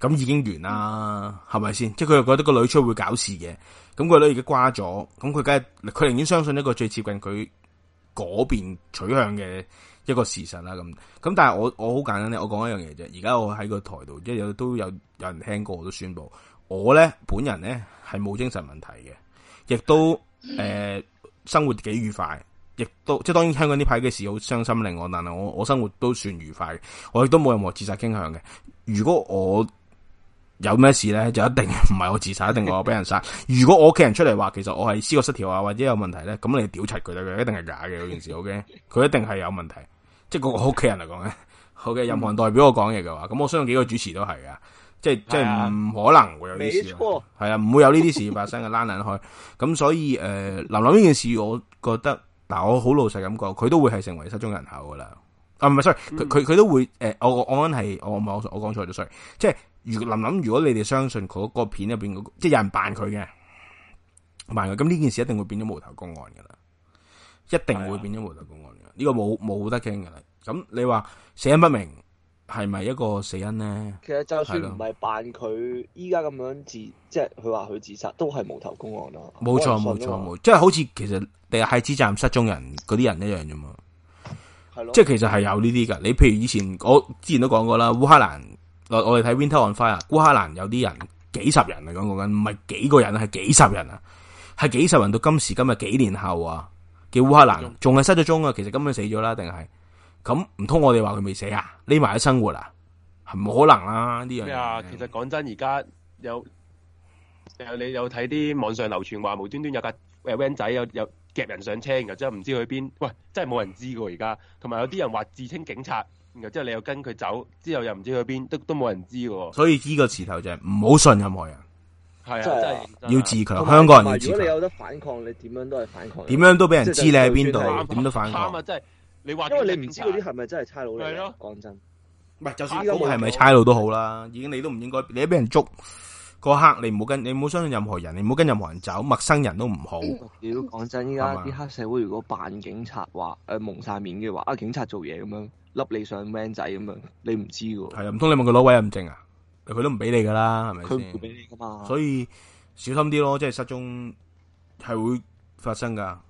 咁已經完啦，係咪先？即係佢又覺得個女出去會搞事嘅，咁個女已經瓜咗，咁佢梗係佢寧願相信一個最接近佢嗰邊取向嘅一個事實啦。咁，咁但係我我好簡單咧，我講一樣嘢啫。而家我喺個台度，即係有都有有人聽過我都宣布，我咧本人咧係冇精神問題嘅，亦都誒生活幾愉快。亦都即係當然香港呢排嘅事好傷心令我，但係我我生活都算愉快，我亦都冇任何自殺傾向嘅。如果我有咩事咧，就一定唔係我自殺，一定是我俾人殺。如果我屋企人出嚟話，其實我係思覺失調啊，或者有問題咧，咁你屌柒佢哋嘅一定係假嘅有件事，好驚佢一定係有問題。即係個屋企人嚟講咧，好、OK? 嘅任何人代表我講嘢嘅話，咁、嗯、我相信幾個主持都係噶，即係即係唔可能會有呢啲事，係啊沒錯，唔會有呢啲事發生嘅。拉爛 開，咁所以誒諗諗呢件事，我覺得。嗱，但我好老實咁講，佢都會係成為失蹤人口噶啦。啊，唔係，sorry，佢佢佢都會誒、呃，我安我啱係我唔係我我講錯咗，sorry。即係如林林，如果你哋相信佢個、嗰個片入邊，即係有人扮佢嘅，扮嘅，咁呢件事一定會變咗無頭公案噶啦，一定會變咗無頭公案喇。呢的個冇冇得傾噶啦。咁你話死因不明？係咪一個死因呢？其實就算唔係扮佢，依家咁樣自，即係佢話佢自殺，都係無頭公案咯。冇錯冇錯，即係好似其實地日喺車站失蹤人嗰啲人一樣啫嘛。係對咯，即係其實係有呢啲噶。你譬如以前我之前都講過啦，烏克蘭我哋睇 Winter on Fire，烏克蘭有啲人幾十人嚟，講講緊，唔係幾個人係幾十人啊，係幾十人到今時今日幾年後啊，叫烏克蘭仲係失咗蹤啊，其實根本死咗啦，定係？咁唔通我哋話佢未死啊？匿埋喺生活啊？係冇可能啦、啊！呢樣嘢啊，其實講真，而家有你有睇啲網上流傳話，無端端有架誒 van 仔有有夾人上車，然後之後唔知去邊，喂，真係冇人知噶。而家同埋有啲人話自稱警察，然後之後你又跟佢走，之後又唔知去邊，都都冇人知噶。所以呢個詞頭就係唔好信任何人，係啊，真係真係要自強。而且香港人要自強。如果你有得反抗，你點樣都係反抗。點樣都俾人知就就你喺邊度，點是都反抗。貪啊，真係。你因為你唔知嗰啲係咪真係差佬嚟，講對了 真，唔係就算嗰係咪差佬都好啦。對已經你都唔應該，你被一俾人捉個刻你唔好跟，你唔好相信任何人，你唔好跟任何人走，陌生人都唔好。屌、嗯，講吧真，依家啲黑社會如果扮警察，話、呃、誒蒙晒面嘅話，啊警察做嘢咁樣，笠你上 van 仔咁樣，你唔知噶。係啊，唔通你問佢攞委任證啊？佢都唔俾你噶啦，係咪？佢唔會俾你噶嘛。所以小心啲咯，即係失蹤係會發生噶。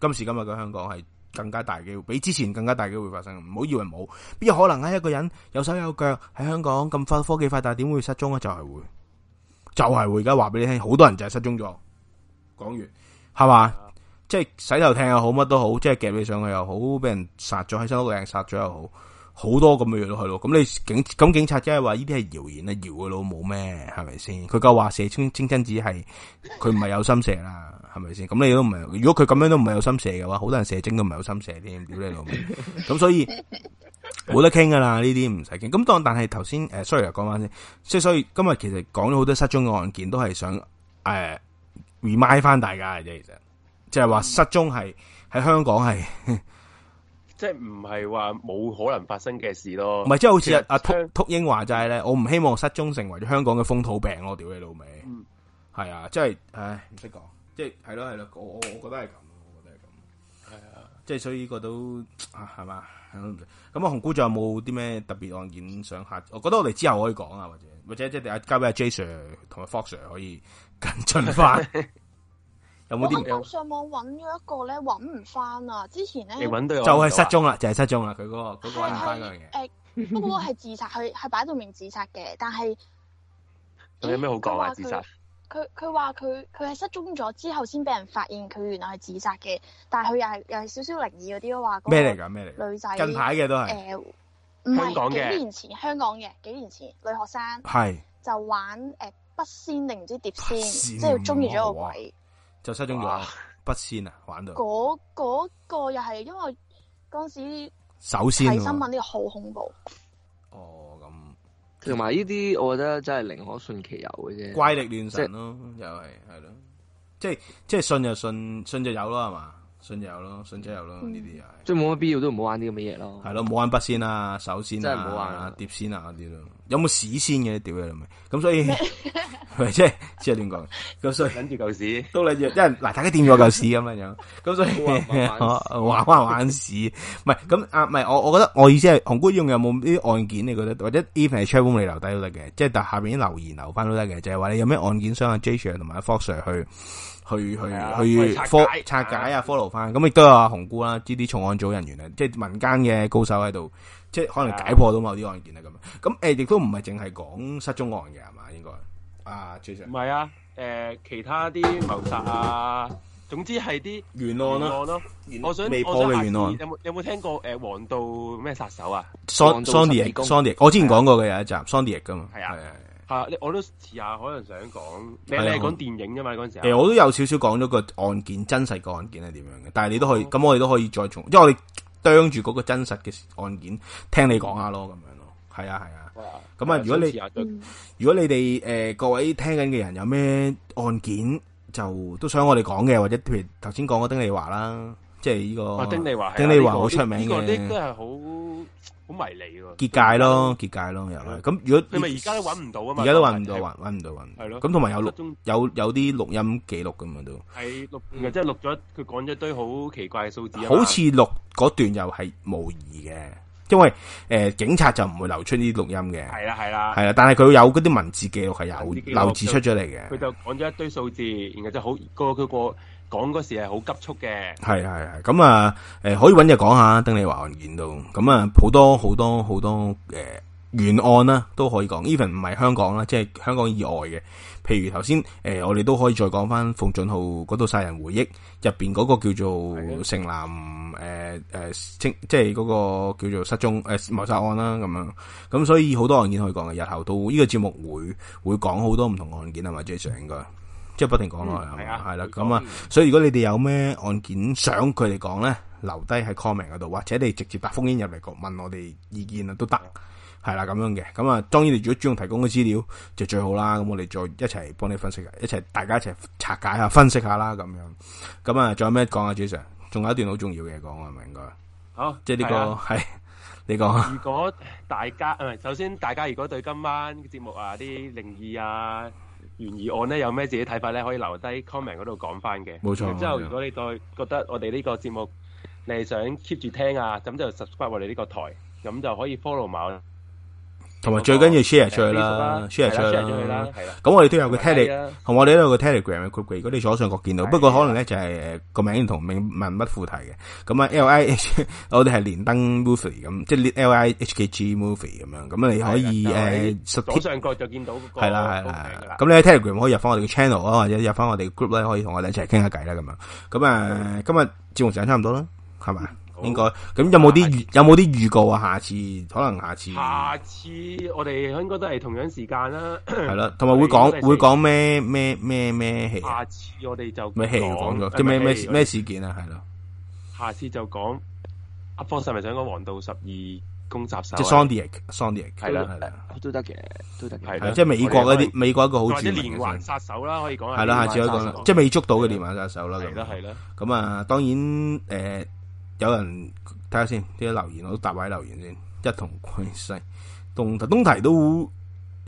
今時今日嘅香港係。更加大機會，比之前更加大機會發生，唔好以為冇，邊有可能啊？一個人有手有腳喺香港咁發科技發達，點會失蹤啊？就係會，就係會。而家話俾你聽，好多人就係失蹤咗。講完係嘛，吧即係洗頭艇又好，乜都好，即係夾你上去又好，俾人殺咗喺身度，頂殺咗又好，好多咁嘅樣咯，去咯。咁你警咁警察即係話呢啲係謠言啊，謠佢老母咩？係咪先？佢夠話射清清真寺係，佢唔係有心射啦。係咪先？咁你都唔係，如果佢咁樣都唔係有心射嘅話，好多人射精都唔係有心射添，屌你老味！咁 所以冇得傾噶啦，呢啲唔使傾。咁當但係頭先誒，sorry 講翻先，即係所以,所以今日其實講咗好多失蹤嘅案件，都係想誒 remind 翻大家嘅啫。其實即係話失蹤係喺香港係，即係唔係話冇可能發生嘅事咯。唔係，即係好似阿禿禿英話就係咧，我唔希望失蹤成為咗香港嘅風土病我屌你老味！嗯，係啊，即係，唉，唔識講。即係咯係咯，我我覺得係咁，我覺得係咁，係的啊。即係所以個都啊係嘛，咁啊紅姑仲有冇啲咩特別案件想吓？我覺得我哋之後可以講啊，或者或者即係交俾阿 Jason 同埋 Fox 可以跟進翻。的有冇啲我上網揾咗一個咧揾唔翻啊？之前咧就係失蹤啦，就係、是、失蹤啦。佢嗰、嗰個嗰的個啊翻嗰樣嘢。誒，不過係自殺，佢係擺到明自殺嘅，但係 有咩好講啊？欸、佢佢自殺。佢佢話佢佢係失蹤咗之後先俾人發現佢原來係自殺嘅，但係佢又係又係少少靈異嗰啲咯，話咩嚟㗎？咩嚟？女仔的近排嘅都係誒，唔係、呃、幾年前香港嘅幾年前女學生係是就玩誒、呃、筆仙定唔知碟仙，鮮鮮即係中意咗個鬼，就失蹤咗哇筆仙啊，玩到嗰、嗰個又係因為嗰陣時睇先新聞啲好恐怖哦。同埋呢啲，我覺得真係寧可信其有嘅啫，怪力亂神咯，即又係係咯，即係即係信就信，信就有咯，係嘛，信就有咯，信就有咯，呢啲啊，就是、即係冇乜必要都唔好玩啲咁嘅嘢咯，係咯，冇玩筆仙啊，手仙啊玩啊，碟仙啊嗰啲咯。有冇屎先嘅？屌你老味！咁所以，即係即係點講？咁所以搵住嚿屎，都搵住，即係嗱，大家掂咗嚿屎咁樣樣。咁所以玩玩玩屎，唔係咁啊？唔係，嗯啊、我，我覺得，我，覺得我意思係紅姑用有冇啲案件你覺得，或者 even 係 checkroom 留低都得嘅，即係但下邊啲留言留翻都得嘅，就係，是，話你有咩案件想阿 Jason 同埋阿 Fox Sir 去，啊，去去去拆解啊，follow 翻咁亦都有啊紅姑啦，呢啲重案組人員咧，即，就，係，是，民間嘅高手喺度。即係可能解破到某啲案件啊，咁啊，咁誒，亦都唔係淨係講失蹤案嘅，係嘛？應該啊，唔係啊，誒，其他啲謀殺啊，總之係啲懸案咯。懸案咯，我想未破嘅懸案。有冇有冇聽過誒，黃道咩殺手啊？王道殺業，王道。我之前講過嘅有一集，王道殺業噶嘛。係啊，係啊，係啊。你我都遲下可能想講，你你講電影啫嘛，嗰陣時。其實我都有少少講咗個案件，真實個案件係點樣嘅，但係你都可以，咁我哋都可以再重，因為我哋。講住嗰個真實嘅案件，聽你講下咯，咁、嗯、樣咯，係啊，係啊，咁啊，如果你、嗯、如果你哋、呃、各位聽緊嘅人有咩案件，就都想我哋講嘅，或者譬如頭先講個、啊、丁利華啦，即係呢個丁利華，啊、丁利華好出名嘅，呢啲都係好。呢個呢個好迷離喎，結界咯，結界咯，又係咁。如果你咪而家都揾唔到啊嘛，而家都揾唔到，揾揾唔到，揾係咯。咁同埋有錄，有有啲錄音記錄咁啊都係錄嘅，即係錄咗佢講咗堆好奇怪嘅數字。好似錄嗰段又係無疑嘅，因為誒警察就唔會流出呢啲錄音嘅。係啦係啦，係啦。但係佢有嗰啲文字記錄係有，留字出咗嚟嘅。佢就講咗一堆數字，然後就好過佢過。講嗰時係好急促嘅，係係係咁啊！誒、呃，可以揾嘢講下，丁麗華案件度，咁啊好多好多好多誒懸案啦，都可以講。Even 唔係香港啦，即係香港以外嘅，譬如頭先誒，我哋都可以再講翻馮俊浩嗰套《殺人回憶》入邊嗰個叫做城南誒誒的、呃呃、清，即係嗰個叫做失蹤誒謀殺案啦、啊，咁樣。咁所以好多案件可以講嘅，日後到呢、這個節目會會講好多唔同案件啊，嘛 Jasper 應該。即係不停講落去，係啦、嗯，咁啊，所以如果你哋有咩案件想佢哋講咧，留低喺 comment 嗰度，或者你直接打封煙入嚟問我哋意見啊，都得，係啦，咁樣嘅，咁啊，當然你如果主動提供嘅資料就最好啦，咁我哋再一齊幫你分析，一齊大家一齊拆解下、分析下啦，咁樣，咁啊，仲有咩講啊，主席，仲有一段好重要嘅講係咪應該，好，即係、這、呢個係的 你講啊，如果大家誒，首先大家如果對今晚嘅節目那些靈異啊，啲靈異啊。懸疑案咧，有咩自己睇法咧，可以留低 comment 嗰度講返嘅。冇錯。咁之後如果你再覺得我哋呢個節目，你係想 keep 住聽啊，咁就 subscribe 我哋呢個台，咁就可以 follow 埋。同埋最緊要 share 出去啦，share 出去啦，係啦。咁我哋都有個 Telegram，同我哋都有個 Telegram group，如果你左上角見到，不過可能咧就係個名同名文不附體嘅。咁啊，L I H，我哋係連登 Movie 咁，即係 L I H K G Movie 咁樣。咁你可以誒，左上角就見到係啦係啦，咁你喺 Telegram 可以入翻我哋嘅 channel 啊，或者入翻我哋 group 咧，可以同我哋一齊傾下偈啦咁樣。咁啊，今日節目時間差唔多啦，係咪？應該咁，有冇啲預有冇啲預告啊？下次可能下次，下次我哋應該都係同樣時間啦。係啦，同埋會講會講咩咩咩咩戲？下次我哋就咩講咩咩咩事件啊？係咯，下次就講阿方係咪想講《黃道十二宮殺手》？即係《Zodiac》，《Zodiac》係啦係啦，都得嘅，都得嘅，即係美國嗰啲美國一個好似或者連環殺手啦，可以講係啦。下次可以講啦，即係未捉到嘅連環殺手啦咁。係啦係啦，咁啊，當然誒。有人睇下先啲留言，我都答埋啲留言先。一同歸西，東東提都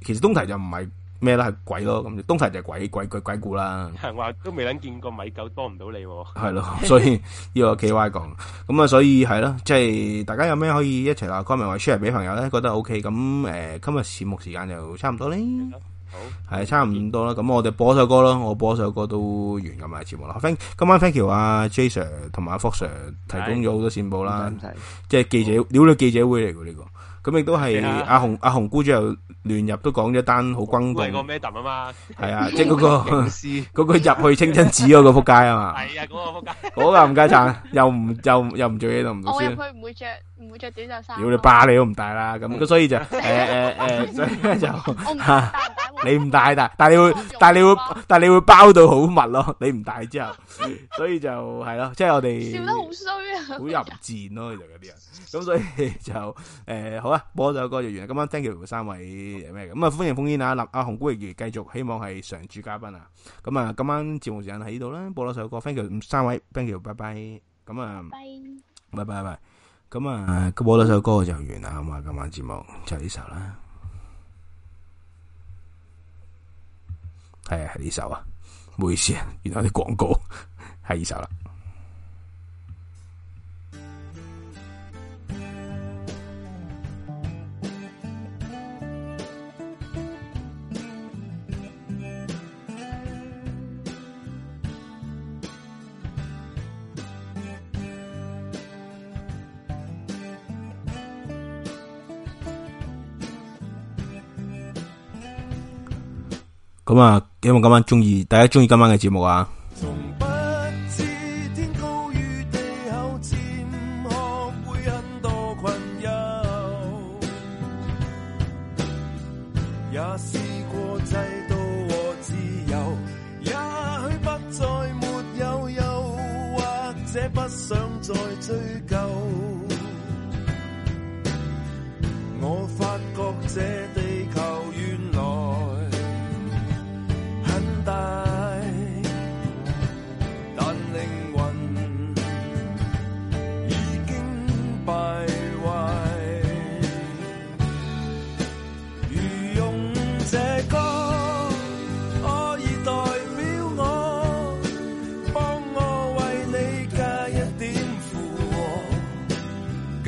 其實東提就唔係咩啦，係鬼咯。咁東提就係鬼鬼鬼鬼故啦。係話都未諗見過米狗幫唔到你。係咯，所以呢個奇怪講。咁啊，所以係咯，即係大家有咩可以一齊啊，講埋話 share 俾朋友咧，覺得 OK。咁誒，今日節目時間就差唔多咧。好，係差唔多啦，咁我哋播首歌咯。我播首歌都完咁埋節目啦。thank 今晚 thank you 啊 Jason 同埋阿 Fox 提供咗好多線報啦，即係記者，撩咗記者會嚟嘅呢個。咁亦都係阿洪阿洪姑姐又亂入，都講咗單好轟動。係個咩抌啊嘛？係啊，即係嗰個公司嗰個入去清真寺嗰個仆街啊嘛？係啊，嗰個仆街，嗰個冚家鏟，又唔又又唔着嘢都唔到穿。我入去唔會着唔會着短袖衫。屌你霸你都唔戴啦，咁咁所以就誒誒誒，所以咧就你唔戴但但你會但你會但你會包到好密咯，你唔戴之後，所以就係咯，即係我哋笑得好衰啊，好淫賤咯，其實嗰啲人。咁所以就誒、呃、好啊，播咗首歌就完啦。今晚 thank you 三位咩咁好、嗯，啊歡迎烽煙啊立，阿紅姑玉如繼續，希望係常駐嘉賓啊。咁啊今晚節目時間喺呢度啦，播咗首歌，thank you 三位，thank you 拜拜。咁啊拜拜拜，咁啊，播咗首歌就完啦，咁啊，今晚節目就呢首啦。係啊，係呢首啊，唔好意思，原來啲廣告係呢首啦。咁啊，希望今晚中意，大家中意今晚嘅節目啊！嗯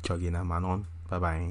再見啦，晚安，拜拜。